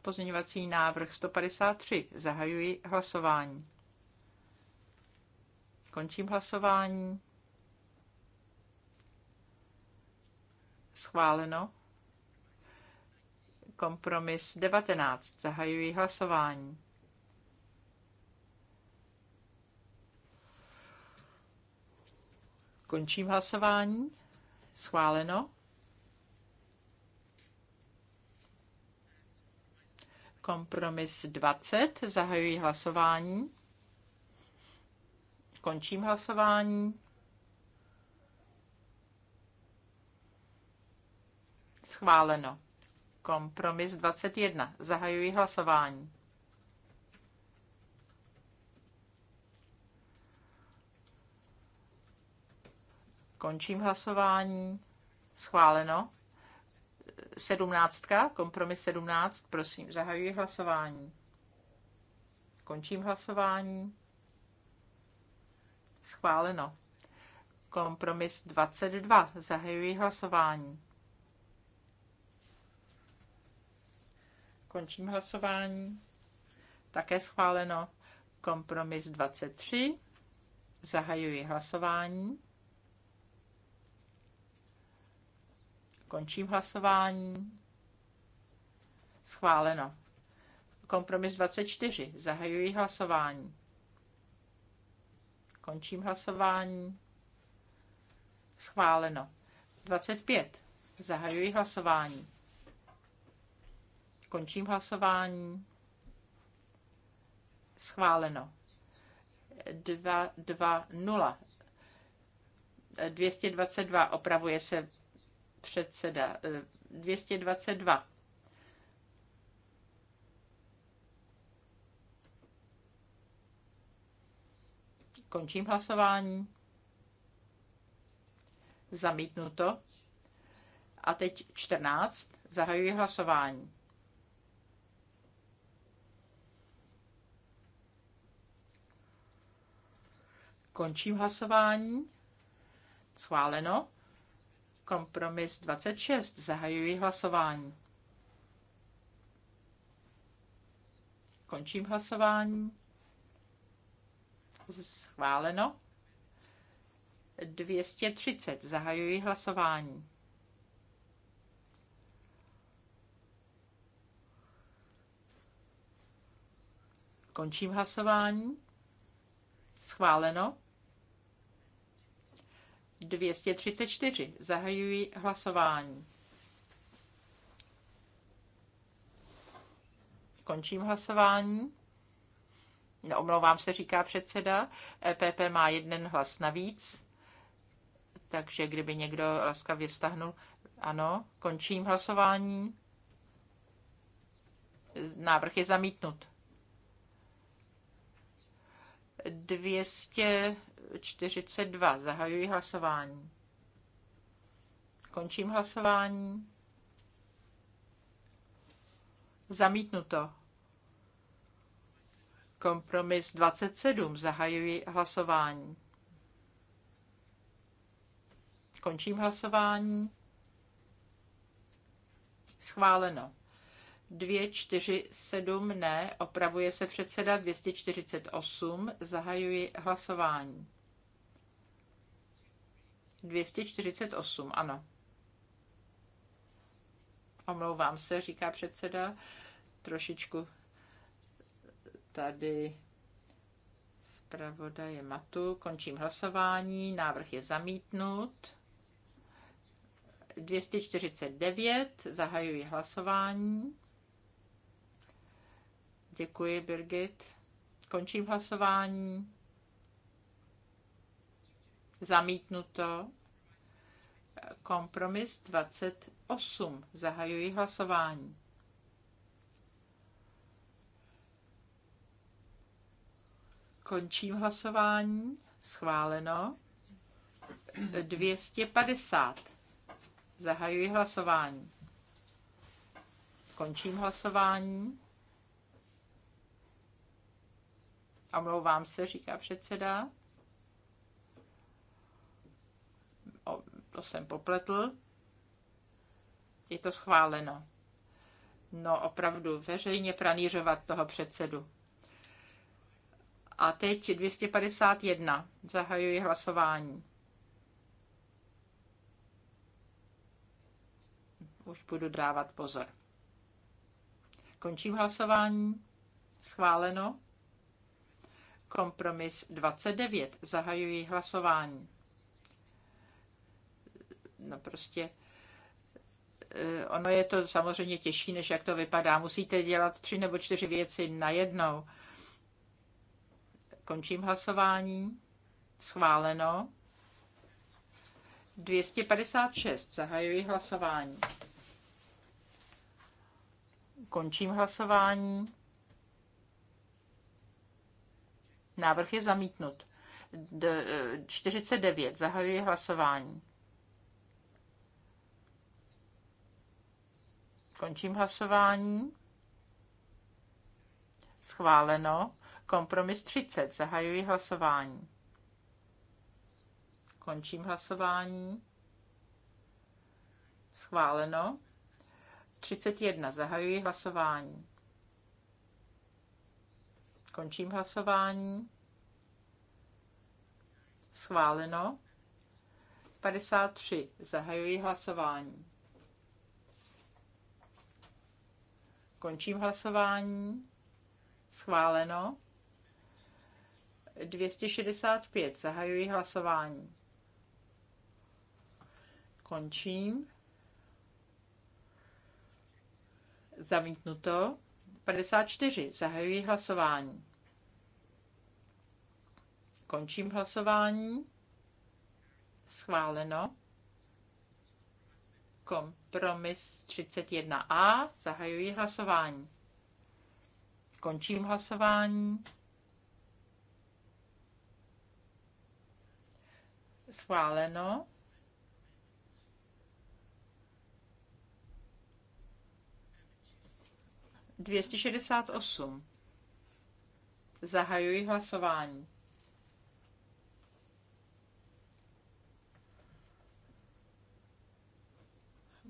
pozměňovací návrh 153. Zahajuji hlasování. Končím hlasování. Schváleno. Kompromis 19. Zahajuji hlasování. Končím hlasování. Schváleno. Kompromis 20. Zahajuji hlasování. Končím hlasování. Schváleno. Kompromis 21. Zahajuji hlasování. Končím hlasování. Schváleno sedmnáctka, kompromis 17, prosím, zahajuji hlasování. Končím hlasování. Schváleno. Kompromis 22, zahajuji hlasování. Končím hlasování. Také schváleno. Kompromis 23, zahajuji hlasování. Končím hlasování. Schváleno. Kompromis 24. Zahajuji hlasování. Končím hlasování. Schváleno. 25. Zahajuji hlasování. Končím hlasování. Schváleno. 2, 2, 0. 222 opravuje se předseda. 222. Eh, Končím hlasování. Zamítnuto. A teď 14. Zahajuji hlasování. Končím hlasování. Schváleno. Kompromis 26. Zahajuji hlasování. Končím hlasování. Schváleno. 230. Zahajuji hlasování. Končím hlasování. Schváleno. 234. Zahajuji hlasování. Končím hlasování. No, omlouvám se, říká předseda. EPP má jeden hlas navíc. Takže kdyby někdo laskavě stahnul, ano, končím hlasování. Návrh je zamítnut. 200 42. Zahajuji hlasování. Končím hlasování. Zamítnuto. Kompromis 27. Zahajuji hlasování. Končím hlasování. Schváleno. 247 ne, opravuje se předseda 248, zahajuji hlasování. 248, ano. Omlouvám se, říká předseda. Trošičku tady je Matu. Končím hlasování. Návrh je zamítnut. 249. Zahajuji hlasování. Děkuji, Birgit. Končím hlasování. Zamítnuto. Kompromis 28. Zahajuji hlasování. Končím hlasování. Schváleno. 250. Zahajuji hlasování. Končím hlasování. Omlouvám se, říká předseda. to jsem popletl, je to schváleno. No opravdu, veřejně pranířovat toho předsedu. A teď 251. Zahajuji hlasování. Už budu dávat pozor. Končím hlasování. Schváleno. Kompromis 29. Zahajuji hlasování. No prostě eh, ono je to samozřejmě těžší, než jak to vypadá. Musíte dělat tři nebo čtyři věci najednou. Končím hlasování. Schváleno. 256. Zahajuji hlasování. Končím hlasování. Návrh je zamítnut. 49. Eh, Zahajuji hlasování. Končím hlasování. Schváleno. Kompromis 30. Zahajuji hlasování. Končím hlasování. Schváleno. 31. Zahajuji hlasování. Končím hlasování. Schváleno. 53. Zahajuji hlasování. Končím hlasování. Schváleno. 265. Zahajuji hlasování. Končím. Zamítnuto. 54. Zahajuji hlasování. Končím hlasování. Schváleno. Kompromis 31a. Zahajuji hlasování. Končím hlasování. Schváleno. Dvěstě šedesát osm. Zahajuji hlasování.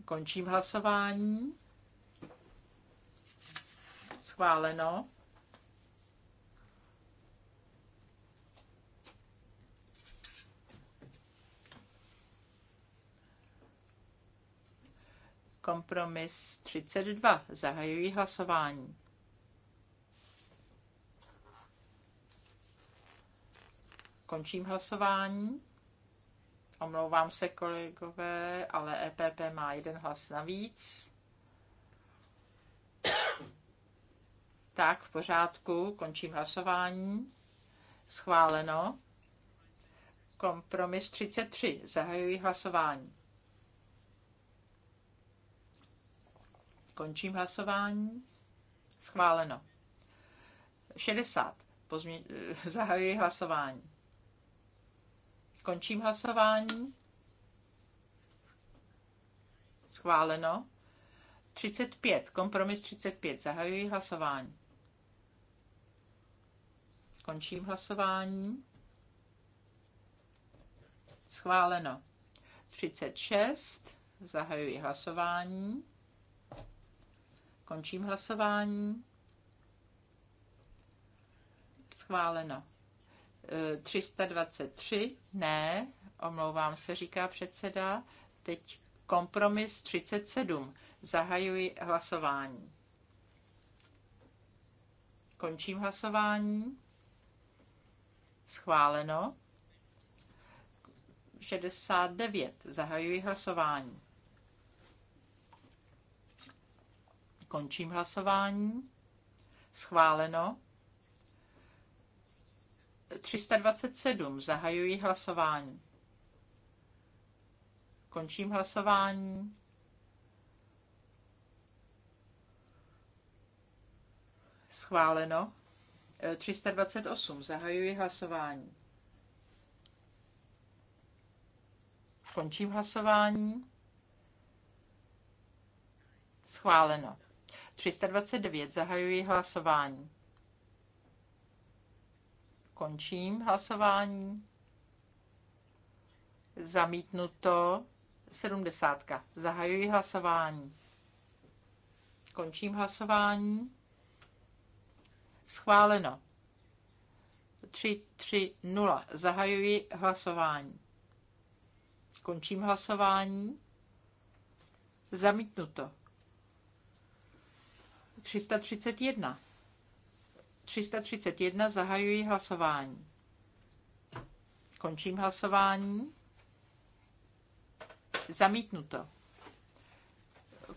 Končím hlasování. Schváleno. Kompromis 32. Zahajuji hlasování. Končím hlasování. Omlouvám se, kolegové, ale EPP má jeden hlas navíc. Tak, v pořádku, končím hlasování. Schváleno. Kompromis 33. Zahajuji hlasování. Končím hlasování. Schváleno. 60. Pozmě... Zahajuji hlasování. Končím hlasování. Schváleno. 35. Kompromis 35. Zahajuji hlasování. Končím hlasování. Schváleno. 36. Zahajuji hlasování. Končím hlasování. Schváleno. 323, ne, omlouvám se, říká předseda, teď kompromis 37. Zahajuji hlasování. Končím hlasování. Schváleno. 69. Zahajuji hlasování. Končím hlasování. Schváleno. 327. Zahajuji hlasování. Končím hlasování. Schváleno. 328. E, Zahajuji hlasování. Končím hlasování. Schváleno. 329. Zahajuji hlasování. Končím hlasování. Zamítnuto. 70. Zahajuji hlasování. Končím hlasování. Schváleno. 3, 3, 0. Zahajuji hlasování. Končím hlasování. Zamítnuto. 331. 331 zahajuji hlasování. Končím hlasování. Zamítnuto.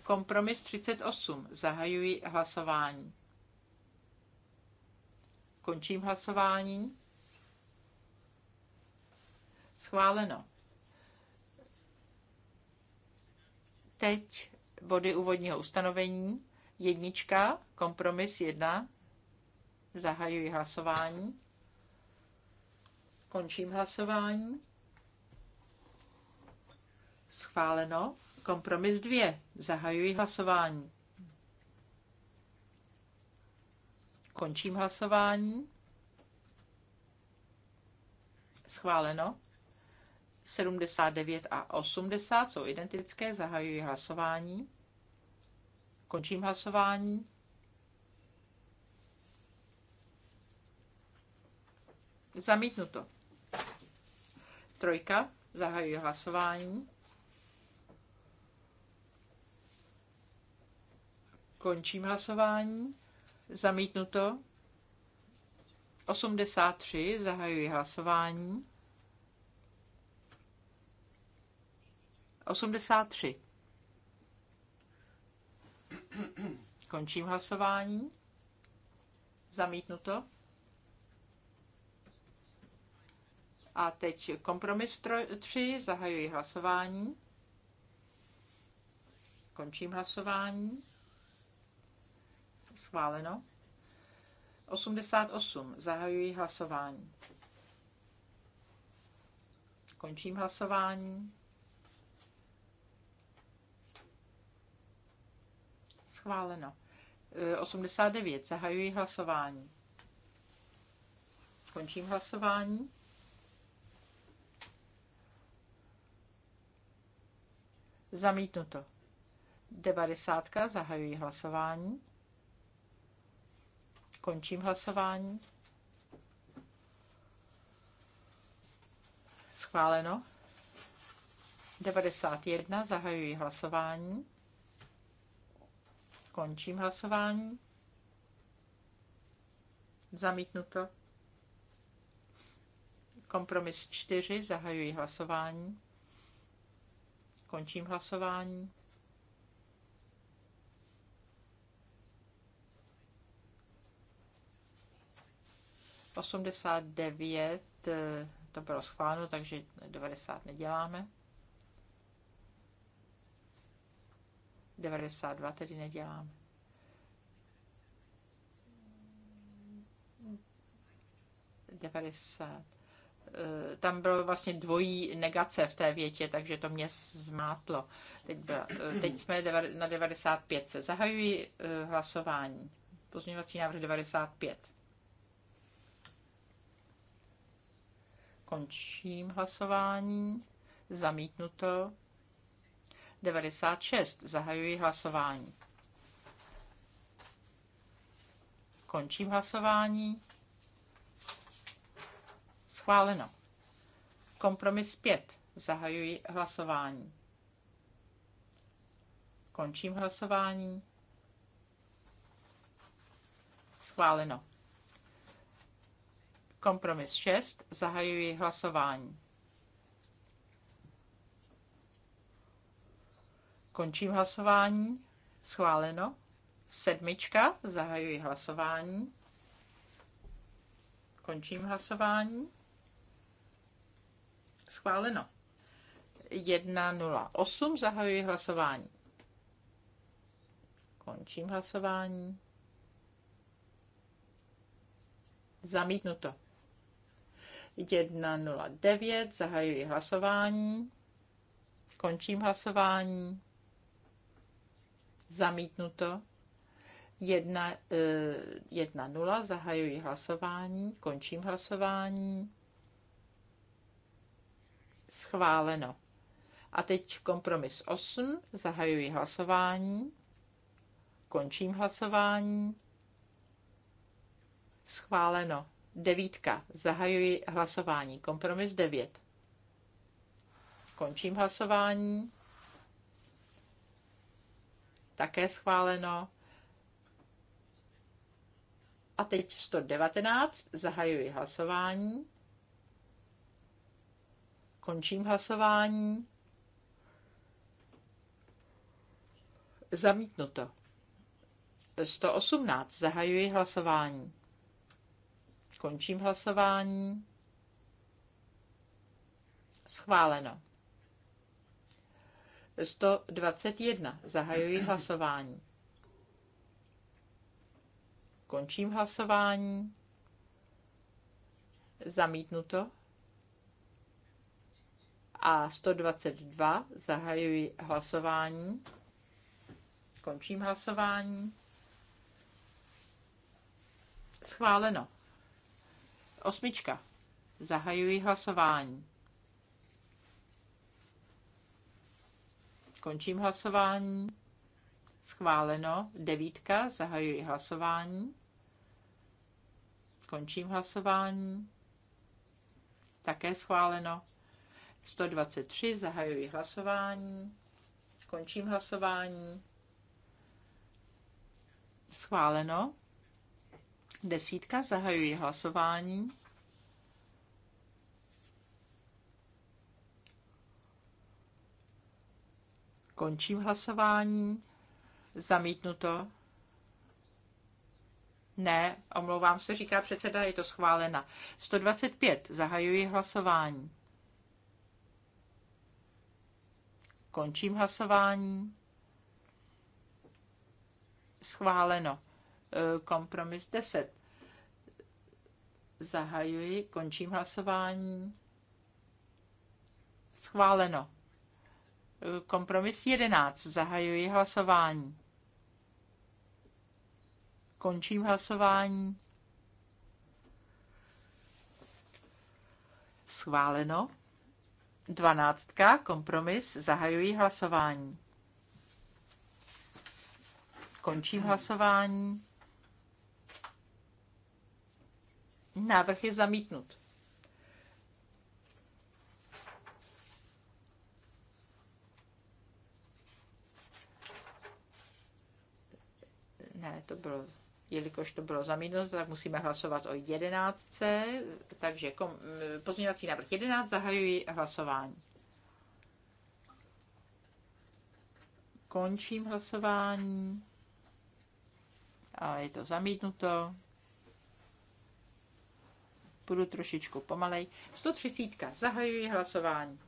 Kompromis 38. Zahajuji hlasování. Končím hlasování. Schváleno. Teď body úvodního ustanovení. Jednička, kompromis 1. Zahajuji hlasování. Končím hlasování. Schváleno. Kompromis 2. Zahajuji hlasování. Končím hlasování. Schváleno. 79 a 80 jsou identické. Zahajuji hlasování. Končím hlasování. Zamítnuto. Trojka. Zahajuji hlasování. Končím hlasování. Zamítnuto. 83. Zahajuji hlasování. 83. Končím hlasování. Zamítnuto. A teď kompromis 3, zahajuji hlasování. Končím hlasování. Schváleno. 88. Zahajuji hlasování. Končím hlasování. Schváleno. 89. E, zahajuji hlasování. Končím hlasování. Zamítnuto. 90. Zahajuji hlasování. Končím hlasování. Schváleno. 91. Zahajuji hlasování. Končím hlasování. Zamítnuto. Kompromis 4. Zahajuji hlasování. Končím hlasování. Osmdesát devět eh, to bylo schváleno, takže 90 neděláme. 92 tedy neděláme. Devadesát Eh, tam bylo vlastně dvojí negace v té větě, takže to mě zmátlo. Teď, byla, eh, teď jsme na 95. Zahajuji eh, hlasování. Pozměňovací návrh 95. Končím hlasování. Zamítnuto. 96. Zahajuji hlasování. Končím hlasování. Schváleno. Kompromis 5. Zahajuji hlasování. Končím hlasování. Schváleno. Kompromis 6. Zahajuji hlasování. Končím hlasování. Schváleno. Sedmička. Zahajuji hlasování. Končím hlasování. Schváleno. 1.08. Zahajuji hlasování. Končím hlasování. Zamítnuto. 1.09. Zahajuji hlasování. Končím hlasování. Zamítnuto. 1.0. Eh, zahajuji hlasování. Končím hlasování. Schváleno. A teď kompromis 8. Zahajuji hlasování. Končím hlasování. Schváleno. Devítka. Zahajuji hlasování. Kompromis 9. Končím hlasování. Také schváleno. A teď 119. Zahajuji hlasování. Končím hlasování. Zamítnuto. 118. Zahajuji hlasování. Končím hlasování. Schváleno. 121. Zahajuji hlasování. Končím hlasování. Zamítnuto a 122 zahajuji hlasování. Končím hlasování. Schváleno. Osmička. Zahajuji hlasování. Končím hlasování. Schváleno. Devítka. Zahajuji hlasování. Končím hlasování. Také schváleno. 123, zahajuji hlasování, Skončím hlasování. Schváleno. Desítka, zahajuji hlasování. Končím hlasování. Zamítnuto. Ne, omlouvám se, říká předseda, je to schválena. 125. Zahajuji hlasování. Končím hlasování. Schváleno. E, kompromis 10. Zahajuji, končím hlasování. Schváleno. E, kompromis 11. Zahajuji hlasování. Končím hlasování. Schváleno. Dvanáctka, kompromis, zahajují hlasování. Končím hlasování. Návrh je zamítnut. Ne, to bylo jelikož to bylo zamítnuto, tak musíme hlasovat o jedenáctce, takže kom, pozměňovací návrh 11 zahajuji hlasování. Končím hlasování a je to zamítnuto. Budu trošičku pomalej. 130. Zahajuji hlasování.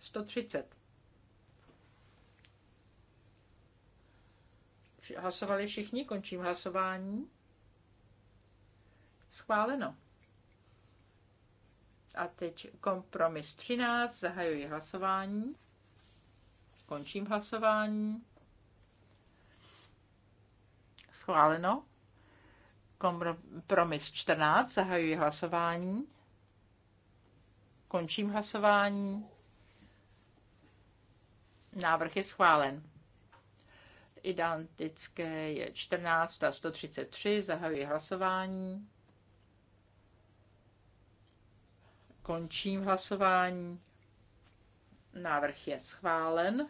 130. Hlasovali všichni, končím hlasování. Schváleno. A teď kompromis 13, zahajuji hlasování. Končím hlasování. Schváleno. Kompromis 14, zahajuji hlasování. Končím hlasování. Návrh je schválen. Identické je 14 a 133. Zahajuji hlasování. Končím hlasování. Návrh je schválen.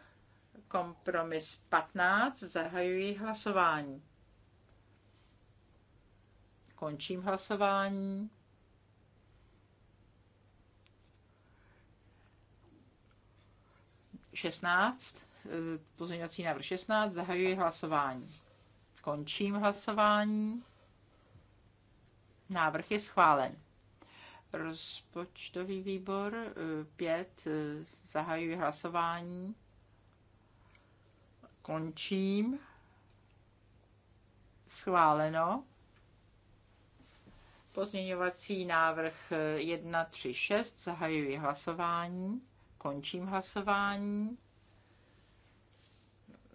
Kompromis 15. Zahajuji hlasování. Končím hlasování. Šestnáct pozměňovací návrh 16, zahajuji hlasování. Končím hlasování. Návrh je schválen. Rozpočtový výbor 5, eh, eh, zahajuji hlasování. Končím. Schváleno. Pozměňovací návrh 136, eh, zahajuji hlasování. Končím hlasování.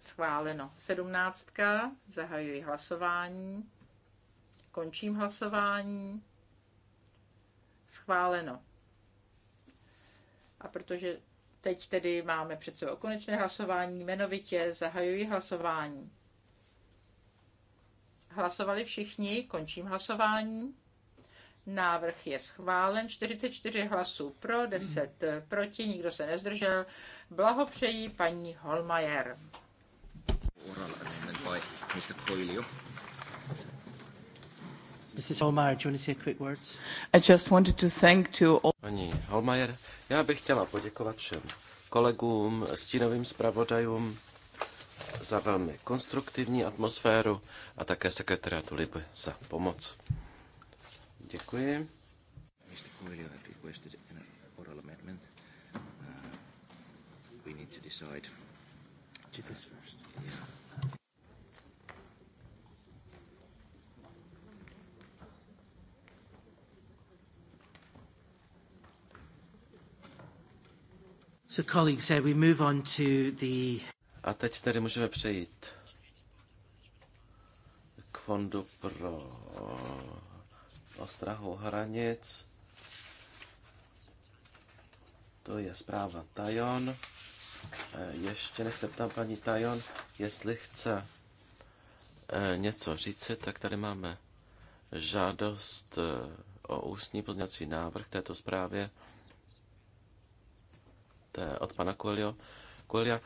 Schváleno. Sedmnáctka. Zahajuji hlasování. Končím hlasování. Schváleno. A protože teď tedy máme před sebou konečné hlasování, jmenovitě zahajuji hlasování. Hlasovali všichni, končím hlasování. Návrh je schválen, 44 hlasů pro, 10 proti, nikdo se nezdržel. Blahopřeji paní Holmajer oral amendment by Mr. Coelho. Mrs. Holmeyer, do you want to say a quick word? I just wanted to thank to all... Pani Holmeyer, já bych chtěla poděkovat všem kolegům, stínovým zpravodajům za velmi konstruktivní atmosféru a také sekretariatu Liby za pomoc. Děkuji. Mr. Coelho had requested an oral amendment. Uh, we need to decide. Do this first. Yeah. So colleagues, uh, we move on to the... A teď tedy můžeme přejít k fondu pro ostrahu hranic. To je zpráva Tajon. Eh, ještě než se ptám paní Tajon, jestli chce eh, něco říci, tak tady máme žádost eh, o ústní pozměňovací návrh této zprávě to je od pana Coelho, Coelho.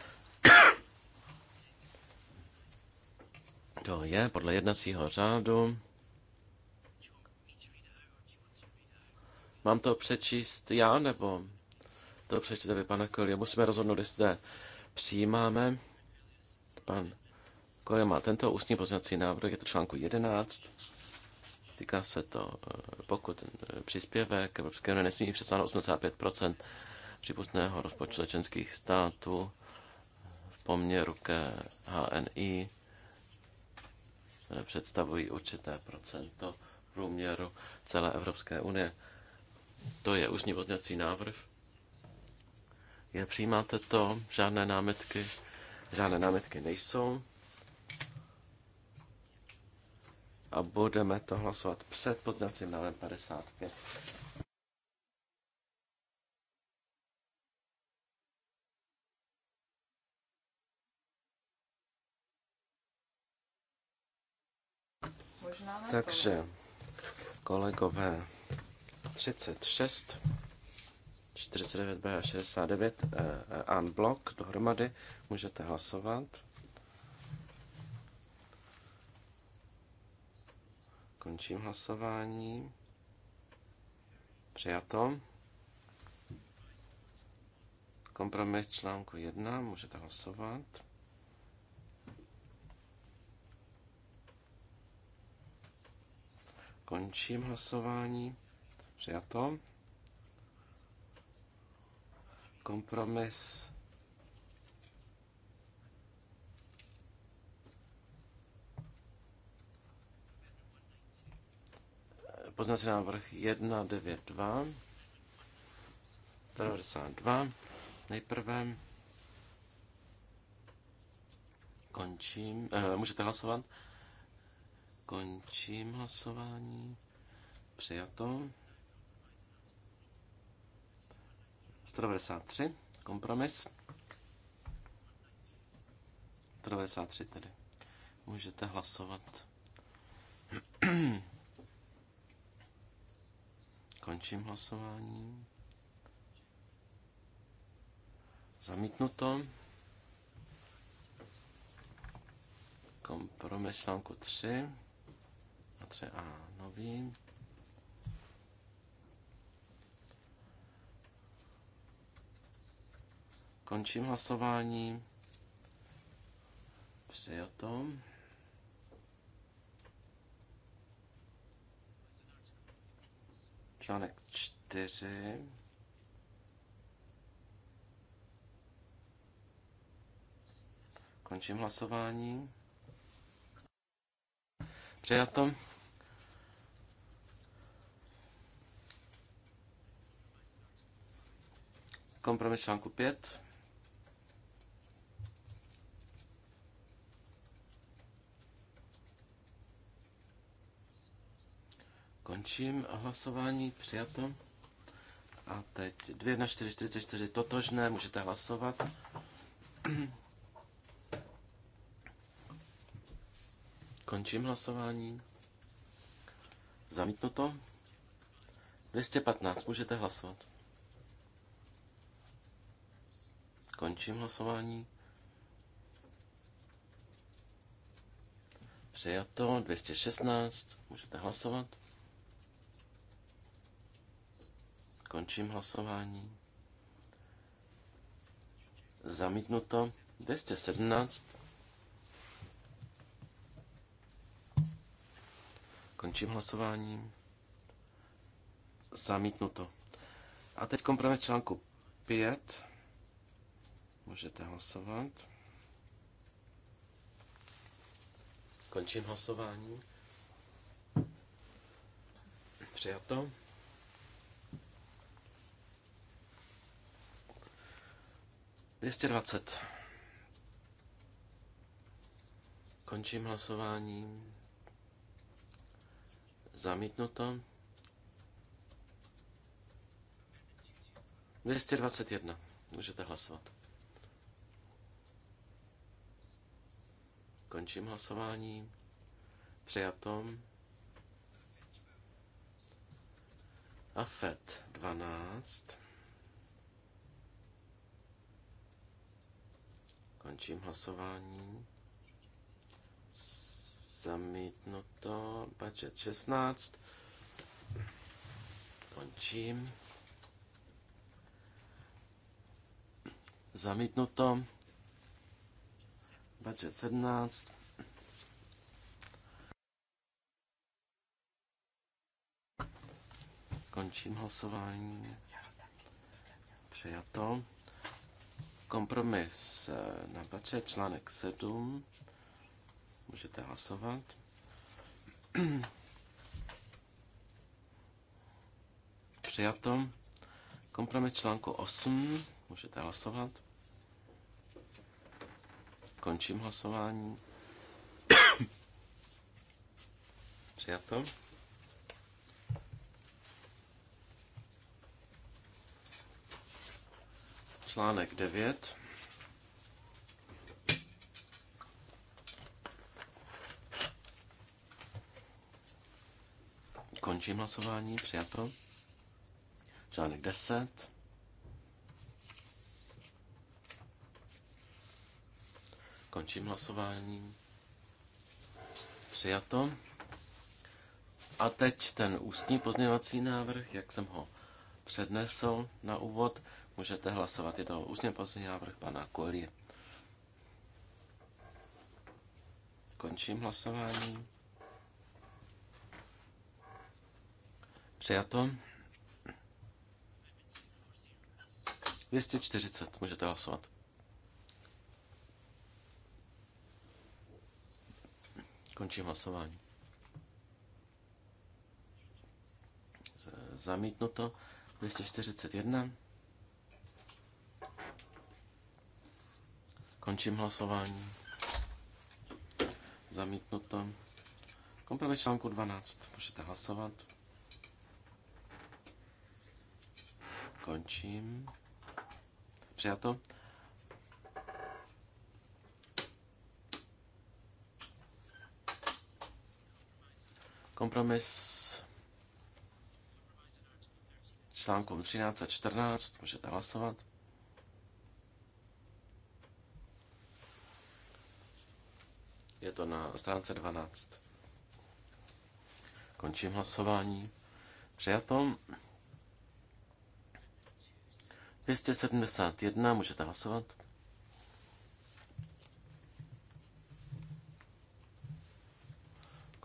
To je podle jednacího řádu. Mám to přečíst já, nebo to přečtete vy, pane Coelho? Musíme rozhodnout, jestli to přijímáme. Pan Coelho má tento ústní pozměňovací návrh, je to článku 11. Týká se to, eh, pokud eh, příspěvek Evropské unie nesmí přesáhnout 85 přípustného rozpočtu členských států v poměru ke HNI, představují určité procento průměru celé Evropské unie. To je už pozměňovací návrh. Je, přijímáte to? Žádné námitky? Žádné námitky nejsou. A budeme to hlasovat před pozměňovacím návrhem 55. Takže, kolegové, 36, 49B a 69 uh, unblock dohromady můžete hlasovat. Končím hlasování. Přijato. Kompromis článku 1 můžete hlasovat. Končím hlasování. Přijato. Kompromis. Poznací návrh 192. 92. Nejprve končím. Eh, můžete hlasovat. Končím hlasování. Přijato. 193. Kompromis. 193 tedy. Můžete hlasovat. Končím hlasování. Zamítnuto. Kompromis článku 3. 3A nový. Končím hlasování. Přijato. Článek čtyři. Končím hlasování. Přijato. Kompromis článku 5. Končím hlasování, přijato. A teď 2 na 4, 44, totožné, můžete hlasovat. Končím hlasování. Zamítnuto. 215, můžete hlasovat. Skončím hlasování. Přijato 216. Můžete hlasovat. Končím hlasování. Zamítnuto 217. Končím hlasování. Zamítnuto. A teď kompromis článku 5. Můžete hlasovat. Končím hlasování. Přijato. Dvěstě dvacet. Končím hlasování. Zamítnuto. 221. Můžete hlasovat. Končím hlasování. Přijatom. AFET 12. Končím hlasování. Zamítnuto. Budget 16. Končím. Zamítnuto budget 17. Končím hlasování. Přijato. Kompromis eh, na budget článek 7. Můžete hlasovat. Přijato. Kompromis článku 8. Můžete hlasovat. Končím hlasování. Přijato. Článek 9. Končím hlasování, přijato. Článek 10. Končím hlasování. Přijato. A teď ten ústní pozměňovací návrh, jak jsem ho přednesl na úvod, můžete hlasovat. Je to ústní pozměňovací návrh pana Kolie. Končím hlasování. Přijato. 240, můžete hlasovat. Končím hlasování. Zamítnuto 241. Končím hlasování. Zamítnuto. Kompromis článku 12. Můžete hlasovat. Končím. Přijato. Kompromis článku 13 a 14 můžete hlasovat. Je to na stránce 12. Končím hlasování. Přijato. 271 můžete hlasovat.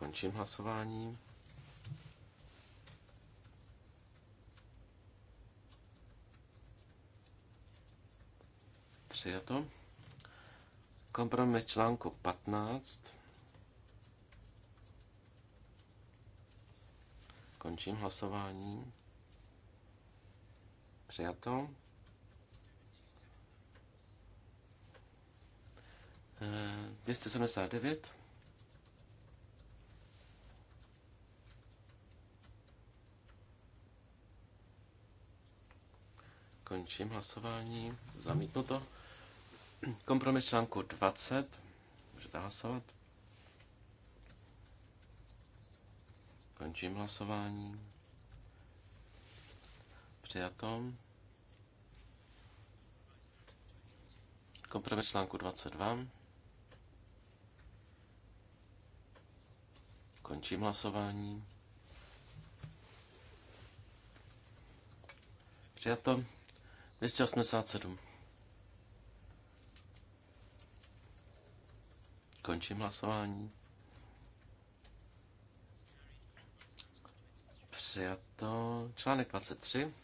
Končím hlasování. Přijato. Kompromis článku 15. Končím hlasování. Přijato. E, eh, 279. Končím hlasování. Zamítnuto. Kompromis článku 20. Můžete hlasovat. Končím hlasování. Přijato. Kompromis článku 22. Končím hlasování. Přijato. 287. Končím hlasování. Přijato. Článek 23.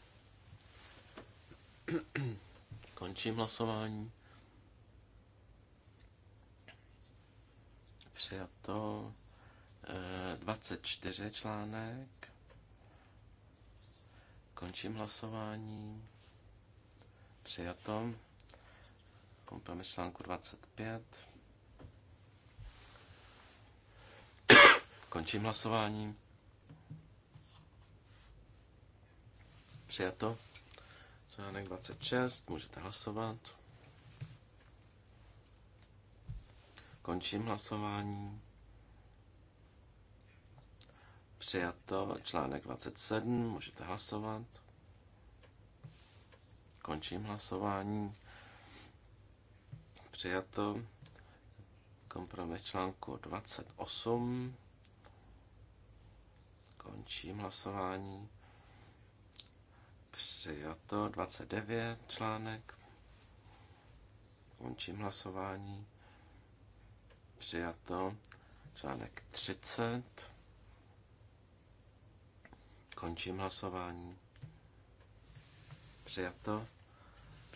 Končím hlasování. Přijato. 24 eh, článek. Končím hlasování. Přijato. Kompromis článku 25. Končím hlasování. Přijato. Článek 26. Můžete hlasovat. Končím hlasování. Přijato. Článek 27. Můžete hlasovat. Končím hlasování. Přijato. Kompromis článku 28. Končím hlasování. Přijato 29 článek. Končím hlasování. Přijato článek 30. Končím hlasování. Přijato.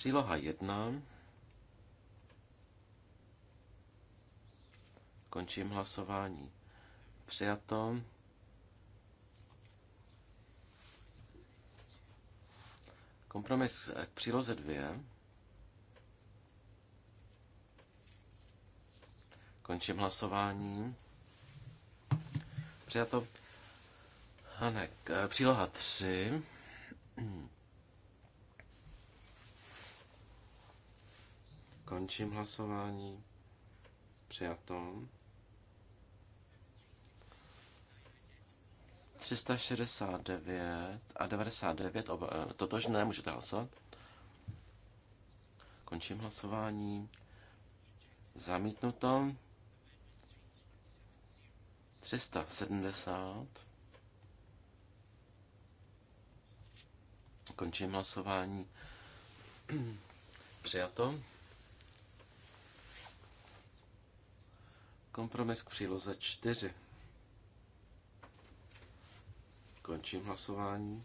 Příloha 1. Končím hlasování. Přijato. Kompromis k příloze 2. Končím hlasování. Přijato. Hanek, eh, příloha 3. Končím hlasování. Přijato. 369 a 99, oba, eh, totožné, můžete hlasovat. Končím hlasování. Zamítnuto. 370. Končím hlasování. Přijato. Kompromis k příloze 4. Končím hlasování.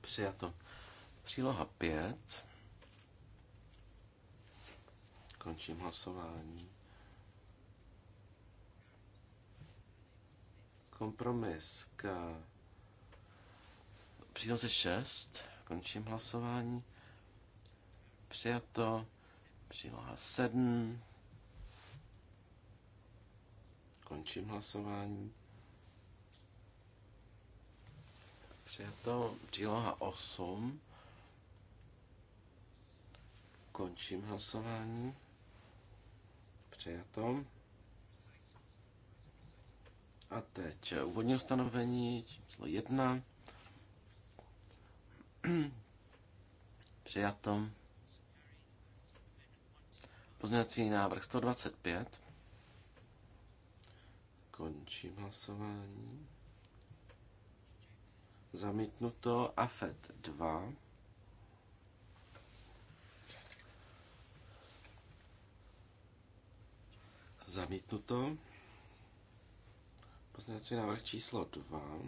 Přijato. Příloha 5. Končím hlasování. Kompromis k příloze 6. Končím hlasování. Přijato. Příloha 7. Končím hlasování. Přijato příloha 8. Končím hlasování. Přijato. A teď úvodní ustanovení číslo 1. Přijato. Pozměňovací návrh 125. Končím hlasování. Zamítnuto AFET 2. Zamítnuto. Pozměňovací návrh číslo 2.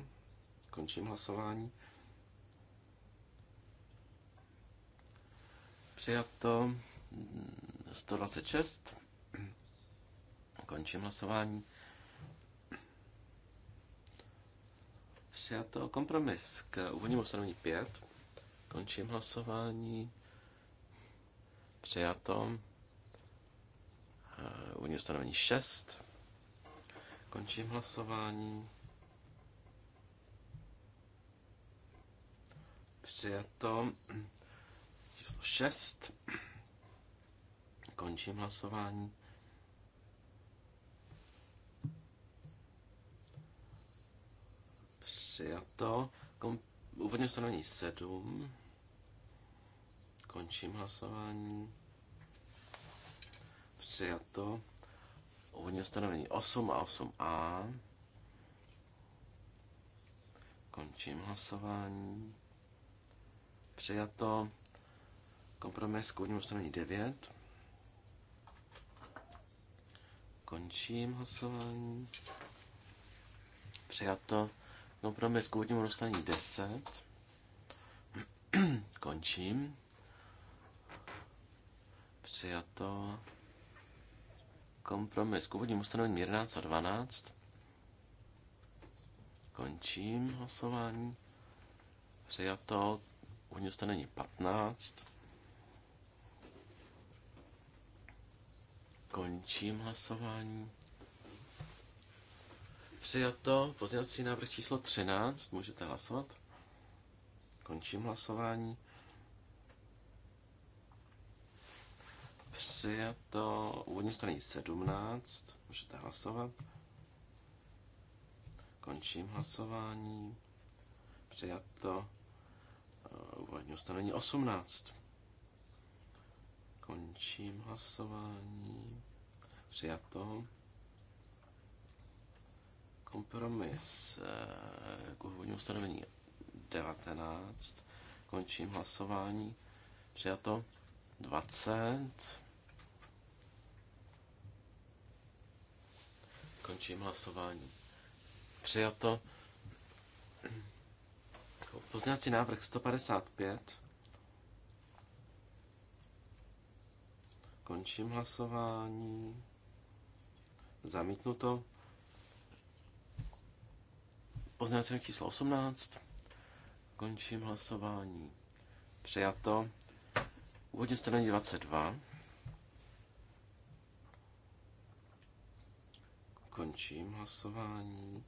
Končím hlasování. Přijato 126. Končím hlasování. Přijato kompromis k úvodnímu ustanovení 5. Končím hlasování. Přijato úvodní ustanovení 6. Končím hlasování. Přijato číslo 6. Končím hlasování. Přijato. Kom- Úvodně se na ní sedm. Končím hlasování. Přijato. Úvodní stanovení 8 a 8a. Končím hlasování. Přijato. Kompromis k úvodnímu stanovení 9. Končím hlasování. Přijato kompromis k úvodnímu rozstání 10. Končím. Přijato kompromis k úvodnímu ustanovení 11 a 12. Končím hlasování. Přijato úvodní ustanovení 15. Končím hlasování. Přijato pozměňovací návrh číslo 13. Můžete hlasovat. Končím hlasování. Přijato úvodní strany 17. Můžete hlasovat. Končím hlasování. Přijato úvodní ustanovení 18. Končím hlasování. Přijato. Kompromis eh, k úvodnímu ustanovení 19. Končím hlasování. Přijato. 20. Končím hlasování. Přijato. Pozměňovací návrh 155. Končím hlasování. Zamítnuto. Poznávací číslo 18. Končím hlasování. Přijato. Úvodní strany 22. Končím hlasování.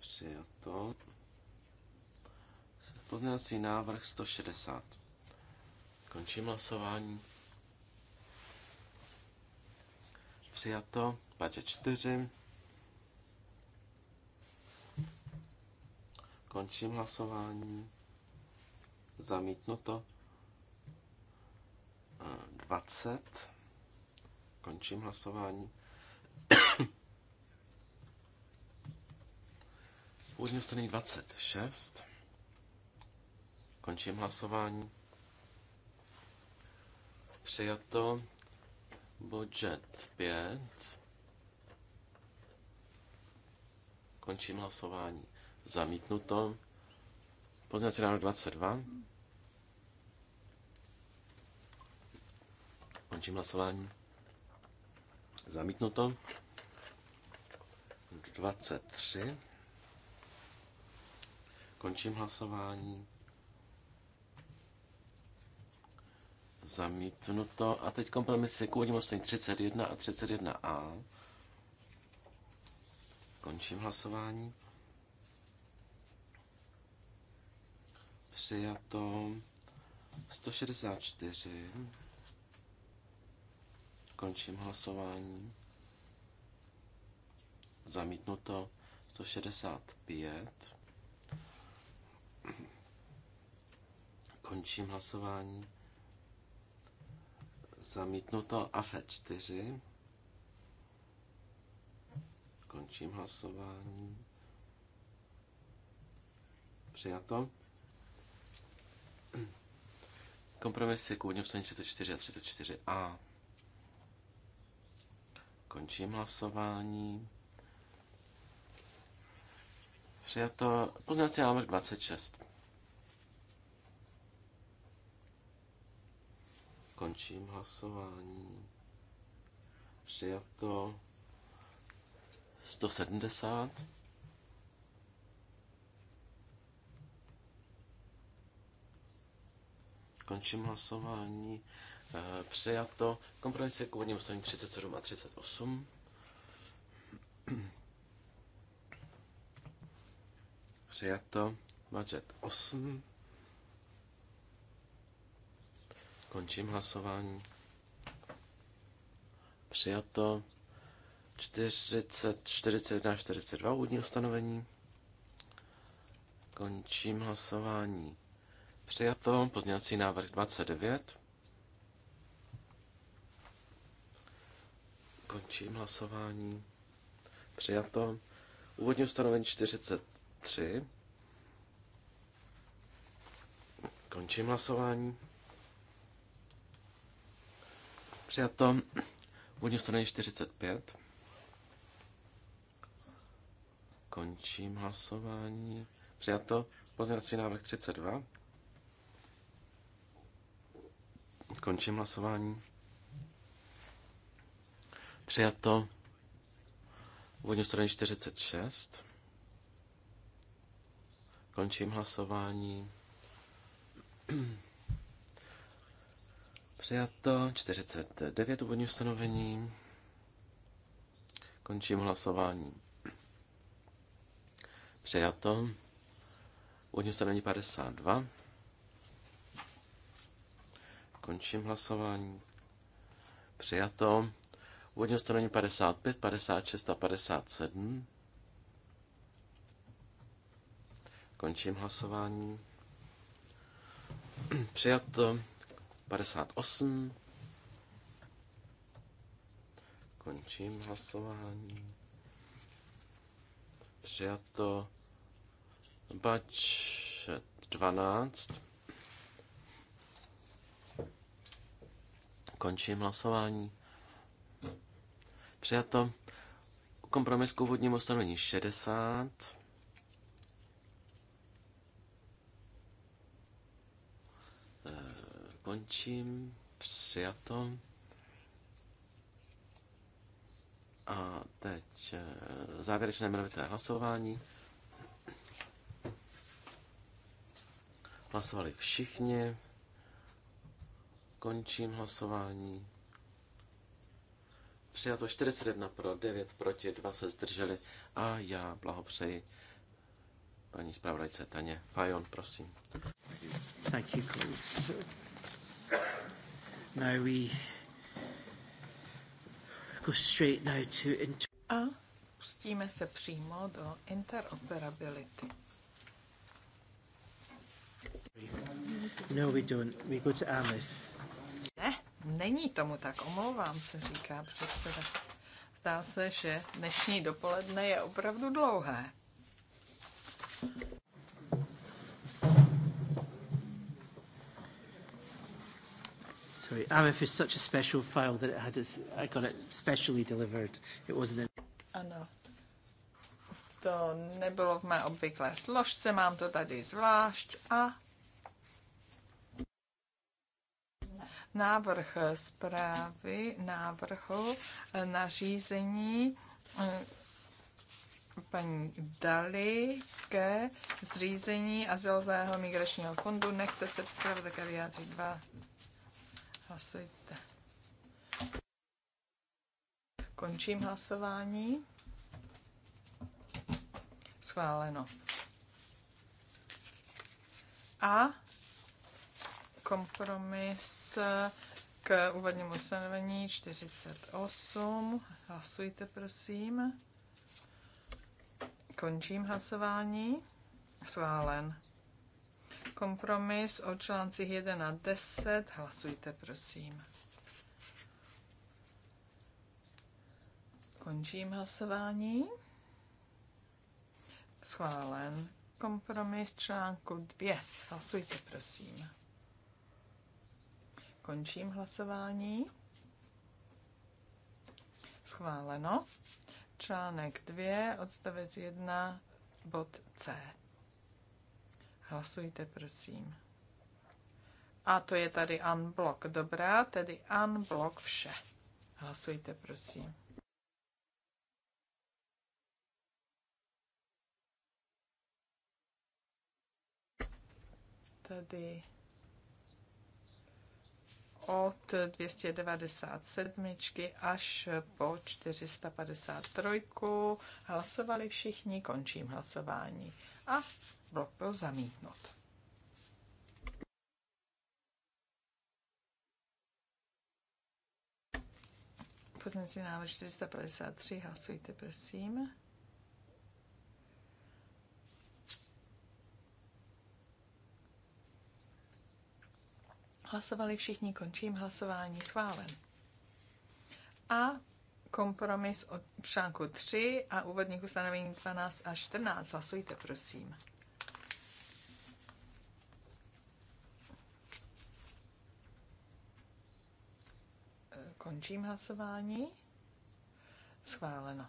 Přijato. Poznávací návrh 160. Končím hlasování. přijato. pače 4. Končím hlasování. Zamítnuto. 20. Končím hlasování. Původně dvacet 26. Končím hlasování. Přijato Budget 5. Končím hlasování. Zamítnuto. Poznací návrh 22. Končím hlasování. Zamítnuto. 23. Končím hlasování. Zamítnuto. A teď kompromisy k úvodnímu 31 a 31a. Končím hlasování. Přijato 164. Končím hlasování. Zamítnuto 165. Končím hlasování. Zamítnuto a f 4. Končím hlasování. Přijato. Kompromisy k úvodním 34 a 34a. Končím hlasování. Přijato Poznávací návrh 26. Končím hlasování. Přijato 170. Končím hlasování. Eh, přijato. Kompromis je k úvodním 37 a 38. Přijato. Budget 8. Končím hlasování. Přijato 40, 41, 42 úvodní ustanovení. Končím hlasování. Přijato pozměňovací návrh 29. Končím hlasování. Přijato. Úvodní ustanovení 43. Končím hlasování. Přijato Vodní strany 45. Končím hlasování. Přijato pozměňovací návrh 32. Končím hlasování. Přijato Vodní strany 46. Končím hlasování. Přijato 49 úvodní ustanovení. Končím hlasování. Přijato. Úvodní ustanovení 52. Končím hlasování. Přijato. Úvodní ustanovení 55, 56 a 57. Končím hlasování. Přijato 58. Končím hlasování. Přijato. Bač 12. Končím hlasování. Přijato. Kompromis k úvodnímu stanovení 60. končím. Přijato. A teď eh, závěrečné jmenovité hlasování. Hlasovali všichni. Končím hlasování. Přijato 41 pro, 9 proti, 2 se zdrželi a já blahopřeji paní zpravodajce Taně Fajon, prosím. Thank you, Now we go straight now to inter- A pustíme se přímo do interoperability. No, we don't. We go to Amif. Ne, není tomu tak, omlouvám se, říká předseda. Zdá se, že dnešní dopoledne je opravdu dlouhé. Sorry, AMF is such a special file that it had its, I got it specially delivered. It wasn't in... Ano. To nebylo v mé obvyklé složce, mám to tady zvlášť a návrh zprávy, návrhu nařízení eh, paní Dali ke zřízení azylového migračního fondu. Nechce se zpravodajka vyjádřit dva Hlasujte. Končím hlasování. Schváleno. A kompromis k úvodnímu stanovení 48. Hlasujte, prosím. Končím hlasování. Schválen. Kompromis o článcích 1 a 10. Hlasujte, prosím. Končím hlasování. Schválen. Kompromis článku 2. Hlasujte, prosím. Končím hlasování. Schváleno. Článek 2, odstavec 1, bod C. Hlasujte, prosím. A to je tady unblock. Dobrá, tedy unblock vše. Hlasujte, prosím. Tady od 297 až po 453. Hlasovali všichni, končím hlasování. A rok byl zamítnut. Poznací návrh 453, hlasujte prosím. Hlasovali všichni, končím hlasování, schválen. A kompromis od článku 3 a úvodních ustanovení 12 a 14. Hlasujte, prosím. Končím hlasování. Schváleno.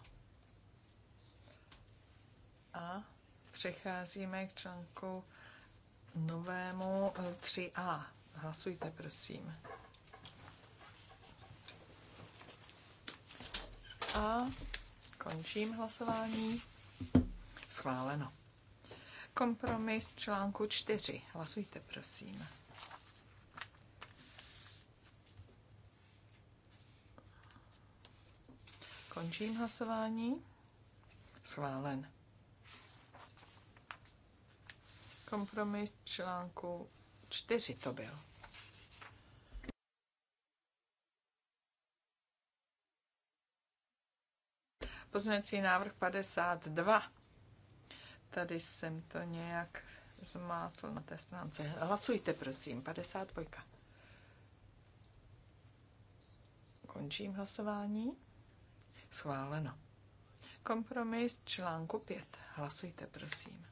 A přecházíme k článku novému 3a. Eh, Hlasujte, prosím. A končím hlasování. Schváleno. Kompromis článku 4. Hlasujte, prosím. Končím hlasování. Schválen. Kompromis článku 4 to byl. Poznací návrh 52. Tady jsem to nějak zmátl na té stránce. Hlasujte, prosím, 52. Končím hlasování. Schváleno. Kompromis článku 5. Hlasujte, prosím.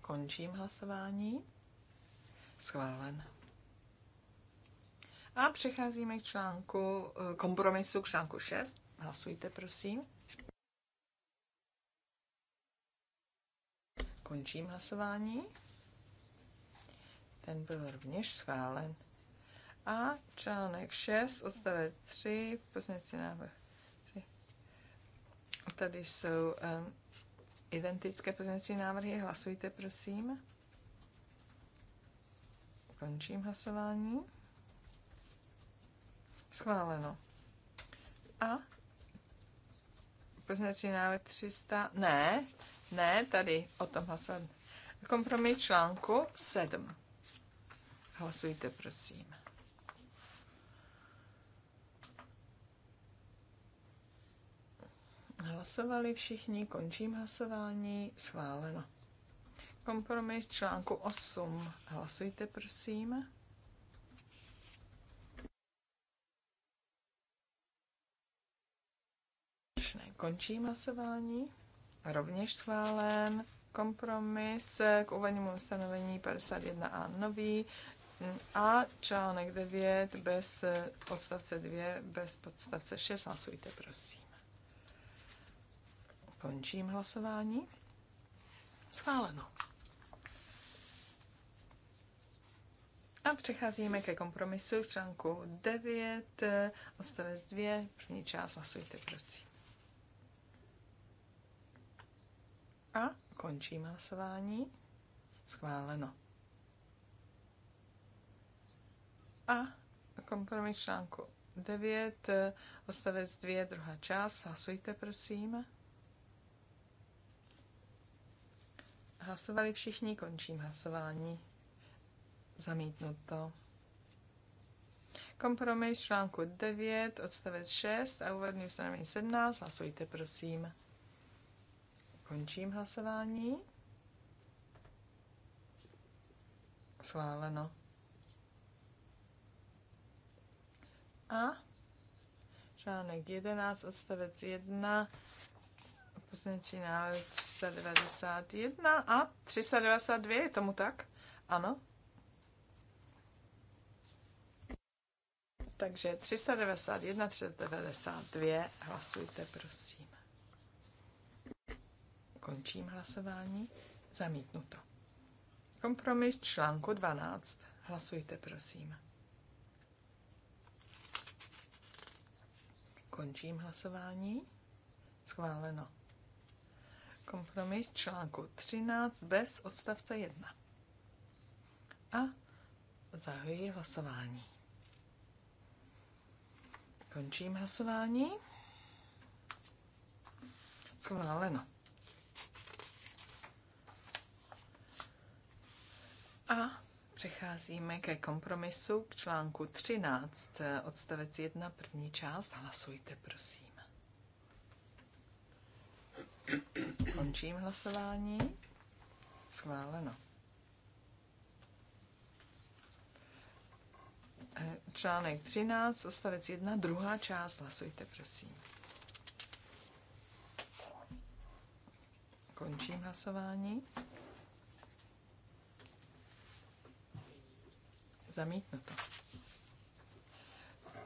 Končím hlasování. Schválen. A přecházíme k článku eh, kompromisu k článku 6. Hlasujte, prosím. Končím hlasování. Ten byl rovněž schválen. A článek 6, odstavec 3, poznací návrh 3. Tady jsou um, identické poznací návrhy. Hlasujte, prosím. Končím hlasování. Schváleno. A poznací návrh 300. Ne, ne, tady o tom hlasovat. Kompromis článku 7. Hlasujte, prosím. Hlasovali všichni, končím hlasování, schváleno. Kompromis článku 8. Hlasujte, prosím. Končím hlasování. Rovněž schválen kompromis k uvedenému ustanovení 51a nový a článek 9 bez odstavce 2, bez podstavce 6. Hlasujte, prosím. Končím hlasování. Schváleno. A přecházíme ke kompromisu v článku 9, odstavec 2, první část, hlasujte prosím. A končím hlasování. Schváleno. A kompromis článku 9, odstavec 2, druhá část, hlasujte prosím. Hlasovali všichni, končím hlasování. Zamítnuto. Kompromis článku 9, odstavec 6 a úvodní ustanovení 17. Hlasujte, prosím. Končím hlasování. Schváleno. A článek 11, odstavec 1, Pozměňovací návrh 391 a 392, je tomu tak? Ano. Takže 391, 392, hlasujte, prosím. Končím hlasování. Zamítnuto. Kompromis článku 12. Hlasujte, prosím. Končím hlasování. Schváleno kompromis článku 13 bez odstavce 1. A zahajuji hlasování. Končím hlasování. Schváleno. A přecházíme ke kompromisu k článku 13, odstavec 1, první část. Hlasujte, prosím. Končím hlasování. Schváleno. Eh, článek 13, odstavec 1, druhá část. Hlasujte, prosím. Končím hlasování. Zamítnuto.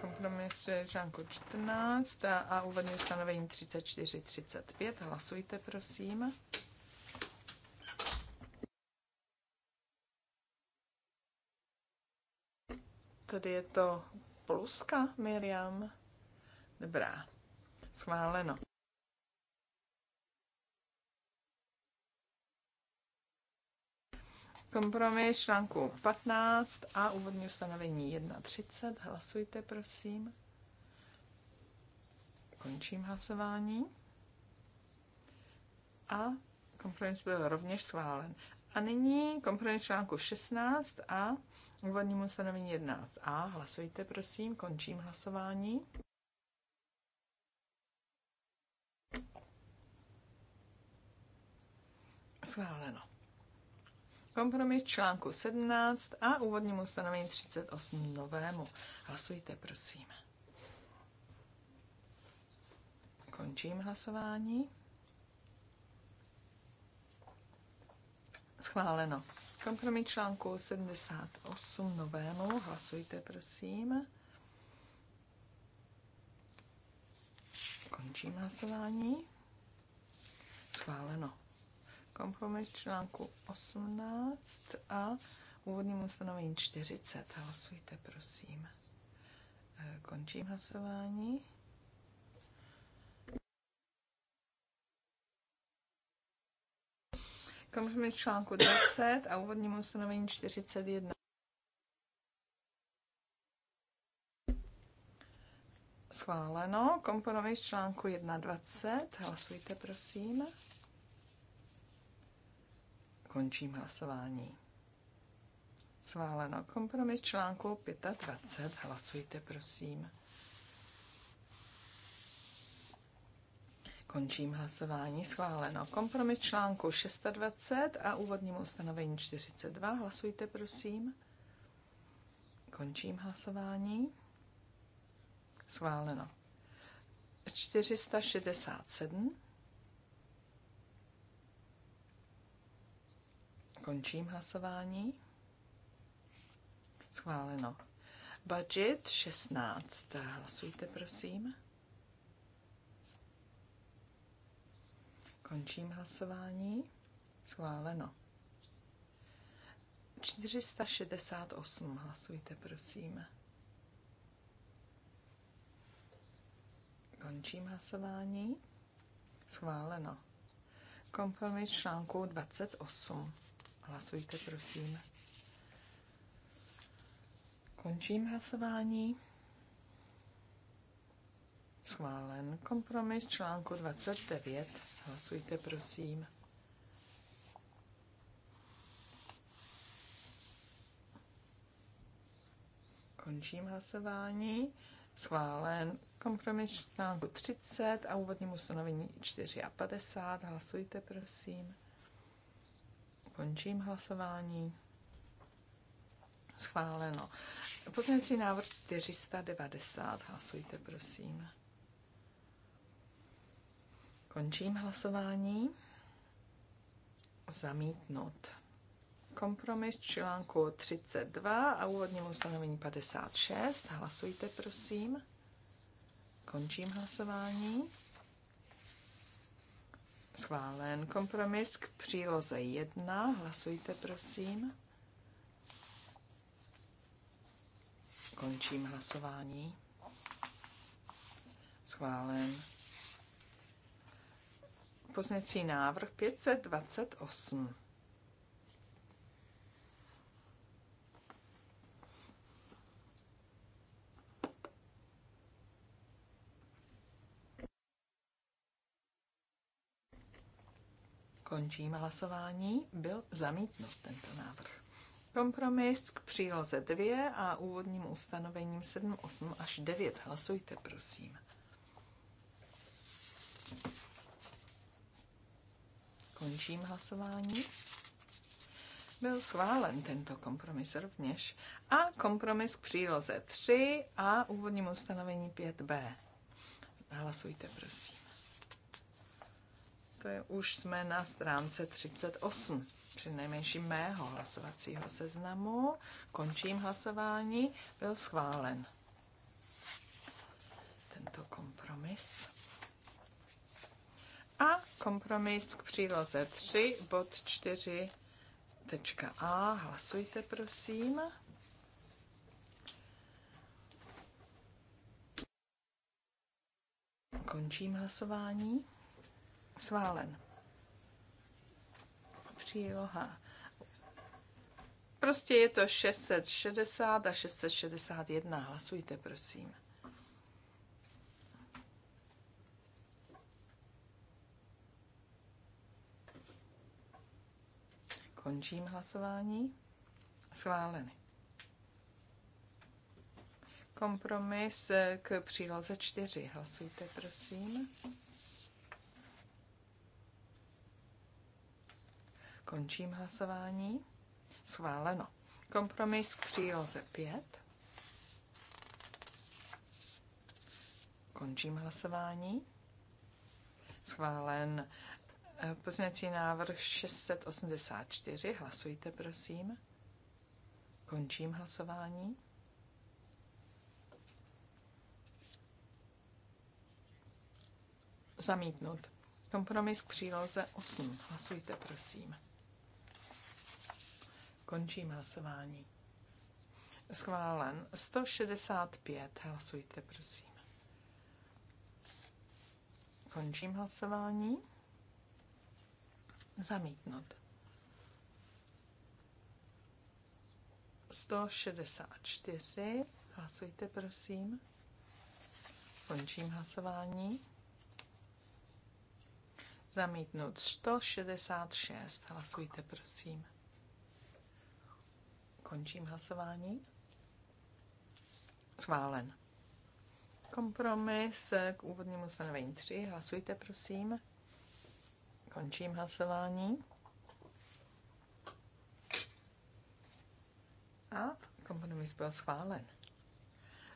Kompromis je článku 14 a, a úvodní ustanovení 34-35. Hlasujte, prosím. Tady je to pluska, Miriam. Dobrá, schváleno. Kompromis článku 15 a úvodní ustanovení 1.30. Hlasujte, prosím. Končím hlasování. A kompromis byl rovněž schválen. A nyní kompromis článku 16 a úvodnímu ustanovení 11a. Hlasujte, prosím. Končím hlasování. Schváleno. Kompromis článku 17 a úvodnímu ustanovení 38 novému. Hlasujte, prosím. Končím hlasování. Schváleno. Kompromis článku 78 novému. Hlasujte, prosím. Končím hlasování. Schváleno. Kompromis článku 18 a úvodním ustanovení 40. Hlasujte, prosím. E, končím hlasování. Kompromis článku 20 a úvodním ustanovení 41. Schváleno. Kompromis článku 21. Hlasujte, prosím. Končím hlasování. Sváleno. Kompromis článku 25. Hlasujte, prosím. Končím hlasování. Schváleno. Kompromis článku 26 a úvodnímu ustanovení 42. Hlasujte, prosím. Končím hlasování. Schváleno. 467. Končím hlasování. Schváleno. Budget 16. Hlasujte, prosím. Končím hlasování. Schváleno. 468. Hlasujte, prosím. Končím hlasování. Schváleno. Kompromis článku 28. Hlasujte, prosím. Končím hlasování. Schválen kompromis článku 29. Hlasujte, prosím. Končím hlasování. Schválen kompromis článku 30 a úvodnímu stanovení 54. Hlasujte, prosím. Končím hlasování. Schváleno. Pozměňovací návrh 490. Hlasujte, prosím. Končím hlasování. Zamítnut. Kompromis článku 32 a úvodnímu ustanovení 56. Hlasujte, prosím. Končím hlasování. Schválen kompromis k příloze 1. Hlasujte, prosím. Končím hlasování. Schválen. Poznací návrh 528. Končím hlasování. Byl zamítnut tento návrh. Kompromis k příloze 2 a úvodním ustanovením 7, 8 až 9. Hlasujte, prosím. Končím hlasování. Byl schválen tento kompromis rovněž. A kompromis k příloze 3 a úvodním ustanovení 5b. Hlasujte, prosím je, už jsme na stránce 38, při nejmenším mého hlasovacího seznamu. Končím hlasování, byl schválen tento kompromis. A kompromis k příloze 3, bod 4. A Hlasujte, prosím. Končím hlasování. Schválen. Příloha. Prostě je to 660 a 661. Hlasujte, prosím. končím hlasování. Schváleny. Kompromis eh, k příloze 4. Hlasujte, prosím. Končím hlasování. Schváleno. Kompromis k příloze 5. Končím hlasování. Schválen eh, pozměňovací návrh 684. Hlasujte, prosím. Končím hlasování. Zamítnut. Kompromis k příloze 8. Hlasujte, prosím. Končím hlasování. Schválen. 165. Hlasujte, prosím. Končím hlasování. Zamítnut. 164. Hlasujte, prosím. Končím hlasování. Zamítnut 166. Hlasujte, prosím. Končím hlasování. Schválen. Kompromis k úvodnímu stanovení 3. Hlasujte, prosím. Končím hlasování. A kompromis byl schválen.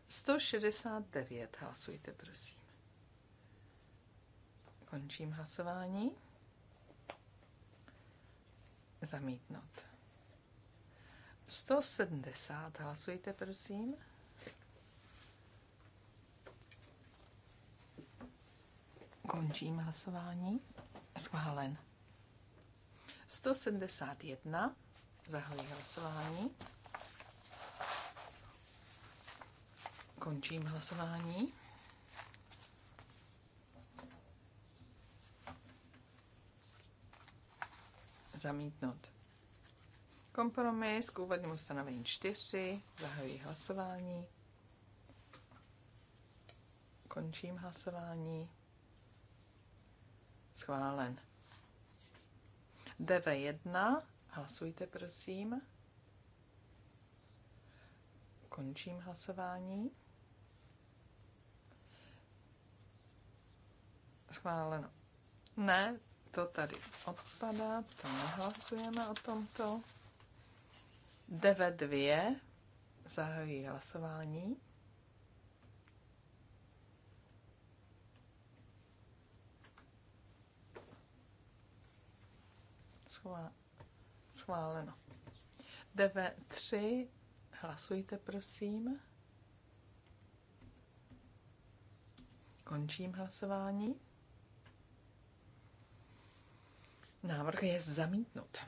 169. Hlasujte, prosím. Končím hlasování. Zamítnout. 170. Hlasujte, prosím. Končím hlasování. Schválen. 171. Zahajuji hlasování. Končím hlasování. Zamítnout. Kompromis k úvodnímu stanovení 4. Zahajuji hlasování. Končím hlasování. Schválen. DV1. Hlasujte, prosím. Končím hlasování. Schváleno. Ne, to tady odpadá, to nehlasujeme o tomto. 9.2. Zahajuji hlasování. Schváleno. 9.3. Hlasujte, prosím. Končím hlasování. Návrh je zamítnut.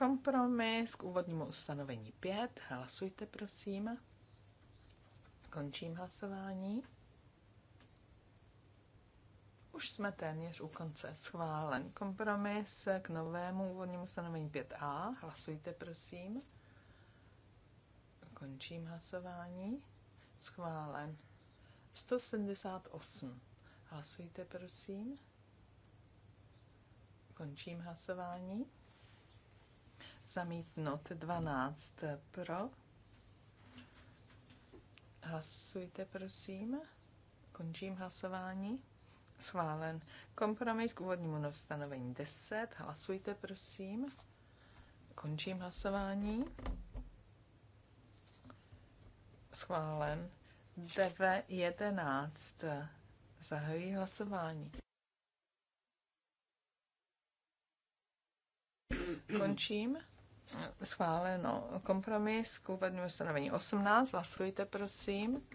Kompromis k úvodnímu ustanovení 5. Hlasujte, prosím. Končím hlasování. Už jsme téměř u konce. Schválen kompromis k novému úvodnímu stanovení 5a. Hlasujte, prosím. Končím hlasování. Schválen. 178. Hlasujte, prosím. Končím hlasování zamítnut 12 pro. Hlasujte, prosím. Končím hlasování. Schválen. Kompromis k úvodnímu ustanovení 10. Hlasujte, prosím. Končím hlasování. Schválen. 9.11. Zahajuji hlasování. Končím. Schváleno. Kompromis k úvodnímu stanovení 18. Hlasujte, prosím.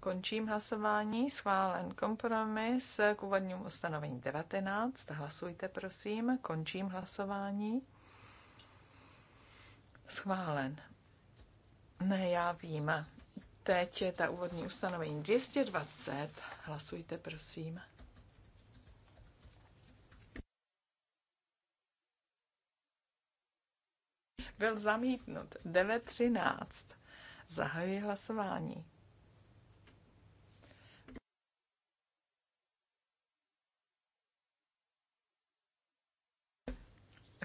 Končím hlasování. Schválen kompromis k úvodnímu ustanovení 19. Hlasujte, prosím. Končím hlasování. Schválen. Ne, já vím. Teď je ta úvodní ustanovení 220. Hlasujte, prosím. byl zamítnut. 9.13. Zahajuji hlasování.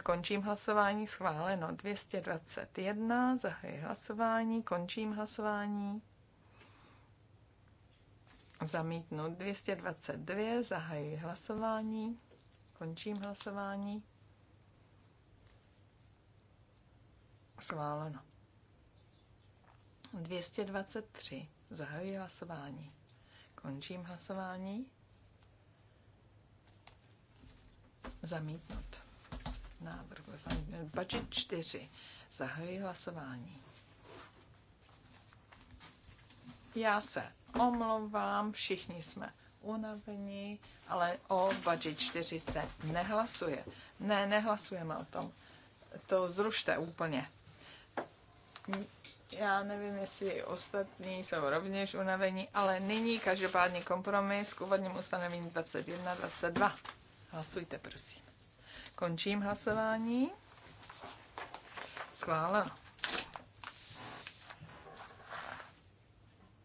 Končím hlasování, schváleno 221, zahajuji hlasování, končím hlasování. Zamítnout 222, zahajuji hlasování, končím hlasování. Schváleno. 223. Zahajuji hlasování. Končím hlasování. Zamítnout. Návrh byl Budget 4. Zahajuji hlasování. Já se omlouvám, všichni jsme unavení, ale o budget 4 se nehlasuje. Ne, nehlasujeme o tom. To zrušte úplně já nevím, jestli ostatní jsou rovněž unavení, ale nyní každopádně kompromis k úvodnímu ustanovení 21-22. Hlasujte, prosím. Končím hlasování. Schváleno.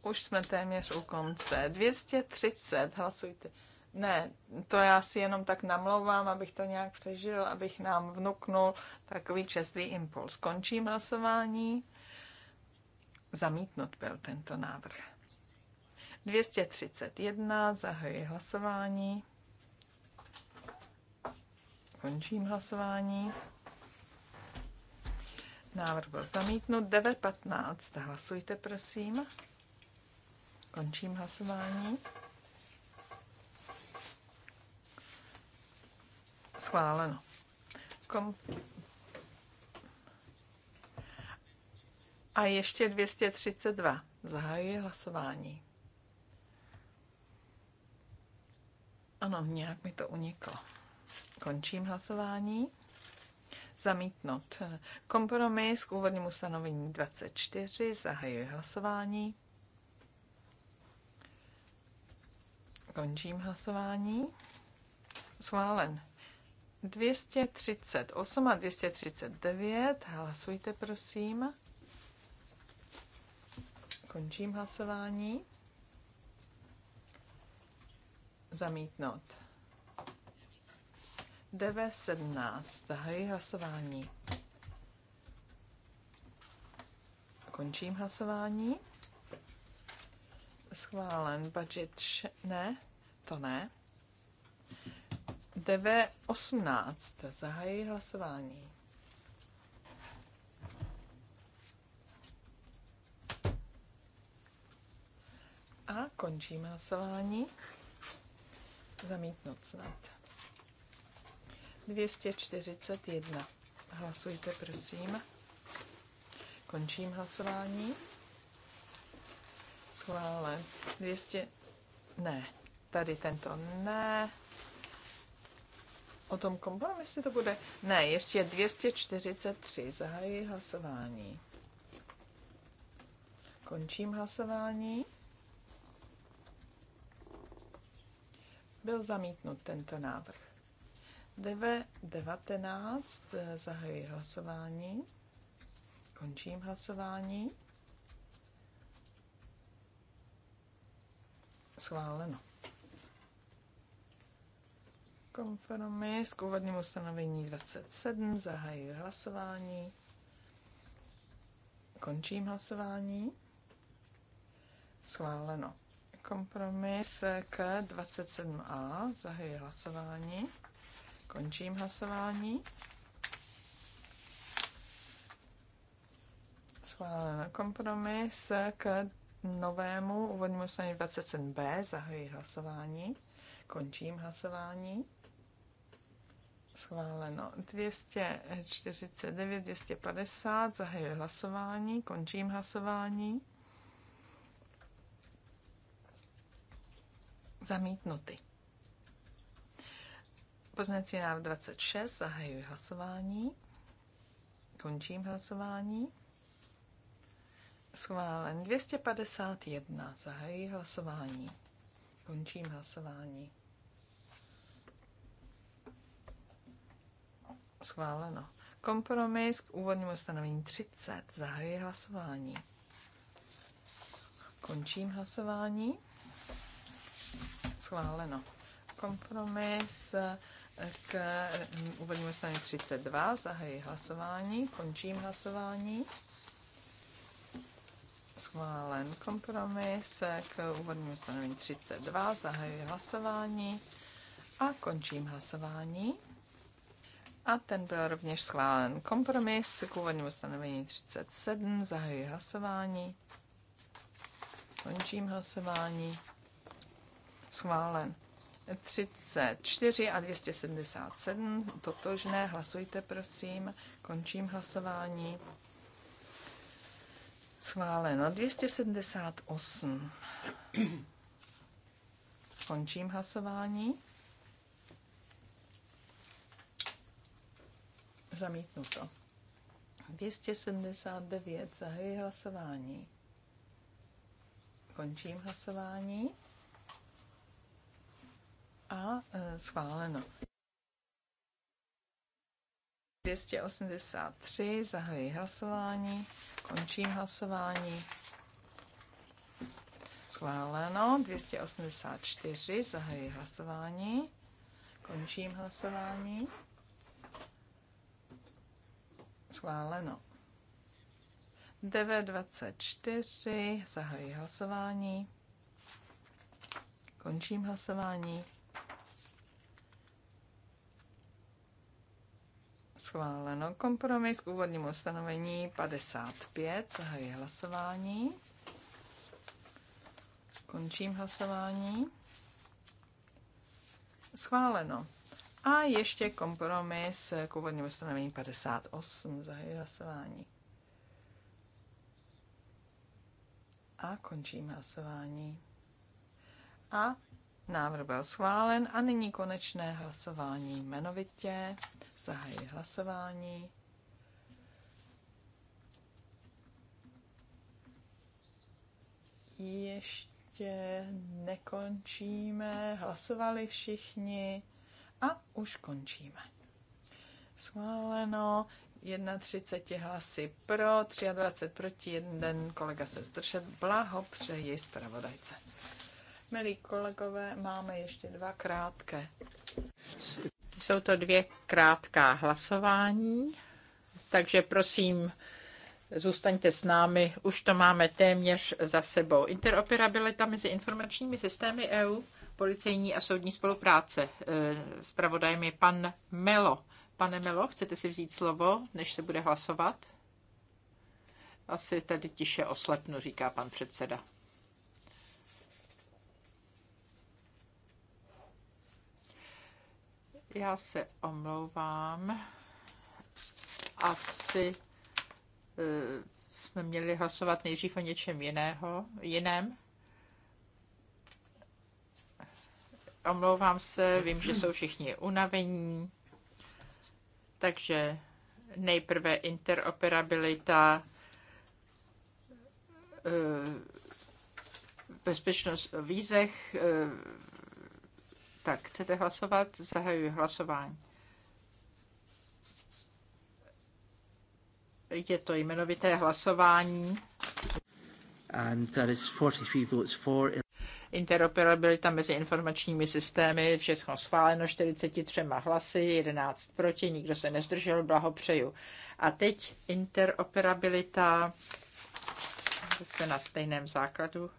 Už jsme téměř u konce. 230, hlasujte. Ne, to já si jenom tak namlouvám, abych to nějak přežil, abych nám vnuknul takový čestný impuls. Končím hlasování. Zamítnut byl tento návrh. 231, zahajuji hlasování. Končím hlasování. Návrh byl zamítnut. 9.15. Hlasujte, prosím. Končím hlasování. Schváleno. Kom- A ještě 232. Zahajuji hlasování. Ano, nějak mi to uniklo. Končím hlasování. Zamítnout. Kompromis k úvodnímu stanovení 24. Zahajuji hlasování. Končím hlasování. Schválen. 238 a 239. Hlasujte, prosím. Končím hlasování. Zamítnout. 9.17. Zahajuji hlasování. Končím hlasování. Schválen budget š- ne, to ne. 9.18. Zahají hlasování. A končím hlasování. Zamítnout snad. 241. Hlasujte, prosím. Končím hlasování. Schválen. 200. Ne. Tady tento ne. O tom kompromisu to bude. Ne, ještě 243. Zahajuji hlasování. Končím hlasování. Byl zamítnut tento návrh. DV19 zahajuji hlasování. Končím hlasování. Schváleno. Kompromis k úvodnímu stanovení 27 zahajuji hlasování. Končím hlasování. Schváleno. Kompromis k 27a. Zahajuji hlasování. Končím hlasování. Schválen kompromis k novému úvodnímu ustanovení 27b. Zahajuji hlasování. Končím hlasování. Schváleno 249, 250. Zahajuji hlasování. Končím hlasování. Zamítnuty. Poznací návrh 26, zahajuji hlasování. Končím hlasování. Schválen 251, zahajuji hlasování. Končím hlasování. Schváleno. Kompromis k úvodnímu stanovení 30. Zahajuji hlasování. Končím hlasování. Schváleno. Kompromis eh, k úvodnímu eh, straně 32. Zahají hlasování. Končím hlasování. Schválen kompromis eh, k úvodnímu stanovení 32. Zahajuji hlasování a končím hlasování. A ten byl rovněž schválen kompromis k úvodnímu stanovení 37. Zahajuji hlasování. Končím hlasování schválen. 34 a 277, totožné, hlasujte prosím, končím hlasování. Schváleno 278. Končím hlasování. Zamítnuto. 279. Zahajuji hlasování. Končím hlasování a e, schváleno. 283, zahajuji hlasování, končím hlasování. Schváleno. 284, zahajuji hlasování, končím hlasování. Schváleno. 924, zahajuji hlasování, končím hlasování. Schváleno. Kompromis k úvodnímu ustanovení 55. Zahajuji hlasování. Končím hlasování. Schváleno. A ještě kompromis k úvodnímu ustanovení 58. Zahajuji hlasování. A končím hlasování. A Návrh byl schválen a nyní konečné hlasování jmenovitě. Zahají hlasování. Ještě nekončíme. Hlasovali všichni a už končíme. Schváleno. 31 hlasy pro, 23 proti, jeden kolega se zdržel. Blahopřeji zpravodajce. Milí kolegové, máme ještě dva krátké. Jsou to dvě krátká hlasování, takže prosím, zůstaňte s námi. Už to máme téměř za sebou. Interoperabilita mezi informačními systémy EU, policejní a soudní spolupráce. Spravodajem e, je pan Melo. Pane Melo, chcete si vzít slovo, než se bude hlasovat? Asi tady tiše oslepnu, říká pan předseda. Já se omlouvám. Asi e, jsme měli hlasovat nejdřív o něčem jiného, jiném. Omlouvám se, vím, že jsou všichni unavení. Takže nejprve interoperabilita, e, bezpečnost o vízech, e, tak, chcete hlasovat? Zahajuji hlasování. Je to jmenovité hlasování. And that is 43 votes for. Interoperabilita mezi informačními systémy, všechno schváleno 43 hlasy, 11 proti, nikdo se nezdržel, blahopřeju. A teď interoperabilita se na stejném základu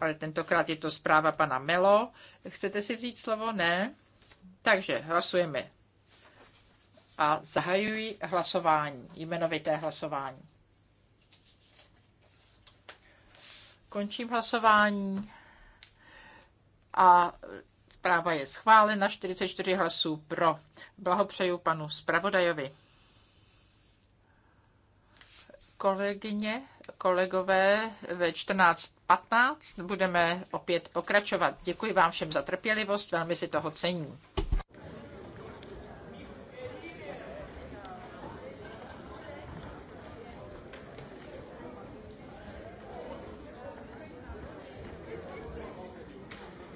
ale tentokrát je to zpráva pana Melo. Chcete si vzít slovo? Ne? Takže hlasujeme. A zahajuji hlasování, jmenovité hlasování. Končím hlasování a zpráva je schválena 44 hlasů pro. Blahopřeju panu zpravodajovi kolegyně, kolegové, ve 14.15 budeme opět pokračovat. Děkuji vám všem za trpělivost, velmi si toho cením.